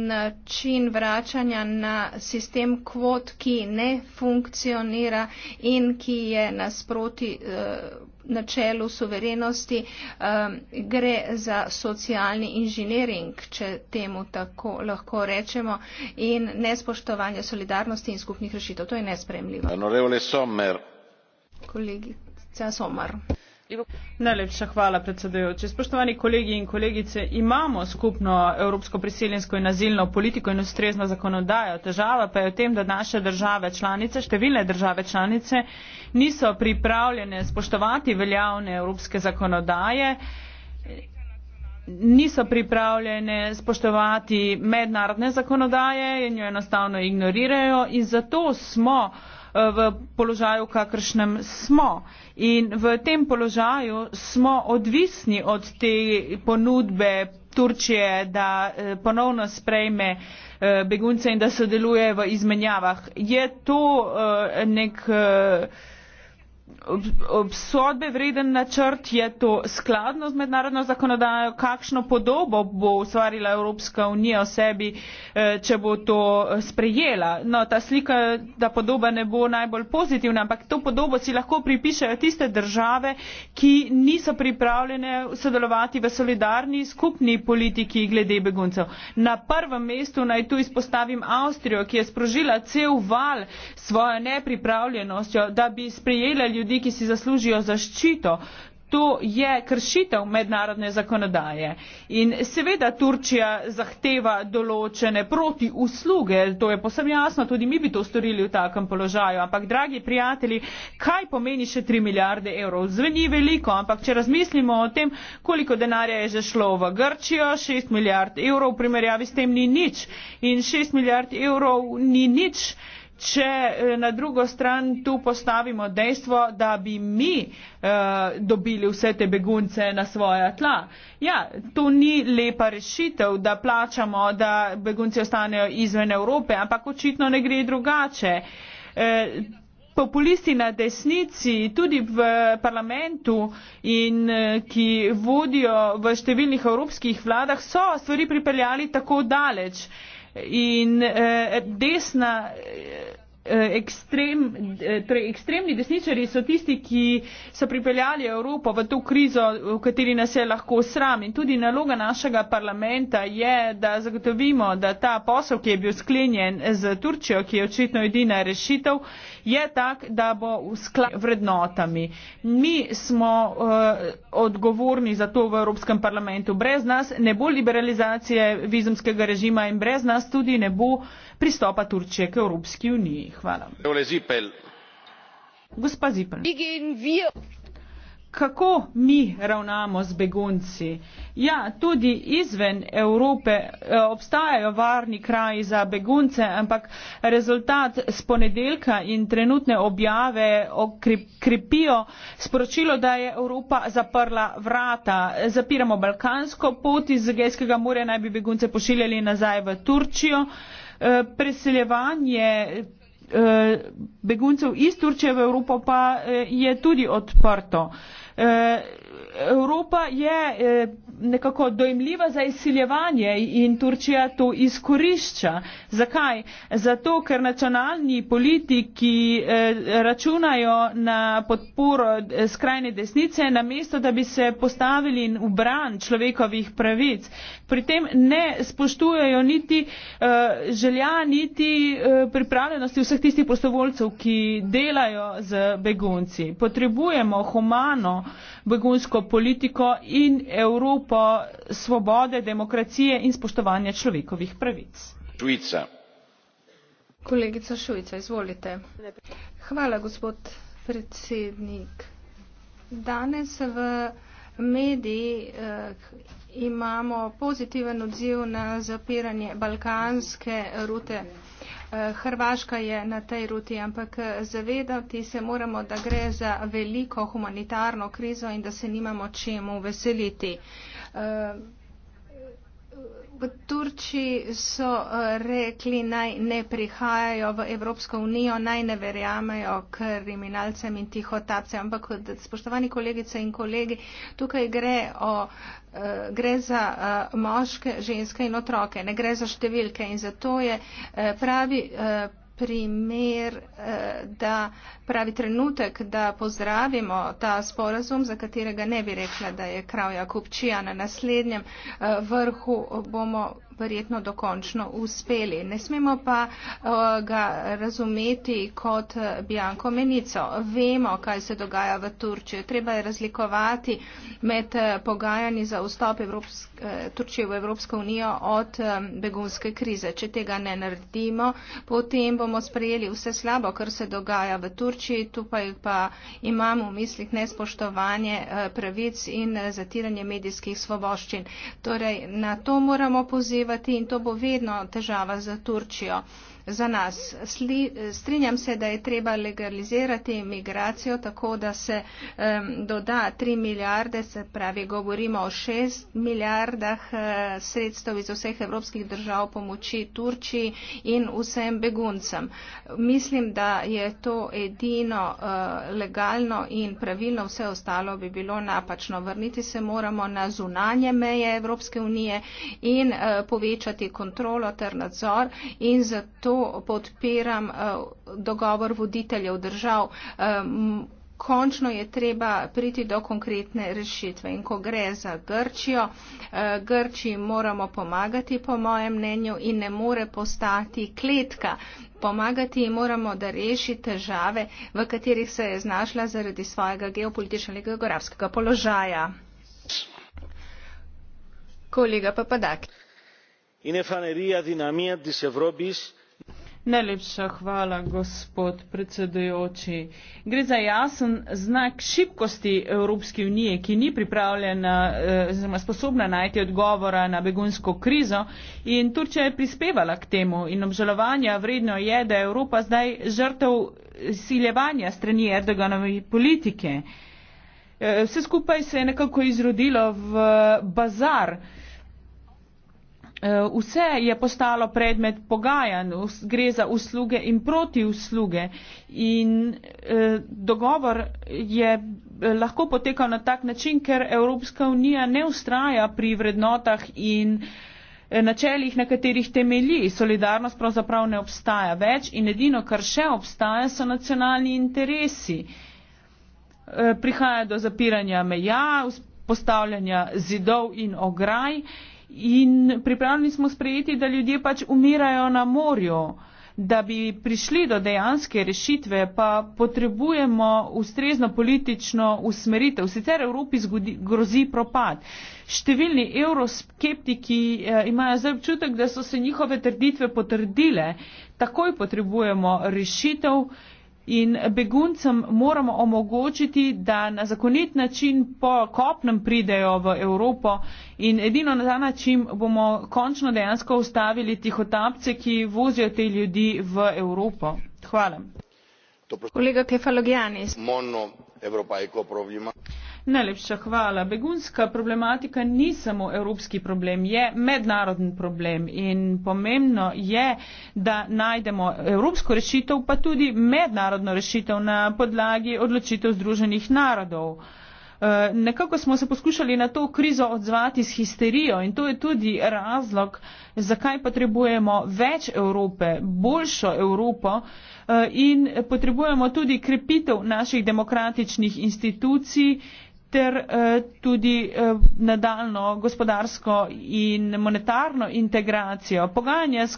način vračanja na sistem kvot, ki ne funkcionira in ki je nasproti eh, načelu suverenosti, eh, gre za socialni inženiring, če temu tako lahko rečemo, in nespoštovanje solidarnosti in skupnih rešitev. To je nespremljivo. Kolegica Somar. Najlepša hvala, predsedujoči. Spoštovani kolegi in kolegice, imamo skupno evropsko priseljensko in nazilno politiko in ustrezno zakonodajo. Težava pa je v tem, da naše države članice, številne države članice, niso pripravljene spoštovati veljavne evropske zakonodaje, niso pripravljene spoštovati mednarodne zakonodaje in jo enostavno ignorirajo in zato smo Eh, v položaju kakršnem smo in v tem položaju smo odvisni od te ponudbe turčije da eh, ponovno sprejme eh, begunce in da sodeluje v izmenjavah. je to nek obsodbe vreden načrt je to skladno z mednarodno zakonodajo kakšno podobo bo ustvarila evropska unija o sebi eh, če bo to eh, sprejela no ta slika ta podoba ne bo najbolj pozitivna ampak to podobo si lahko pripišejo tiste države ki niso pripravljene sodelovati v solidarni skupni politiki glede beguncev na prvem mestu naj tu izpostavim avstrijo ki je sprožila cel val svojo nepripravljenostjo da bi sprejela ljudi ljudi, ki si zaslužijo zaščito, to je kršitev mednarodne zakonodaje. In seveda Turčija zahteva določene proti usluge, to je posebno jasno, tudi mi bi to storili v takem položaju. Ampak, dragi prijatelji, kaj pomeni še 3 milijarde evrov? Zveni veliko, ampak če razmislimo o tem, koliko denarja je že šlo v Grčijo, 6 milijard evrov v primerjavi s tem ni nič. In 6 milijard evrov ni nič če eh, na drugo stran tu postavimo dejstvo, da bi mi eh, dobili vse te begunce na svoja tla. Ja, tu ni lepa rešitev, da plačamo, da begunci ostanejo izven Evrope, ampak očitno ne gre drugače. Eh, Populisti na desnici, tudi v parlamentu in eh, ki vodijo v številnih evropskih vladah, so stvari pripeljali tako daleč in eh, desna Eh, ekstrem, eh, torej ekstremni desničari so tisti, ki so pripeljali Evropo v to krizo, v kateri nas je lahko sram. In tudi naloga našega parlamenta je, da zagotovimo, da ta posel, ki je bil sklenjen z Turčijo, ki je očitno edina rešitev, je tak, da bo v skladu vrednotami. Mi smo uh, odgovorni za to v Evropskem parlamentu. Brez nas ne bo liberalizacije vizumskega režima in brez nas tudi ne bo pristopa Turčije k Evropski uniji. Hvala. Gospa Zipel. Kako mi ravnamo z begunci? Ja, tudi izven Evrope eh, obstajajo varni kraji za begunce, ampak rezultat sponedeljka in trenutne objave krepijo sporočilo, da je Evropa zaprla vrata. Zapiramo Balkansko pot, iz Gejskega morja naj bi begunce pošiljali nazaj v Turčijo. Eh, preseljevanje eh, beguncev iz turčije v evropo pa eh, je tudi odprto. Eh, Evropa je eh, nekako dojemljiva za izsiljevanje in Turčija to izkorišča. Zakaj? Zato, ker nacionalni politiki eh, računajo na podporo skrajne desnice, namesto da bi se postavili v bran človekovih pravic. Pri tem ne spoštujejo niti želja, niti pripravljenosti vseh tistih prostovoljcev, ki delajo z begunci. Potrebujemo humano begunsko politiko in Evropo svobode, demokracije in spoštovanja človekovih pravic. Švica. Kolegica Šujica, izvolite. Hvala, gospod predsednik. Danes v mediji eh, imamo pozitiven odziv na zapiranje balkanske rute. Eh, Hrvaška je na tej ruti, ampak eh, zavedati se moramo, da gre za veliko humanitarno krizo in da se nimamo čemu veseliti. Uh, Turči so eh, rekli, naj ne prihajajo v Evropsko unijo, naj ne verjamejo kriminalcem in tihotapcem. Ampak, spoštovani kolegice in kolegi, tukaj gre, o, eh, gre za eh, moške, ženske in otroke, ne gre za številke. In zato je pravi primer, eh, da pravi trenutek, da pozdravimo ta sporazum, za katerega ne bi rekla, da je kravja kupčija na naslednjem eh, vrhu, bomo verjetno dokončno uspeli. Ne smemo pa eh, ga razumeti kot eh, bianko menico. Vemo, kaj se dogaja v Turčiji. Treba je razlikovati med eh, pogajanji za vstop Turčije v Evropsko unijo od begunske krize. Če tega ne naredimo, potem bomo sprejeli vse slabo, kar se dogaja v Turčiji. Tu pa imamo v mislih nespoštovanje pravic in zatiranje medijskih svoboščin. Torej, na to moramo pozivati upoštevati in to bo vedno težava za Turčijo za nas. Sli, strinjam se, da je treba legalizirati migracijo tako, da se um, doda 3 milijarde, se pravi, govorimo o 6 milijardah uh, sredstev iz vseh evropskih držav pomoči Turčiji in vsem beguncem. Mislim, da je to edino uh, legalno in pravilno, vse ostalo bi bilo napačno. Vrniti se moramo na zunanje meje Evropske unije in uh, povečati kontrolo ter nadzor in zato zato podpiram eh, dogovor voditeljev držav. Eh, končno je treba priti do konkretne rešitve in ko gre za Grčijo, eh, Grčiji moramo pomagati, po mojem mnenju, in ne more postati kletka. Pomagati ji moramo, da reši težave, v katerih se je znašla zaradi svojega geopolitičnega geografskega položaja. Kolega Papadaki. Najlepša hvala, gospod predsedujoči. Gre za jasen znak šibkosti Evropske unije, ki ni pripravljena, eh, oziroma sposobna najti odgovora na begunsko krizo in Turčija je prispevala k temu in obžalovanja vredno je, da je Evropa zdaj žrtev siljevanja strani Erdoganove politike. Eh, vse skupaj se je nekako izrodilo v bazar. Eh, vse je postalo predmet pogajanj, gre za usluge in proti usluge. In eh, dogovor je eh, lahko potekal na tak način, ker Evropska unija ne ustraja pri vrednotah in načelih, na katerih temelji. Solidarnost pravzaprav ne obstaja več in edino, kar še obstaja, so nacionalni interesi. Prihaja do zapiranja meja, postavljanja zidov in ograj in pripravljeni smo sprejeti, da ljudje pač umirajo na morju. Da bi prišli do dejanske rešitve, pa potrebujemo ustrezno politično usmeritev. Sicer Evropi zgodi, grozi propad. Številni euroskeptiki eh, imajo zdaj občutek, da so se njihove trditve potrdile. Takoj potrebujemo rešitev. Eh, In beguncem moramo omogočiti, da na zakonit način po kopnem pridejo v Evropo in edino na ta način bomo končno dejansko ustavili tihotapce, ki vozijo te ljudi v Evropo. Hvala. Kolega Kefalogianis. Evropa je koprovima. Najlepša hvala. Begunska problematika ni samo evropski problem, je mednarodni problem in pomembno je, da najdemo evropsko rešitev, pa tudi mednarodno rešitev na podlagi odločitev Združenih narodov. Eh, nekako smo se poskušali na to krizo odzvati s histerijo in to je tudi razlog, zakaj potrebujemo več Evrope, boljšo Evropo. Eh, in potrebujemo tudi krepitev naših demokratičnih institucij ter eh, tudi eh, nadaljnjo gospodarsko in monetarno integracijo. pogajanja s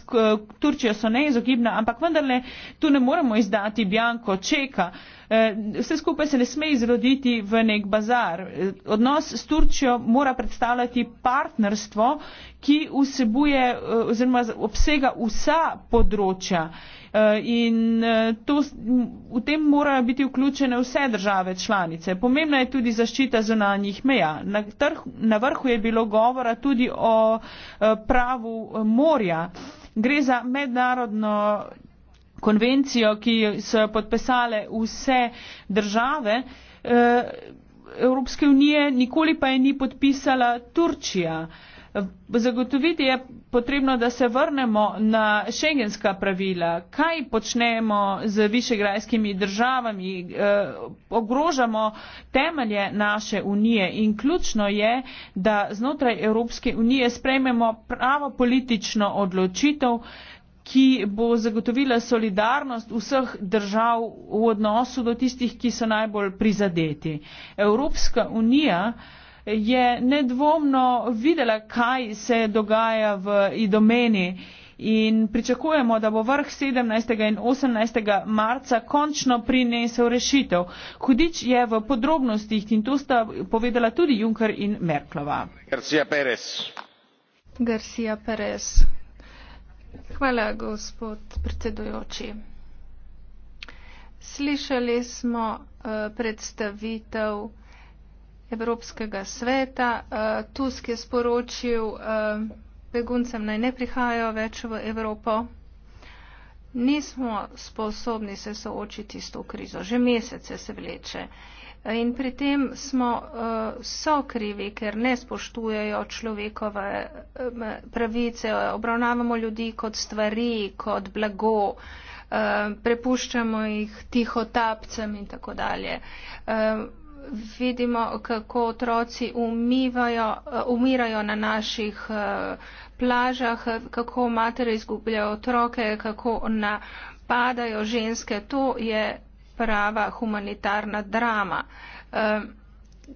turčijo so neizogibna ampak vendarle tu ne moremo izdati bjanko čeka vse skupaj se ne sme izroditi v nek bazar. Odnos s Turčijo mora predstavljati partnerstvo, ki vsebuje oziroma obsega vsa področja. Eh, in eh, to, v tem morajo biti vključene vse države članice. Pomembna je tudi zaščita zunanjih meja. Na, trh, na vrhu je bilo govora tudi o eh, pravu morja. Gre za mednarodno konvencijo, ki so jo podpisale vse države. Evropske unije, nikoli pa je ni podpisala Turčija. Uh, Zagotoviti je potrebno, da se vrnemo na šengenska pravila. Kaj počnemo z višegrajskimi državami? Eh, ogrožamo temelje naše unije in ključno je, da znotraj Evropske unije sprejmemo pravo politično odločitev, ki bo zagotovila solidarnost vseh držav v odnosu do tistih, ki so najbolj prizadeti. Evropska unija je nedvomno videla, kaj se dogaja v idomeni. In pričakujemo, da bo vrh 17. in 18. marca končno prinesel rešitev. Hudič je v podrobnostih in to sta povedala tudi Juncker in Merklova. Garcia Perez. Garcia Perez. Hvala, gospod predsedujoči. Slišali smo uh, predstavitev Evropskega sveta. Eh, Tusk je sporočil eh, beguncem naj ne prihajajo več v Evropo. Nismo sposobni se soočiti s to krizo, že mesece se vleče. In pri tem smo eh, so krivi, ker ne spoštujejo človekove pravice, obravnavamo ljudi kot stvari, kot blago, prepuščamo jih tihotapcem in tako dalje vidimo, kako otroci umivajo, umirajo na naših eh, plažah, kako matere izgubljajo otroke, kako napadajo ženske. To je prava humanitarna drama. Eh,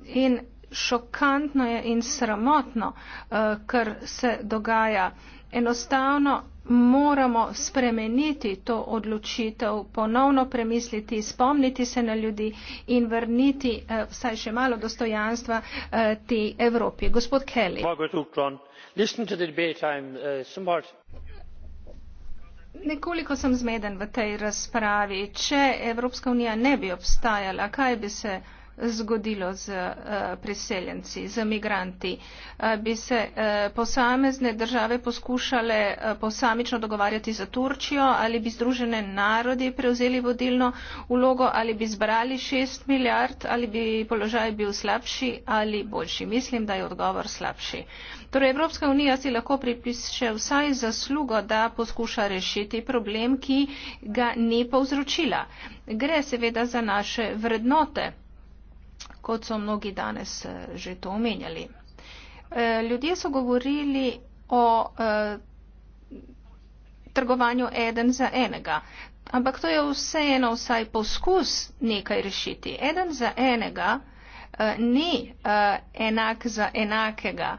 in šokantno je in sramotno, eh, kar se dogaja. Enostavno moramo spremeniti to odločitev, ponovno premisliti, spomniti se na ljudi in vrniti eh, vsaj še malo dostojanstva eh, te Evropi. Gospod Kelly. Eh, Nekoliko sem zmeden v tej razpravi. Če Evropska unija ne bi obstajala, kaj bi se zgodilo z eh, preseljenci, z migranti. Eh, bi se eh, posamezne države poskušale posamično dogovarjati za Turčijo ali bi združene narodi prevzeli vodilno ulogo ali bi zbrali 6 milijard ali bi položaj bil slabši ali boljši. Mislim, da je odgovor slabši. Torej, Evropska unija si lahko pripiše vsaj zaslugo, da poskuša rešiti problem, ki ga ni povzročila. Gre seveda za naše vrednote kot so mnogi danes eh, že to omenjali. Eh, ljudje so govorili o eh, trgovanju eden za enega. Ampak to je vseeno vsaj poskus nekaj rešiti. Eden za enega ni enak za enakega.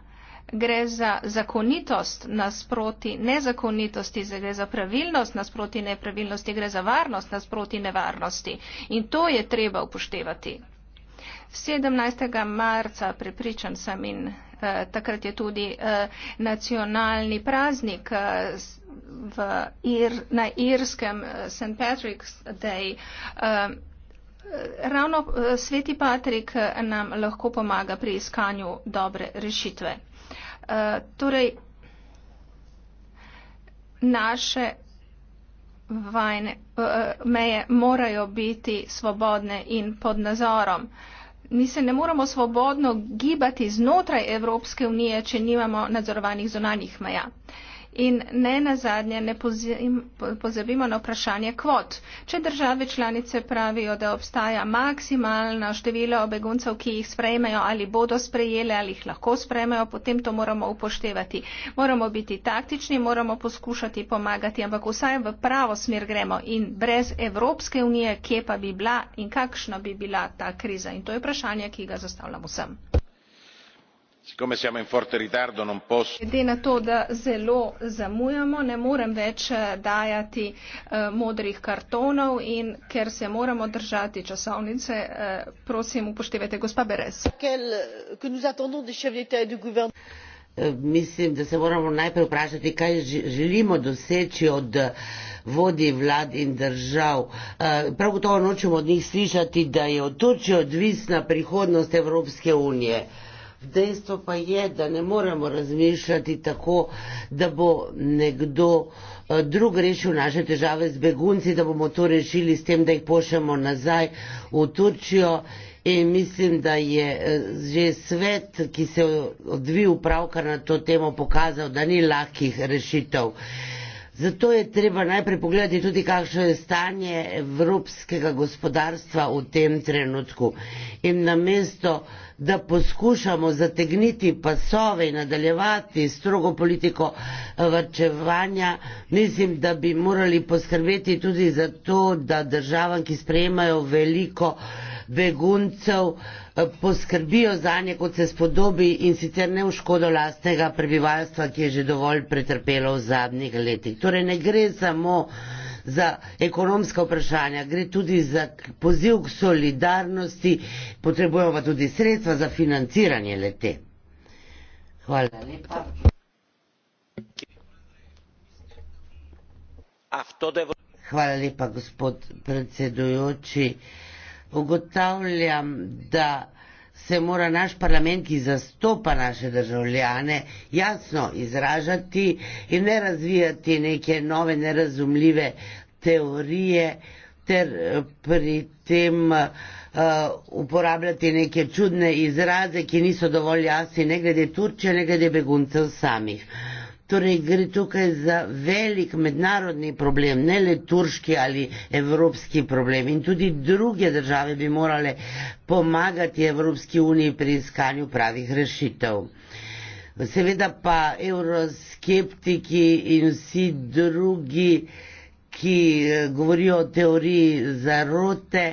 Gre za zakonitost nasproti nezakonitosti, gre za pravilnost nasproti nepravilnosti, gre za varnost nasproti nevarnosti. In to je treba upoštevati. 17. marca pripričan sem in eh, takrat je tudi eh, nacionalni praznik eh, v, ir, na irskem eh, St. Patrick's Day. Eh, ravno eh, sveti Patrik eh, nam lahko pomaga pri iskanju dobre rešitve. Eh, torej, naše vajne, eh, meje morajo biti svobodne in pod nazorom. Eh, mi se ne moremo svobodno gibati znotraj Evropske unije, če nimamo nadzorovanih zonanjih meja. In ne nazadnje, ne pozabimo na vprašanje kvot. Če države članice pravijo, da obstaja maksimalno število beguncev, ki jih sprejmejo ali bodo sprejele ali jih lahko sprejmejo, potem to moramo upoštevati. Moramo biti taktični, moramo poskušati pomagati, ampak vsaj v pravo smer gremo in brez Evropske unije, kje pa bi bila in kakšna bi bila ta kriza. In to je vprašanje, ki ga zastavljam vsem glede na to da zelo zamujamo ne morem več eh, dajati eh, modrih kartonov in ker se moramo držati časovnice eh, prosim upoštevajte gospa bers. mislim da se moramo najprej vprašati kaj želimo doseči od vodi vlad in držav. Prav gotovo nočemo od njih slišati, da je od Turčije odvisna prihodnost Evropske unije. Dejstvo pa je, da ne moremo razmišljati tako, da bo nekdo eh, drug rešil naše težave z begunci, da bomo to rešili s tem, da jih pošljemo nazaj v Turčijo. In mislim, da je eh, že svet, ki se je odvil pravkar na to temo, pokazal, da ni lahkih rešitev. Zato je treba najprej pogledati tudi, kakšno je stanje evropskega gospodarstva v tem trenutku. In namesto da poskušamo zategniti pasove in nadaljevati strogo politiko eh, vrčevanja, mislim, da bi morali poskrbeti tudi za to, da državam, ki sprejemajo veliko beguncev, eh, poskrbijo za nje, kot se spodobi in sicer ne v škodo lastnega prebivalstva, ki je že dovolj pretrpelo v zadnjih letih. Torej ne gre samo za ekonomska vprašanja, gre tudi za poziv k solidarnosti, potrebujemo pa tudi sredstva za financiranje lete. Hvala lepa. Hvala lepa, gospod predsedujoči. Ugotavljam, da se mora naš parlament, ki zastopa naše državljane, jasno izražati in ne razvijati neke nove, nerazumljive teorije ter eh, pri tem uh, uporabljati neke čudne izraze, ki niso dovolj jasni, ne glede Turčije, ne glede beguncev samih. Torej gre tukaj za velik mednarodni problem, ne le turški ali evropski problem. In tudi druge države bi morale pomagati Evropski uniji pri iskanju pravih rešitev. Seveda pa evroskeptiki in vsi drugi uh, ki eh, govorijo o teoriji zarote,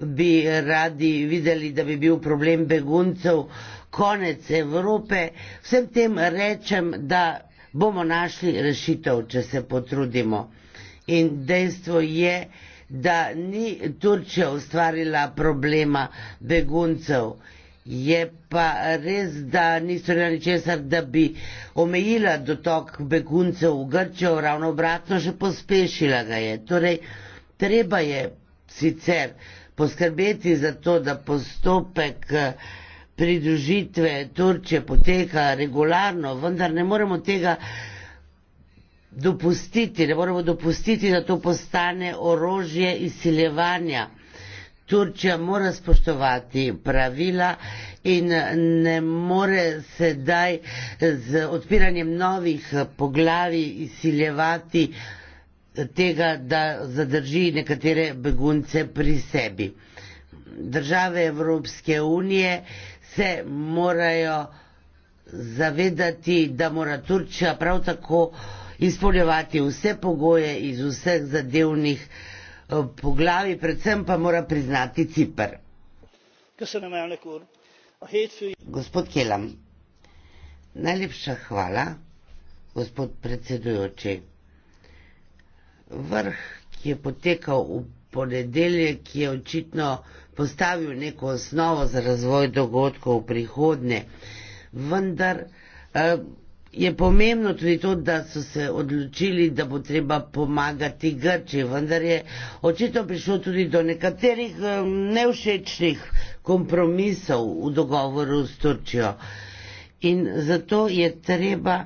bi radi videli, da bi bil problem beguncev konec Evrope. Vsem tem rečem, da bomo našli rešitev, če se potrudimo. In dejstvo je, da ni Turčija ustvarila problema beguncev. Je pa res, da ni storila ničesar, da bi omejila dotok beguncev v Grčijo, ravno obratno, še pospešila ga je. Torej, treba je sicer poskrbeti za to, da postopek eh, pridružitve Turčije poteka regularno, vendar ne moremo tega dopustiti, ne moremo dopustiti, da to postane orožje izsilevanja. Turčija mora spoštovati pravila in ne more sedaj z odpiranjem novih poglavij izsiljevati tega, da zadrži nekatere begunce pri sebi. Države Evropske unije se morajo zavedati, da mora Turčija prav tako izpolnjevati vse pogoje iz vseh zadevnih po glavi predvsem pa mora priznati cipr gospod kelam najlepša hvala gospod predsedujoči vrh ki je potekal v ponedeljek ki je očitno postavil neko osnovo za razvoj dogodkov v prihodnje vendar eh, Je pomembno tudi to, da so se odločili, da bo treba pomagati Grči, vendar je očitno prišlo tudi do nekaterih eh, nevšečnih kompromisov v dogovoru s Turčijo. In zato je treba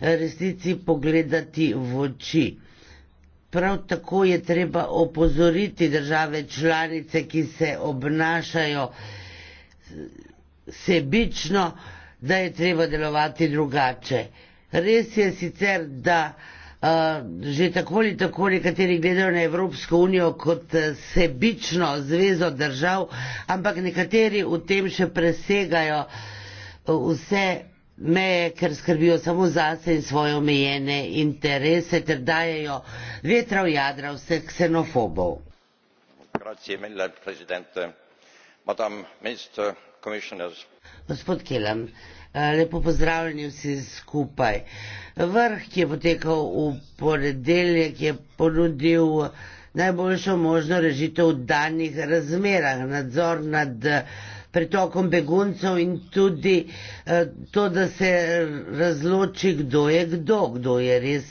resnici pogledati v oči. Prav tako je treba opozoriti države članice, ki se obnašajo sebično, da je treba delovati drugače. Res je sicer, da uh, že tako ali tako nekateri gledajo na Evropsko unijo kot sebično zvezo držav, ampak nekateri v tem še presegajo vse meje, ker skrbijo samo zase in svoje omejene interese ter dajejo vetra v jadra vseh ksenofobov. Grazie, mille, Gospod Kelem, eh, lepo pozdravljeni vsi skupaj. Vrh, ki je potekal v ponedeljek, je ponudil najboljšo možno rešitev v danih razmerah, nadzor nad eh, pretokom beguncev in tudi eh, to, da se razloči, kdo je kdo, kdo je res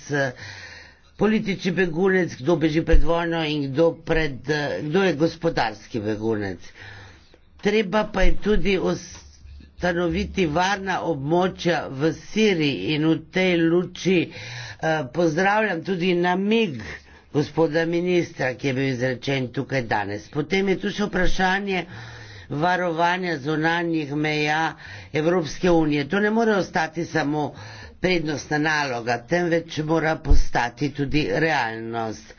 politični begunec, kdo beži pred vojno in kdo, pred, kdo je gospodarski begunec treba pa je tudi ustanoviti varna območja v Siriji in v tej luči eh, pozdravljam tudi namig gospoda ministra, ki je bil izrečen tukaj danes. Potem je tu še vprašanje varovanja zonanjih meja Evropske unije. To ne more ostati samo prednostna naloga, temveč mora postati tudi realnost.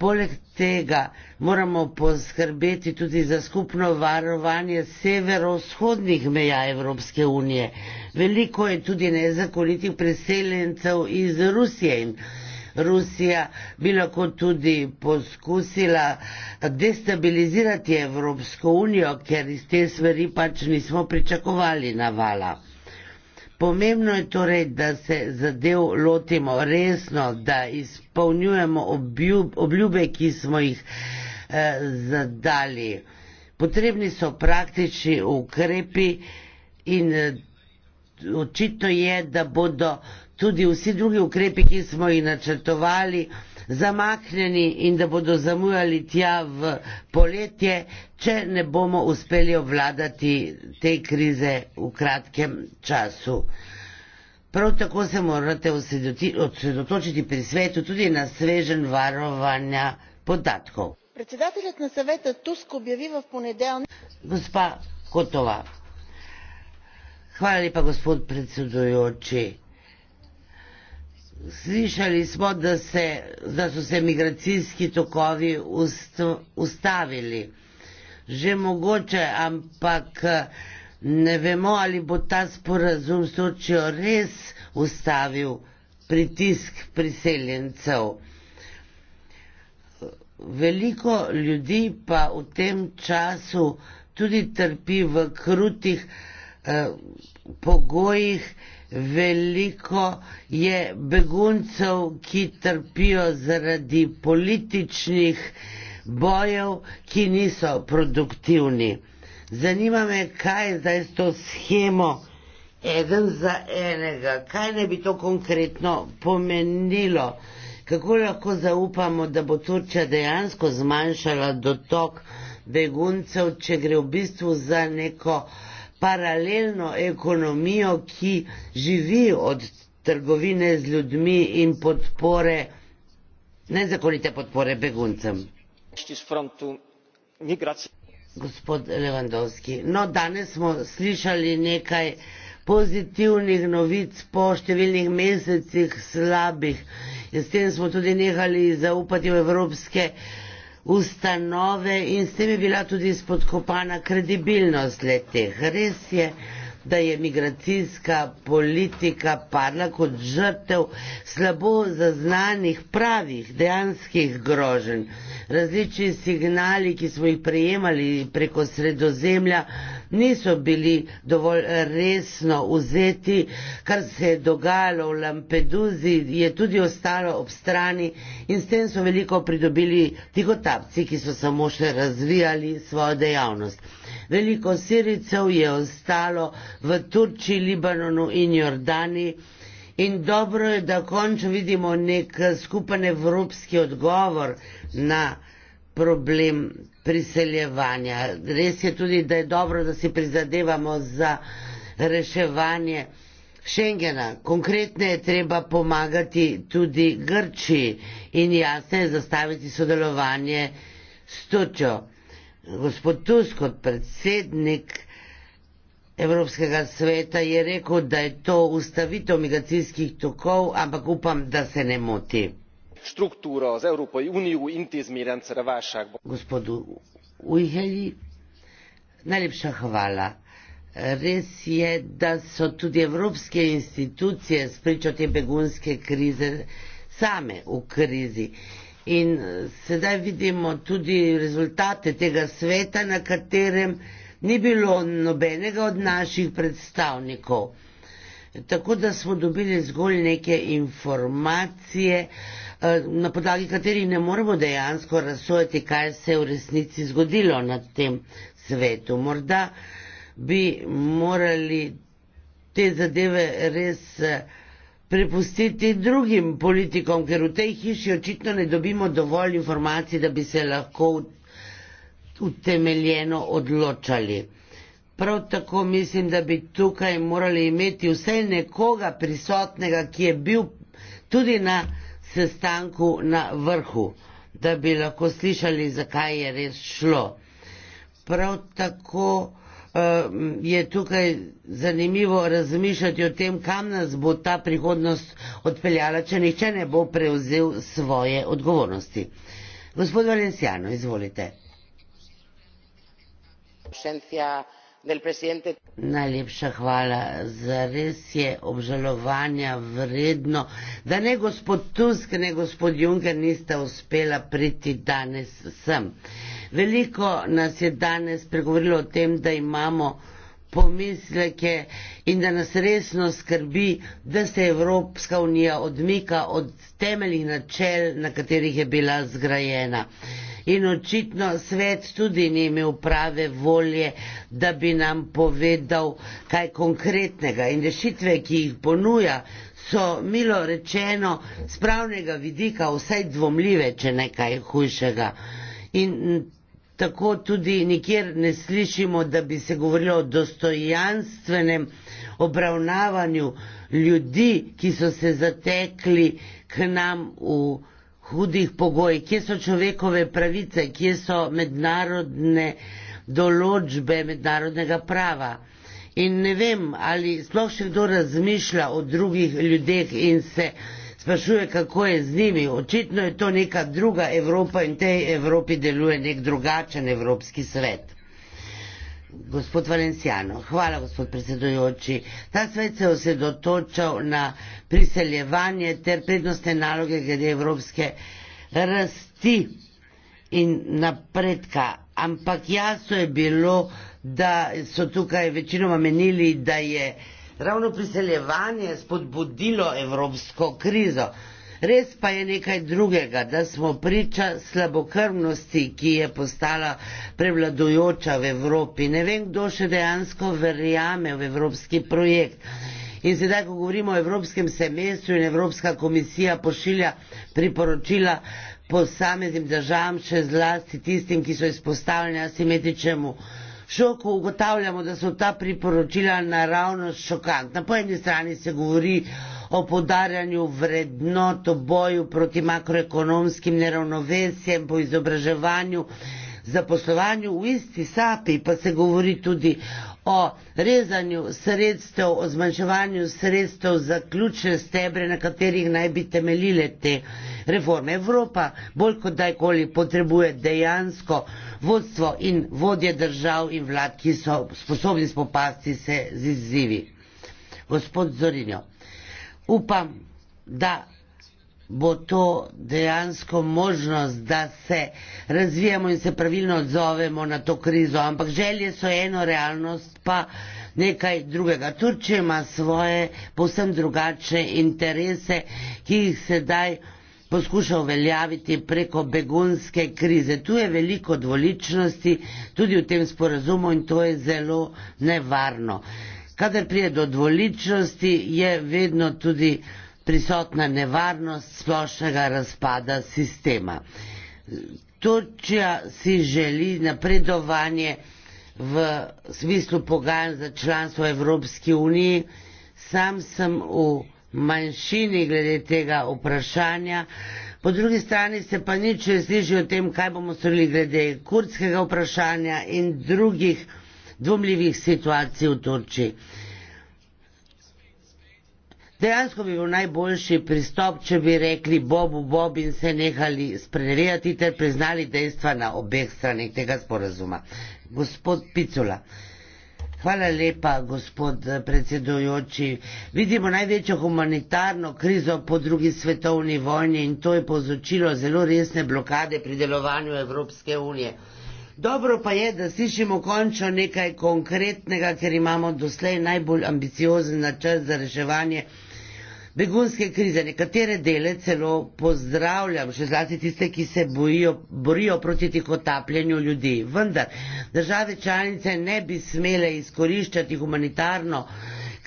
Poleg tega moramo poskrbeti tudi za skupno varovanje severovzhodnih meja Evropske unije. Veliko je tudi nezakonitih preseljencev iz Rusije in Rusija bi lahko tudi poskusila destabilizirati Evropsko unijo, ker iz te smeri pač nismo pričakovali navala. Pomembno je torej, da se zadev lotimo resno, da izpolnjujemo obljub, obljube, ki smo jih eh, zadali. Potrebni so praktični ukrepi in eh, očitno je, da bodo tudi vsi drugi ukrepi, ki smo jih načrtovali, eh, zamaknjeni in da bodo zamujali tja v poletje, če ne bomo uspeli obvladati te krize v kratkem času. Prav tako se morate osredotočiti pri svetu tudi na svežen varovanja podatkov. Predsedateljet na sveta Tusk objavi v ponedeljek. Gospa Kotova. Hvala lepa, gospod predsedujoči. Slišali smo, da, se, da so se migracijski tokovi ust, ustavili. Že mogoče, ampak ne vemo, ali bo ta sporazum s Turčijo res ustavil pritisk priseljencev. Veliko ljudi pa v tem času tudi trpi v krutih eh, pogojih, veliko je beguncev, ki trpijo zaradi političnih bojev, ki niso produktivni. Zanima me, kaj je zdaj s to schemo eden za enega, kaj ne bi to konkretno pomenilo, kako lahko zaupamo, da bo Turčja dejansko zmanjšala dotok beguncev, če gre v bistvu za neko paralelno ekonomijo, ki živi od trgovine z ljudmi in podpore, nezakonite podpore beguncem. Gospod Levandovski, no danes smo slišali nekaj pozitivnih novic po številnih mesecih slabih in s tem smo tudi nehali zaupati v evropske ustanove in s tem je bila tudi spodkopana kredibilnost leteh. Res je, da je migracijska politika padla kot žrtev slabo zaznanih pravih dejanskih groženj. Različni signali, ki smo jih prejemali preko sredozemlja, niso bili dovolj resno vzeti, kar se je dogajalo v Lampeduzi, je tudi ostalo ob strani in s tem so veliko pridobili tihotapci, ki so samo še razvijali svojo dejavnost. Veliko siricev je ostalo v Turčiji, Libanonu in Jordani. In dobro je, da končno vidimo nek skupen evropski odgovor na problem priseljevanja. Res je tudi, da je dobro, da si prizadevamo za reševanje Schengena. Konkretno je treba pomagati tudi Grčiji in jasno je zastaviti sodelovanje s Tučo. Gospod Tusk kot predsednik Evropskega sveta je rekel, da je to ustavitev migracijskih tokov, ampak upam, da se ne moti struktúra az európai unió intézményrendszere válságba. Gospodu Ujheli, najlepša hvala. Res je, da so tudi evropske institucije spričo te begunske krize same v krizi. In sedaj vidimo tudi rezultate tega sveta, na katerem ni bilo nobenega od naših predstavnikov. Tako da smo dobili zgolj neke informacije na podlagi katerih ne moremo dejansko razsojati, kaj se je v resnici zgodilo na tem svetu. Morda bi morali te zadeve res eh, prepustiti drugim politikom, ker v tej hiši očitno ne dobimo dovolj informacij, da bi se lahko utemeljeno odločali. Prav tako mislim, da bi tukaj morali imeti vsaj nekoga prisotnega, ki je bil tudi na sestanku na vrhu, da bi lahko slišali, zakaj je res šlo. Prav tako eh, je tukaj zanimivo razmišljati o tem, kam nas bo ta prihodnost odpeljala, če nihče ne bo prevzel svoje odgovornosti. Gospod Valencijano, izvolite. Ausencia del presidente. Najlepša hvala. Zares je obžalovanja vredno, da ne gospod Tusk, ne gospod Juncker nista uspela priti danes sem. Veliko nas je danes pregovorilo o tem, da imamo pomisleke in da nas resno skrbi, da se Evropska unija odmika od temeljnih načel, na katerih je bila zgrajena in očitno svet tudi ni imel prave volje, da bi nam povedal kaj konkretnega. In rešitve, ki jih ponuja, so milo rečeno z pravnega vidika vsaj dvomljive, če nekaj hujšega. In tako tudi nikjer ne slišimo, da bi se govorilo o dostojanstvenem obravnavanju ljudi, ki so se zatekli k nam v hudih pogoj, kje so človekove pravice, kje so mednarodne določbe mednarodnega prava. In ne vem, ali sploh še kdo razmišlja o drugih ljudeh in se sprašuje, kako je z njimi. Očitno je to neka druga Evropa in tej Evropi deluje nek drugačen Evropski svet. Gospod Valencijano, hvala gospod predsedujoči. Ta svet se je osredotočal na priseljevanje ter prednostne naloge glede evropske rasti in napredka, ampak jasno je bilo, da so tukaj večinoma menili, da je ravno priseljevanje spodbudilo evropsko krizo. Res pa je nekaj drugega, da smo priča slabokrvnosti, ki je postala prevladujoča v Evropi. Ne vem, kdo še dejansko verjame v evropski projekt. In sedaj, ko govorimo o evropskem semestru in Evropska komisija pošilja priporočila posameznim državam, še zlasti tistim, ki so izpostavljeni asimetričnemu šoku, ugotavljamo, da so ta priporočila naravno šokantna. Po eni strani se govori o podarjanju vrednot, o boju proti makroekonomskim neravnovesjem, po izobraževanju, zaposlovanju v isti sapi, pa se govori tudi o rezanju sredstev, o zmanjševanju sredstev za ključne stebre, na katerih naj bi temeljile te reforme. Evropa bolj kot dajkoli potrebuje dejansko vodstvo in vodje držav in vlad, ki so sposobni spopasti se z izzivi. Gospod Zorinjo, upam, da bo to dejansko možnost, da se razvijamo in se pravilno odzovemo na to krizo, ampak želje so eno, realnost pa nekaj drugega. Turčija ima svoje povsem drugačne interese, ki jih sedaj poskuša uveljaviti preko begunske krize. Tu je veliko dvoličnosti, tudi v tem sporazumu in to je zelo nevarno kadar prije do dvoličnosti, je vedno tudi prisotna nevarnost splošnega razpada sistema. Turčija si želi napredovanje v smislu pogajanj za članstvo Evropske unije. Sam sem v manjšini glede tega vprašanja. Po drugi strani se pa nič ne sliši o tem, kaj bomo storili glede kurdskega vprašanja in drugih vprašanj dvomljivih situacij v Turčiji. Dejansko bi bil najboljši pristop, če bi rekli Bobu Bob in se nehali sprenevedati ter priznali dejstva na obeh stranih tega sporazuma. Gospod Picula. Hvala lepa, gospod predsedujoči. Vidimo največjo humanitarno krizo po drugi svetovni vojni in to je povzročilo zelo resne blokade pri delovanju Evropske unije. Dobro pa je, da slišimo končno nekaj konkretnega, ker imamo doslej najbolj ambiciozen načrt za reševanje begunske krize. Nekatere dele celo pozdravljam, še zlasti tiste, ki se bojijo, borijo proti tihotapljenju ljudi. Vendar države članice ne bi smele izkoriščati humanitarno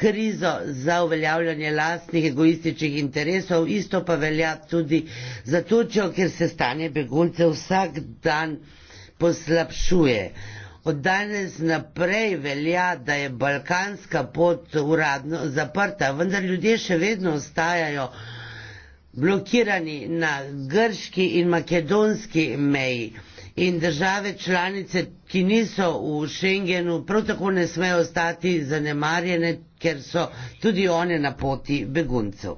krizo za uveljavljanje lastnih egoističnih interesov, isto pa velja tudi za Turčjo, ker se stanje beguncev vsak dan poslabšuje. Od danes naprej velja, da je balkanska pot uradno zaprta, vendar ljudje še vedno ostajajo blokirani na grški in makedonski meji. In države članice, ki niso v Schengenu, prav tako ne smejo ostati zanemarjene, ker so tudi one na poti beguncev.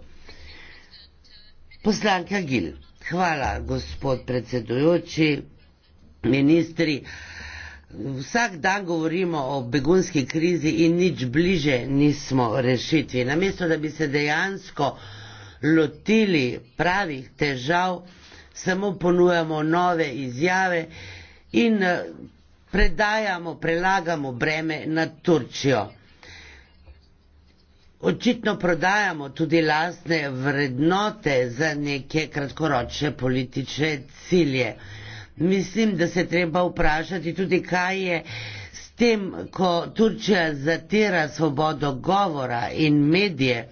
Poslanka Gil. Hvala, gospod predsedujoči ministri. Vsak dan govorimo o begunski krizi in nič bliže nismo rešitvi. Namesto, da bi se dejansko lotili pravih težav, samo ponujamo nove izjave in eh, predajamo, prelagamo breme na Turčijo. Očitno prodajamo tudi lastne vrednote za neke kratkoročne politične cilje mislim, da se treba vprašati tudi, kaj je s tem, ko Turčija zatira svobodo govora in medije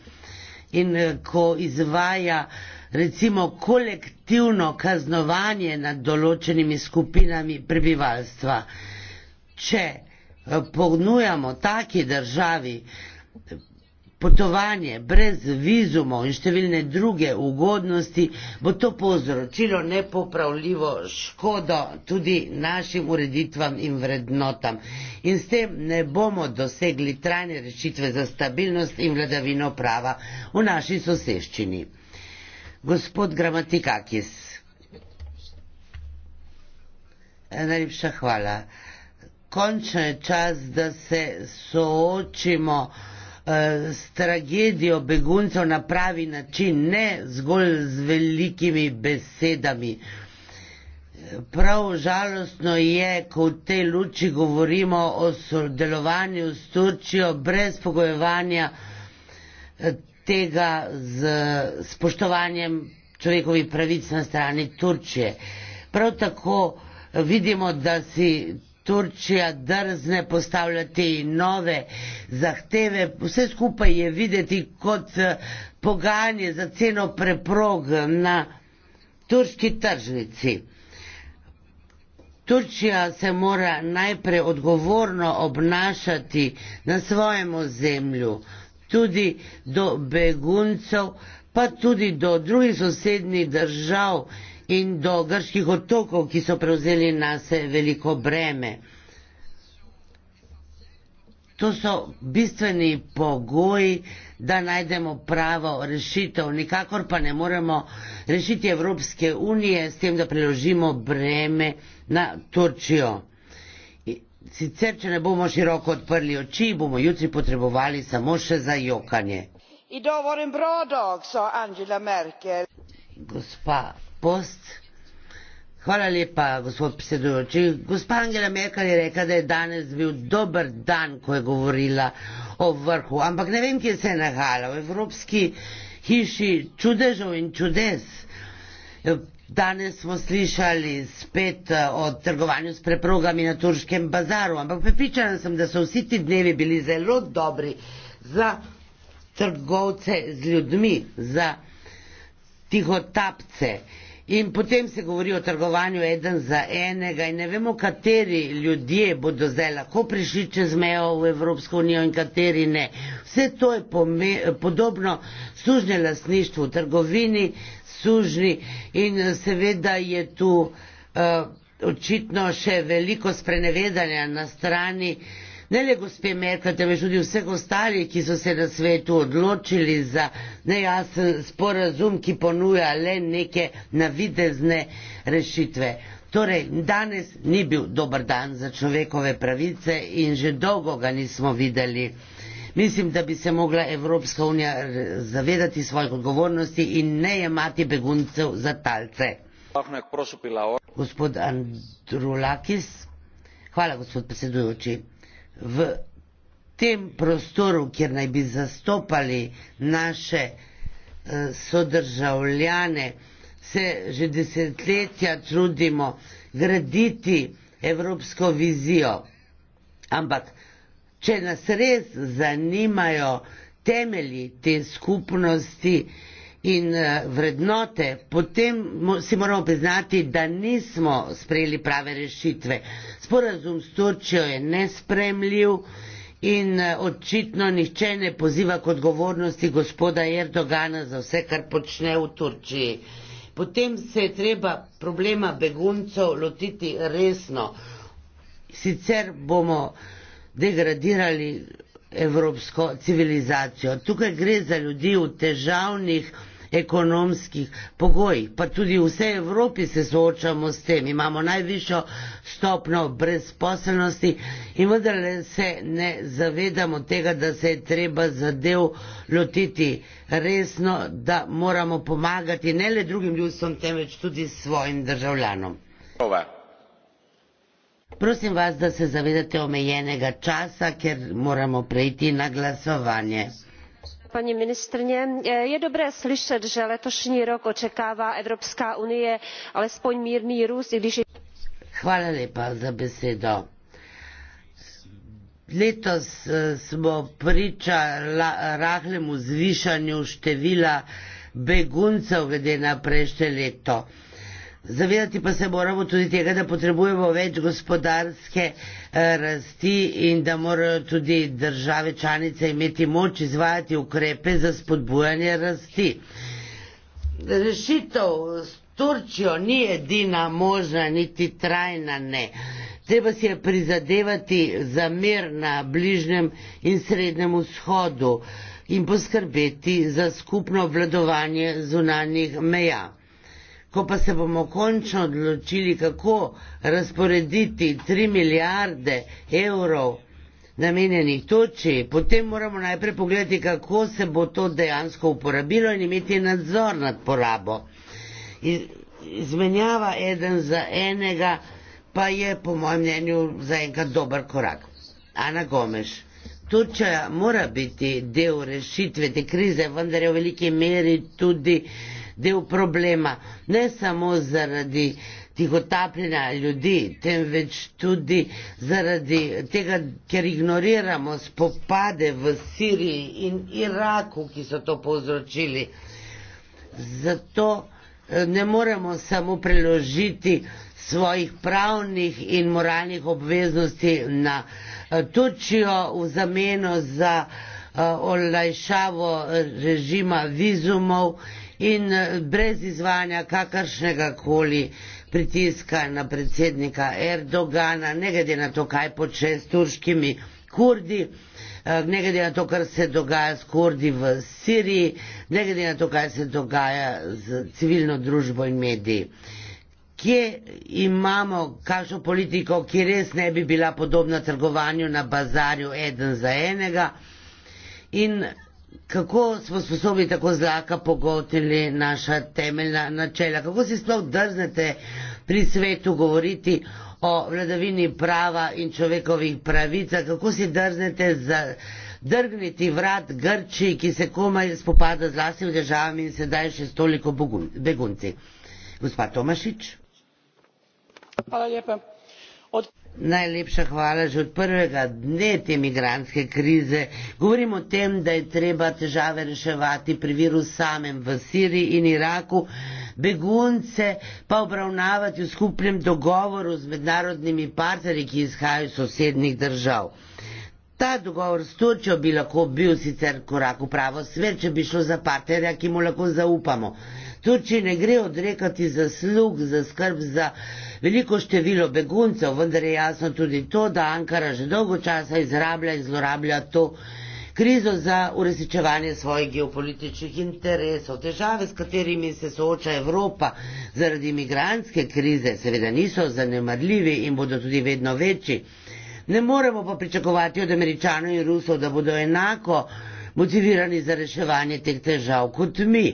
in eh, ko izvaja recimo kolektivno kaznovanje nad določenimi skupinami prebivalstva. Če eh, ponujamo taki državi, potovanje brez vizumov in številne druge ugodnosti bo to povzročilo nepopravljivo škodo tudi našim ureditvam in vrednotam. In s tem ne bomo dosegli trajne rešitve za stabilnost in vladavino prava v naši soseščini. Gospod Gramatikakis. Najlepša hvala. Končno je čas, da se soočimo. Eh, s tragedijo beguncev na pravi način, ne zgolj z velikimi besedami. Prav žalostno je, ko v tej luči govorimo o sodelovanju s Turčijo brez pogojevanja eh, tega z spoštovanjem človekovih pravic na strani Turčije. Prav tako vidimo, da si Turčija drzne postavljati nove zahteve. Vse skupaj je videti kot eh, poganje za ceno preprog na turški tržnici. Turčija se mora najprej odgovorno obnašati na svojem ozemlju, tudi do beguncev, pa tudi do drugih sosednjih držav in do grških otokov, ki so prevzeli na se veliko breme. To so bistveni pogoji, da najdemo pravo rešitev. Nikakor pa ne moremo rešiti Evropske unije s tem, da preložimo breme na Turčijo. Sicer, če ne bomo široko odprli oči, bomo jutri potrebovali samo še za jokanje. Gospa post. Hvala lepa, gospod predsedujoči. Gospa Angela Merkel je rekla, da je danes bil dober dan, ko je govorila o vrhu, ampak ne vem, kje se je nahajala, v Evropski hiši čudežev in čudes. Danes smo slišali spet eh, o trgovanju s preprogami na turškem bazaru, ampak pripričana sem, da so vsi ti dnevi bili zelo dobri za trgovce z ljudmi, za tihotapce. Uh, In potem se govori o trgovanju eden za enega in ne vemo, kateri ljudje bodo zdaj lahko prišli čez mejo v Evropsko unijo in kateri ne. Vse to je podobno služne lasništvu, trgovini, služni in eh, seveda je tu uh, očitno še veliko sprenevedanja na strani uh, ne le gospe Merkel, temveč tudi vseh ostalih, ki so se na svetu odločili za nejasen sporazum, ki ponuja le neke navidezne rešitve. Torej, danes ni bil dober dan za človekove pravice in že dolgo ga nismo videli. Mislim, da bi se mogla Evropska unija zavedati svojih odgovornosti in ne jemati beguncev za talce. Gospod Andrulakis, hvala gospod predsedujoči v tem prostoru, kjer naj bi zastopali naše eh, sodržavljane, se že desetletja trudimo graditi evropsko vizijo. Ampak, če nas res zanimajo temelji te skupnosti, in eh, vrednote, potem si moramo priznati, da nismo sprejeli prave rešitve. Sporazum s Turčijo je nespremljiv in eh, očitno nihče ne poziva k odgovornosti gospoda Erdogana za vse, kar počne v Turčiji. Potem se je treba problema beguncev lotiti resno. Sicer bomo degradirali evropsko civilizacijo. Tukaj gre za ljudi v težavnih, ekonomskih pogojih. Pa tudi v vsej Evropi se soočamo s tem, imamo najvišjo stopno brezposelnosti in vendar se ne zavedamo tega, da se je treba zadev lotiti resno, da moramo pomagati ne le drugim ljudstvom, temveč tudi svojim državljanom. Ova. Prosim vas, da se zavedate omejenega časa, ker moramo preiti na glasovanje paní ministryně eh, je dobré slyšet že letošní rok očekává evropská unie alespoň mírný růst i když. letos eh, smo priča rahlemu zvišanju števila beguncev glede na prejšnje leto. Zavedati pa se moramo tudi tega, da potrebujemo več gospodarske eh, rasti in da morajo tudi države članice imeti moč izvajati ukrepe za spodbujanje rasti. Rešitev s Turčijo ni edina možna, niti trajna ne. Treba si je prizadevati za mir na bližnjem in srednjem vzhodu in poskrbeti za skupno obvladovanje zunanjih meja ko pa se bomo končno odločili, kako razporediti tri milijarde evrov namenjenih toči, potem moramo najprej pogledati, kako se bo to dejansko uporabilo in imeti nadzor nad porabo. Iz, izmenjava eden za enega pa je po mojem mnenju zaenkrat dober korak. Ana Gomeš. Toča mora biti del rešitve te krize, vendar je v veliki meri tudi uh, del problema, ne samo zaradi tihotapljenja ljudi, temveč tudi zaradi tega, ker ignoriramo spopade v Siriji in Iraku, ki so to povzročili. Zato eh, ne moremo samo preložiti svojih pravnih in moralnih obveznosti na eh, Turčijo v zameno za eh, olajšavo režima vizumov in eh, brez izvanja kakršnega koli pritiska na predsednika Erdogana, ne glede na to, kaj počne s turškimi kurdi, eh, ne glede na to, kar se dogaja s kurdi v Siriji, ne glede na to, kaj se dogaja z civilno družbo in mediji. Kje imamo kakšno politiko, ki res ne bi bila podobna trgovanju na bazarju eden za enega in kako smo sposobni tako zlaka pogotili naša temeljna načela, kako si sploh drznete pri svetu govoriti o vladavini prava in človekovih pravicah, kako si drznete zadrgniti vrat Grči, ki se komaj spopada z vlastnimi državami in sedaj še s toliko begunci. Gospa Tomašič. Hvala lijepa. Od... Najlepša hvala že od prvega dne te imigranske krize. Govorim o tem, da je treba težave reševati pri viru samem v Siriji in Iraku, begunce pa obravnavati v skupnem dogovoru z mednarodnimi partnerji, ki izhajajo iz sosednjih držav. Ta dogovor s Turčjo bi lahko bil sicer korak v pravo svet, če bi šlo za partnerja, ki mu lahko zaupamo. Turčji ne gre odrekati zaslug, za skrb, za. Slug, za veliko število beguncev, vendar je jasno tudi to, da Ankara že dolgo časa izrablja in zlorablja to krizo za uresničevanje svojih geopolitičnih interesov. Težave, s katerimi se sooča Evropa zaradi imigranske krize, seveda niso zanemarljivi in bodo tudi vedno večji. Ne moremo pa pričakovati od američanov in rusov, da bodo enako motivirani za reševanje teh težav kot mi.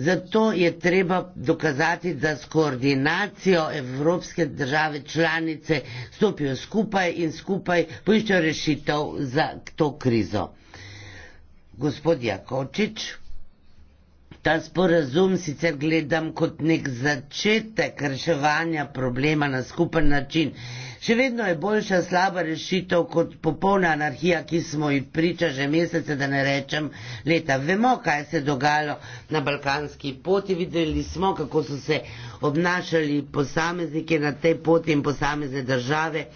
Zato je treba dokazati, da s koordinacijo evropske države članice stopijo skupaj in skupaj poiščejo rešitev za to krizo. Gospod Jakočič, ta sporazum sicer gledam kot nek začetek reševanja problema na skupen način. Še vedno je boljša slaba rešitev kot popolna anarhija, ki smo ji priča že mesece, da ne rečem leta. Vemo, kaj se je dogajalo na balkanski poti, videli smo, kako so se obnašali posameznike na tej poti in posamezne države.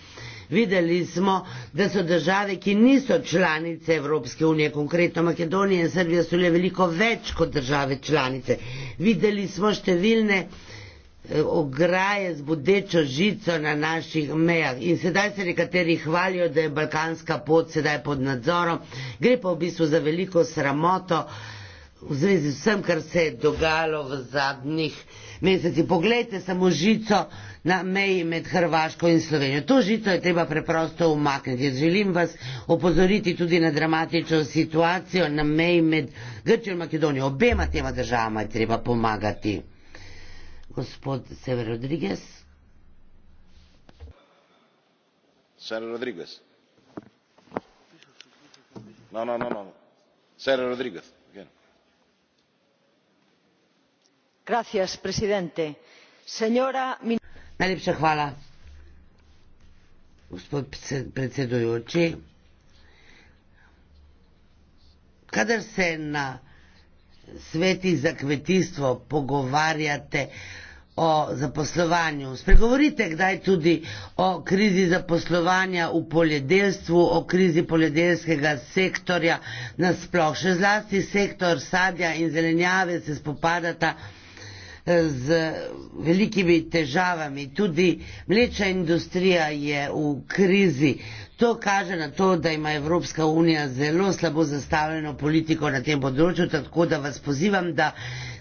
Videli smo, da so države, ki niso članice Evropske unije, konkretno Makedonija in Srbija, so le veliko več kot države članice. Videli smo številne Eh, ograje z bodečo žico na naših mejah. In sedaj se nekateri hvalijo, da je balkanska pot sedaj pod nadzorom, gre pa v bistvu za veliko sramoto v zvezi z vsem, kar se je dogajalo v zadnjih mesecih. Poglejte samo žico na meji med Hrvaško in Slovenijo. To žico je treba preprosto umakniti. Želim vas opozoriti tudi na dramatično situacijo na meji med Grčijo in Makedonijo. Obema tema državama je treba pomagati gospod Sever Rodriguez. Sever Rodriguez. No, no, no, no. Sever Rodriguez. Again. Gracias, presidente. Señora. Najlepša hvala, gospod predsedujoči. Kadar se na sveti za kmetijstvo pogovarjate o zaposlovanju. Spregovorite kdaj tudi o krizi zaposlovanja v poljedelstvu, o krizi poljedelskega sektorja nasploh. Še zlasti sektor sadja in zelenjave se spopadata z velikimi težavami. Tudi mlečna industrija je v krizi. To kaže na to, da ima Evropska unija zelo slabo zastavljeno politiko na tem področju, tako da vas pozivam, da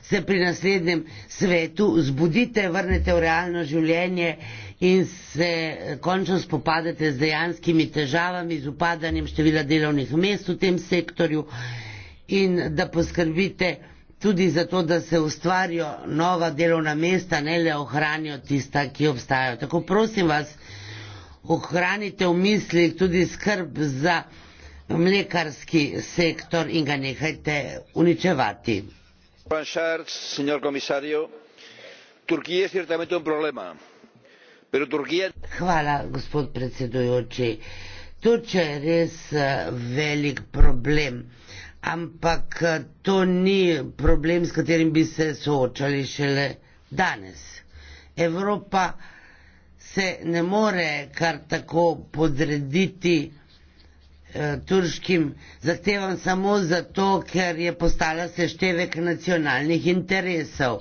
se pri naslednjem svetu zbudite, vrnete v realno življenje in se končno spopadete z dejanskimi težavami, z upadanjem števila delovnih mest v tem sektorju in da poskrbite, tudi zato, da se ustvarijo nova delovna mesta, ne le ohranijo tista, ki obstajajo. Tako prosim vas, ohranite v mislih tudi skrb za mlekarski sektor in ga nehajte uničevati. Hvala, gospod predsedujoči. Turčija je res eh, velik problem ampak eh, to ni problem, s katerim bi se soočali šele danes. Evropa se ne more kar tako podrediti eh, turškim zahtevam samo zato, ker je postala seštevek nacionalnih interesov.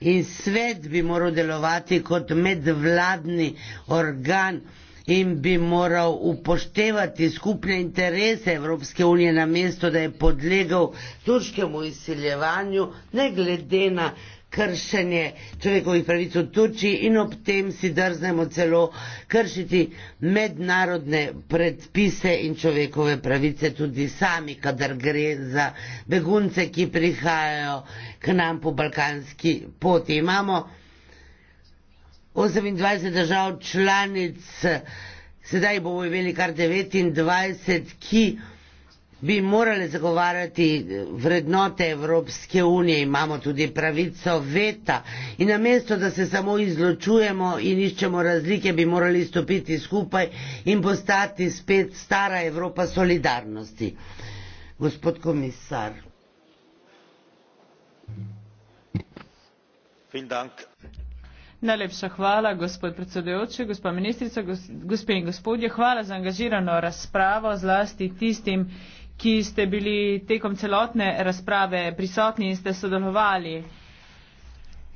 In svet bi moral delovati kot medvladni organ, in bi moral upoštevati skupne interese Evropske unije, namesto da je podlegal turškemu izsiljevanju, ne glede na kršenje človekovih pravic v Turčiji in ob tem si drznemo celo kršiti mednarodne predpise in človekove pravice tudi sami, kadar gre za begunce, ki prihajajo k nam po balkanski poti. Imamo 28 držav članic, sedaj bomo imeli kar 29, ki bi morali zagovarjati vrednote Evropske unije, imamo tudi pravico veta. In namesto, da se samo izločujemo in iščemo razlike, bi morali stopiti skupaj in postati spet stara Evropa solidarnosti. Gospod komisar. Najlepša hvala, gospod predsedujoči, gospod ministrica, gospe in gospodje. Hvala za angažirano razpravo, zlasti tistim, ki ste bili tekom celotne razprave prisotni in ste sodelovali.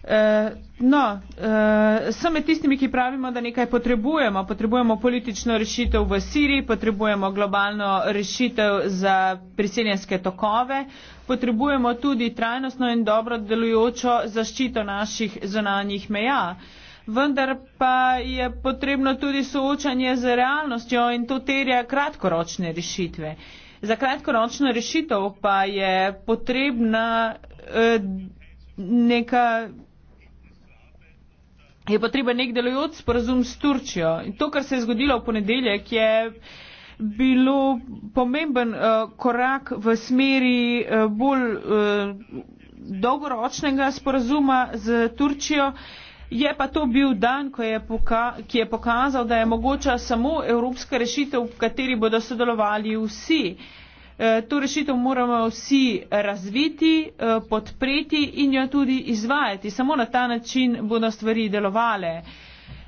Eh, no, eh, sem med tistimi, ki pravimo, da nekaj potrebujemo. Potrebujemo politično rešitev v Siriji, potrebujemo globalno rešitev za priseljenske tokove, potrebujemo tudi trajnostno in dobro delujočo zaščito naših zonanjih meja. Vendar pa je potrebno tudi soočanje z realnostjo in to terja kratkoročne rešitve. Za kratkoročno rešitev pa je potrebna eh, neka je pa treba nek delujoč sporazum s Turčijo. In to, kar se je zgodilo v ponedeljek, je bilo pomemben uh, korak v smeri uh, bolj uh, dolgoročnega sporazuma z Turčijo. Je pa to bil dan, ko je poka ki je pokazal, da je mogoča samo evropska rešitev, v kateri bodo sodelovali vsi. Uh, Eh, to rešitev moramo vsi razviti, eh, podpreti in jo tudi izvajati. Samo na ta način bodo stvari delovale.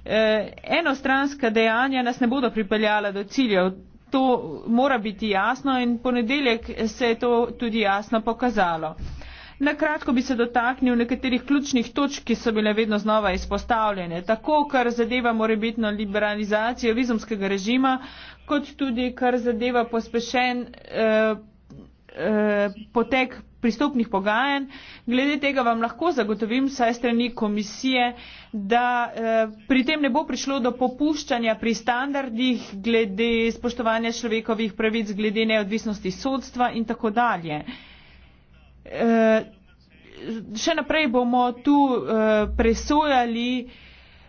Eh, enostranska dejanja nas ne bodo pripeljala do ciljev. To mora biti jasno in ponedeljek se je to tudi jasno pokazalo. Nakratko bi se dotaknil nekaterih ključnih točk, ki so bile vedno znova izpostavljene. Tako, kar zadeva morebitno liberalizacijo vizumskega režima, kot tudi kar zadeva pospešen eh, eh, potek pristopnih pogajanj. Glede tega vam lahko zagotovim saj strani komisije, da eh, pri tem ne bo prišlo do popuščanja pri standardih glede spoštovanja človekovih pravic, glede neodvisnosti sodstva in tako dalje. Eh, še naprej bomo tu eh, presojali eh,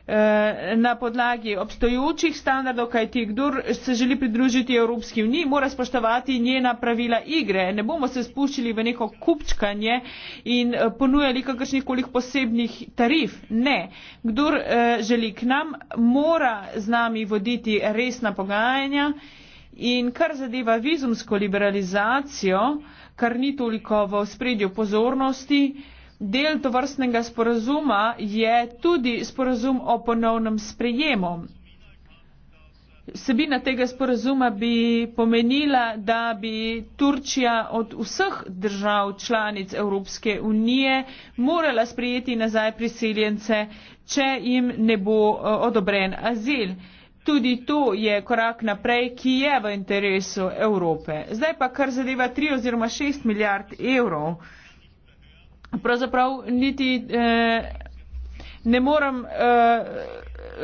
Eh, na podlagi obstoječih standardov kajti kdor se želi pridružiti evropski uniji mora spoštovati njena pravila igre ne bomo se spuščali v neko kupčkanje in eh, ponujali kakršnih koli posebnih tarif ne kdor eh, želi k nam mora z nami voditi resna pogajanja in kar zadeva vizumsko liberalizacijo kar ni toliko v spredju pozornosti eh, del tovrstnega sporazuma je tudi sporazum o ponovnem sprejemu. Sebina tega sporazuma bi pomenila, da bi Turčija od vseh držav članic Evropske unije morala sprejeti nazaj priseljence, če jim ne bo e, odobren azil. Tudi to je korak naprej, ki je v interesu Evrope. Zdaj pa kar zadeva 3 oziroma 6 milijard evrov pravzaprav niti eh, ne moram eh,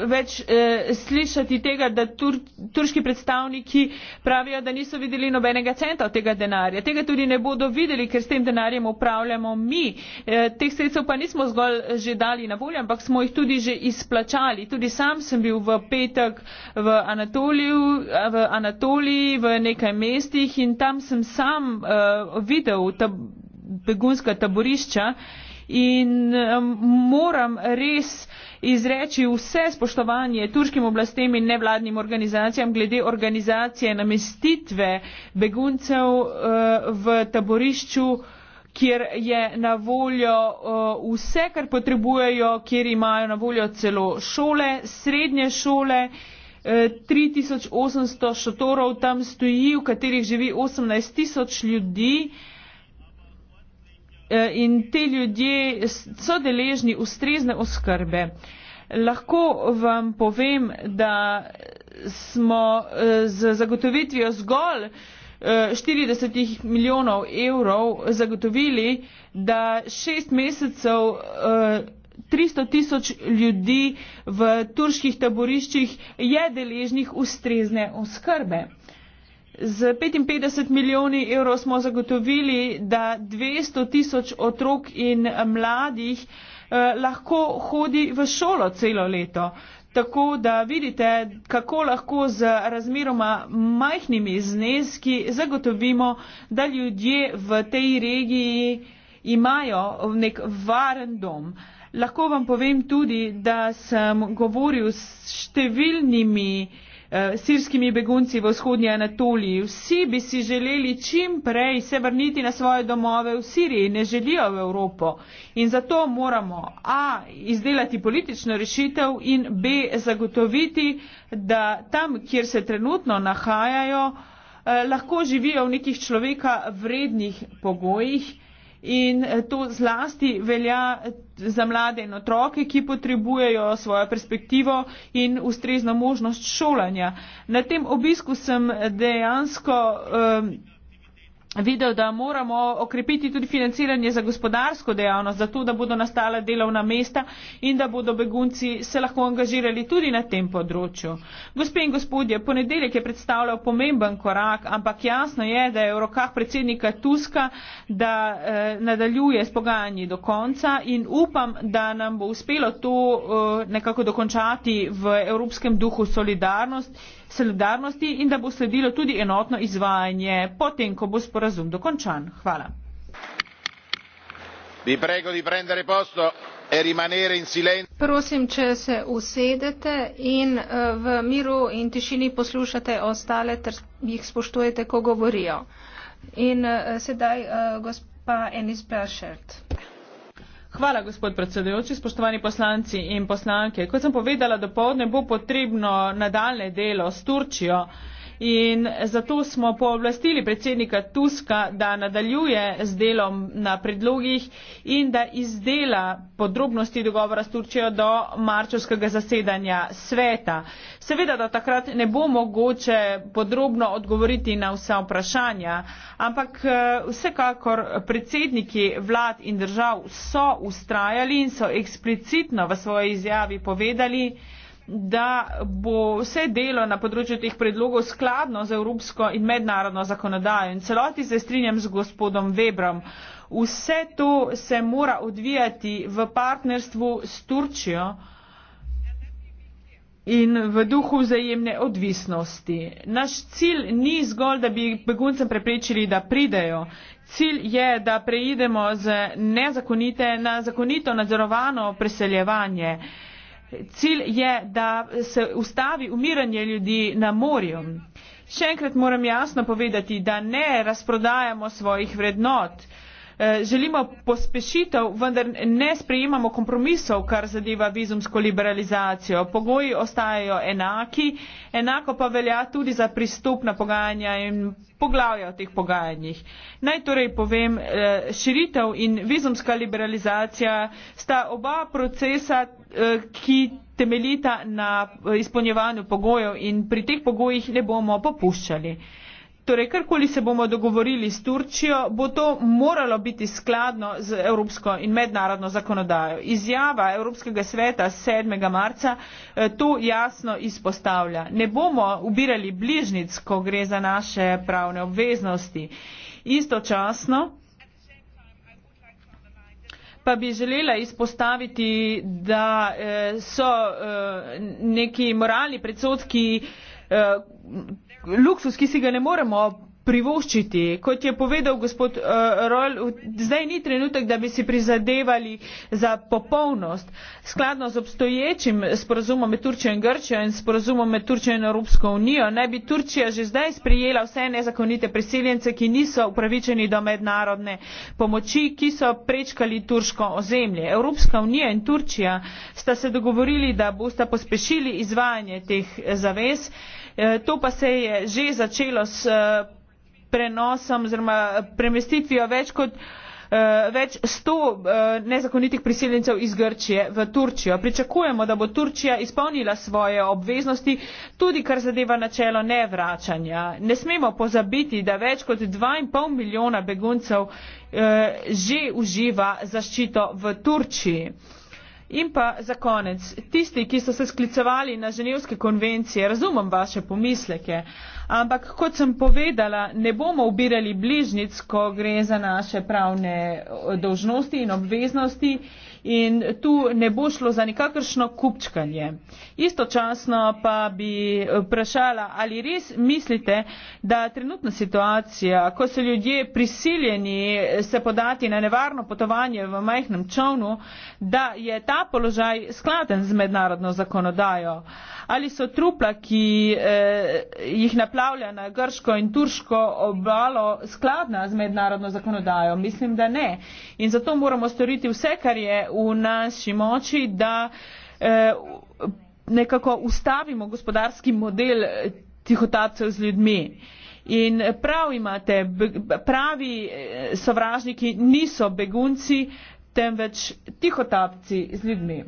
več eh, slišati tega, da tur, turški predstavniki pravijo, da niso videli nobenega centa od tega denarja. Tega tudi ne bodo videli, ker s tem denarjem upravljamo mi. Eh, teh sredstev pa nismo zgolj eh, že dali na voljo, ampak smo jih tudi že izplačali. Tudi sam sem bil v petek v, eh, v Anatoliji, v nekaj mestih in tam sem sam eh, videl. Ta, begunska taborišča. In moram res izreči vse spoštovanje turškim oblastem in nevladnim organizacijam glede organizacije namestitve beguncev eh, v taborišču, kjer je na voljo eh, vse, kar potrebujejo, kjer imajo na voljo celo šole, srednje šole. 3800 eh, šotorov tam stoji, v katerih živi 18 tisoč ljudi. Eh, in ti ljudje so deležni ustrezne oskrbe. Lahko vam povem, da smo eh, z zagotovitvijo zgolj 40 eh, milijonov evrov zagotovili, da šest mesecev 300 tisoč ljudi v turških taboriščih je deležnih ustrezne oskrbe. Z 55 milijoni evrov smo zagotovili, da 200 tisoč otrok in mladih eh, lahko hodi v šolo celo leto. Tako da vidite, kako lahko z razmeroma majhnimi zneski zagotovimo, da ljudje v tej regiji imajo nek varen dom. Lahko vam povem tudi, da sem govoril s številnimi uh, Eh, sirskimi begunci v vzhodnji Anatoliji. Vsi bi si želeli čim prej se vrniti na svoje domove v Siriji, ne želijo v Evropo. In zato moramo A. izdelati politično rešitev in B. zagotoviti, da tam, kjer se trenutno nahajajo, eh, lahko živijo v nekih človeka vrednih pogojih in eh, to zlasti velja za mlade in otroke, ki potrebujejo svojo perspektivo in ustrezno možnost šolanja. Na tem obisku sem dejansko. Um, videl, da moramo okrepiti tudi financiranje za gospodarsko dejavnost, zato da bodo nastala delovna mesta in da bodo begunci se lahko angažirali tudi na tem področju. Gospe in gospodje, ponedeljek je predstavljal pomemben korak, ampak jasno je, da je v rokah predsednika Tuska, da eh, nadaljuje s pogajanji do konca in upam, da nam bo uspelo to eh, nekako dokončati v evropskem duhu solidarnosti solidarnosti in da bo sledilo tudi enotno izvajanje potem, ko bo sporazum dokončan. Hvala. Vi prego di prendere posto e rimanere in silenzio. Prosim, če se usedete in eh, v miru in tišini poslušate ostale ter jih spoštujete, ko govorijo. In eh, sedaj eh, gospa Enis Brašert. Hvala, gospod predsedujoči, spoštovani poslanci in poslanke. Kot sem povedala, do povdne bo potrebno nadaljne delo s Turčijo in zato smo pooblastili predsednika Tuska, da nadaljuje z delom na predlogih in da izdela podrobnosti dogovora s Turčijo do marčevskega zasedanja sveta. Seveda, da takrat ne bo mogoče podrobno odgovoriti na vsa vprašanja, ampak eh, vsekakor predsedniki vlad in držav so ustrajali in so eksplicitno v svoji izjavi povedali, da bo vse delo na področju teh predlogov skladno z evropsko in mednarodno zakonodajo. In celoti se strinjam z gospodom Webrom. Vse to se mora odvijati v partnerstvu s Turčijo in v duhu vzajemne odvisnosti. Naš cilj ni zgolj, da bi beguncem preprečili, da pridejo. Cilj je, da preidemo z nezakonite na zakonito nadzorovano preseljevanje. Uh, Cilj je, da se ustavi umiranje ljudi na morju. Še enkrat moram jasno povedati, da ne razprodajamo svojih vrednot. Eh, želimo pospešitev vendar ne sprejemamo kompromisov kar zadeva vizumsko liberalizacijo pogoji ostajajo enaki enako pa velja tudi za pristopna pogajanja in poglavja o teh pogajanjih. Naj torej povem, eh, širitev in vizumska liberalizacija sta oba procesa, eh, ki temeljita na izpolnjevanju pogojev in pri teh pogojih ne bomo popuščali. Torej, karkoli se bomo dogovorili s Turčijo, bo to moralo biti skladno z evropsko in mednarodno zakonodajo. Izjava Evropskega sveta 7. marca eh, to jasno izpostavlja. Ne bomo ubirali bližnic, ko gre za naše pravne obveznosti. Istočasno pa bi želela izpostaviti, da eh, so eh, neki moralni predsotki luksus, ki si ga ne moremo privoščiti. Kot je povedal gospod uh, Rol, zdaj ni trenutek, da bi si prizadevali za popolnost. Skladno z obstoječim sporozumom med Turčijo in Grčijo in sporozumom med Turčijo in Evropsko unijo, naj bi Turčija že zdaj sprijela vse nezakonite priseljence, ki niso upravičeni do mednarodne pomoči, ki so prečkali turško ozemlje. Evropska unija in Turčija sta se dogovorili, da bosta pospešili izvajanje teh zavez. Eh, to pa se je že začelo s eh, prenosom oziroma premestitvijo več kot eh, več sto nezakonitih priseljencev iz Grčije v Turčijo. Pričakujemo, da bo Turčija izpolnila svoje obveznosti tudi kar zadeva načelo nevračanja. Ne smemo pozabiti, da več kot 2,5 milijona beguncev že uživa zaščito v Turčiji. In pa za konec, tisti, ki so se sklicovali na ženevske konvencije, razumem vaše pomisleke, ampak kot sem povedala, ne bomo ubirali bližnic, ko gre za naše pravne eh, dožnosti in obveznosti in tu ne bo šlo za nikakršno kupčkanje. Istočasno pa bi vprašala, ali res mislite, da trenutna situacija, ko so ljudje prisiljeni se podati na nevarno potovanje v majhnem čovnu, da je ta položaj skladen z mednarodno zakonodajo ali so trupla, ki eh, jih naplavlja na grško in turško obalo, skladna z mednarodno zakonodajo? Mislim, da ne. In zato moramo storiti vse, kar je v naši moči, da eh, nekako ustavimo gospodarski model eh, tihotapcev z ljudmi. In prav imate, pravi eh, sovražniki niso begunci, temveč tihotapci z ljudmi.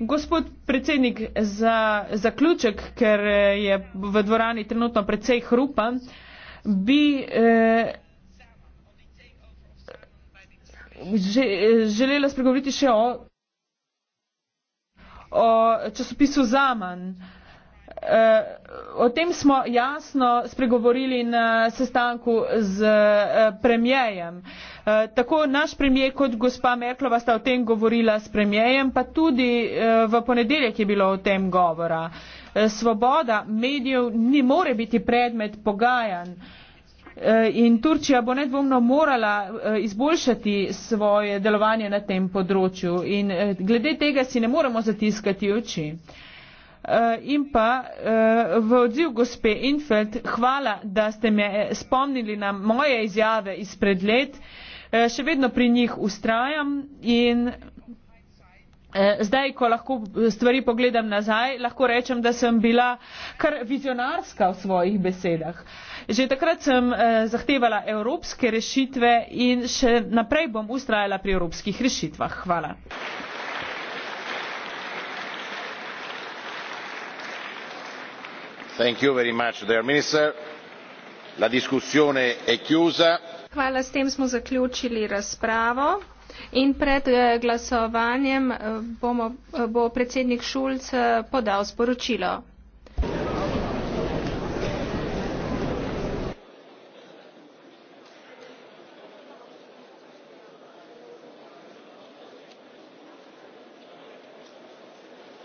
Gospod predsednik, za zaključek, ker eh, je v dvorani trenutno precej hrupa, bi eh, eh želela spregovoriti še o, o časopisu Zaman. Eh, o tem smo jasno spregovorili na sestanku z premijejem. Eh, tako naš premijer kot gospa Merklova sta o tem govorila s premijejem, pa tudi eh, v ponedeljek je bilo o tem govora. Eh, svoboda medijev ne more biti predmet pogajanj in Turčija bo nedvomno morala izboljšati svoje delovanje na tem področju in glede tega si ne moremo zatiskati oči. In pa v odziv gospe Infeld, hvala, da ste me spomnili na moje izjave izpred let. Eh, še vedno pri njih ustrajam in eh, zdaj, ko lahko eh, stvari pogledam nazaj, lahko rečem, da sem bila kar vizionarska v svojih besedah. Že takrat sem zahtevala evropske rešitve in še naprej bom ustrajala pri evropskih rešitvah. Hvala. Thank you very much, dear minister. La discussione è chiusa. Hvala, s tem smo zaključili razpravo. In pred eh, glasovanjem eh, bomo, eh, bo predsednik Šulc podal sporočilo.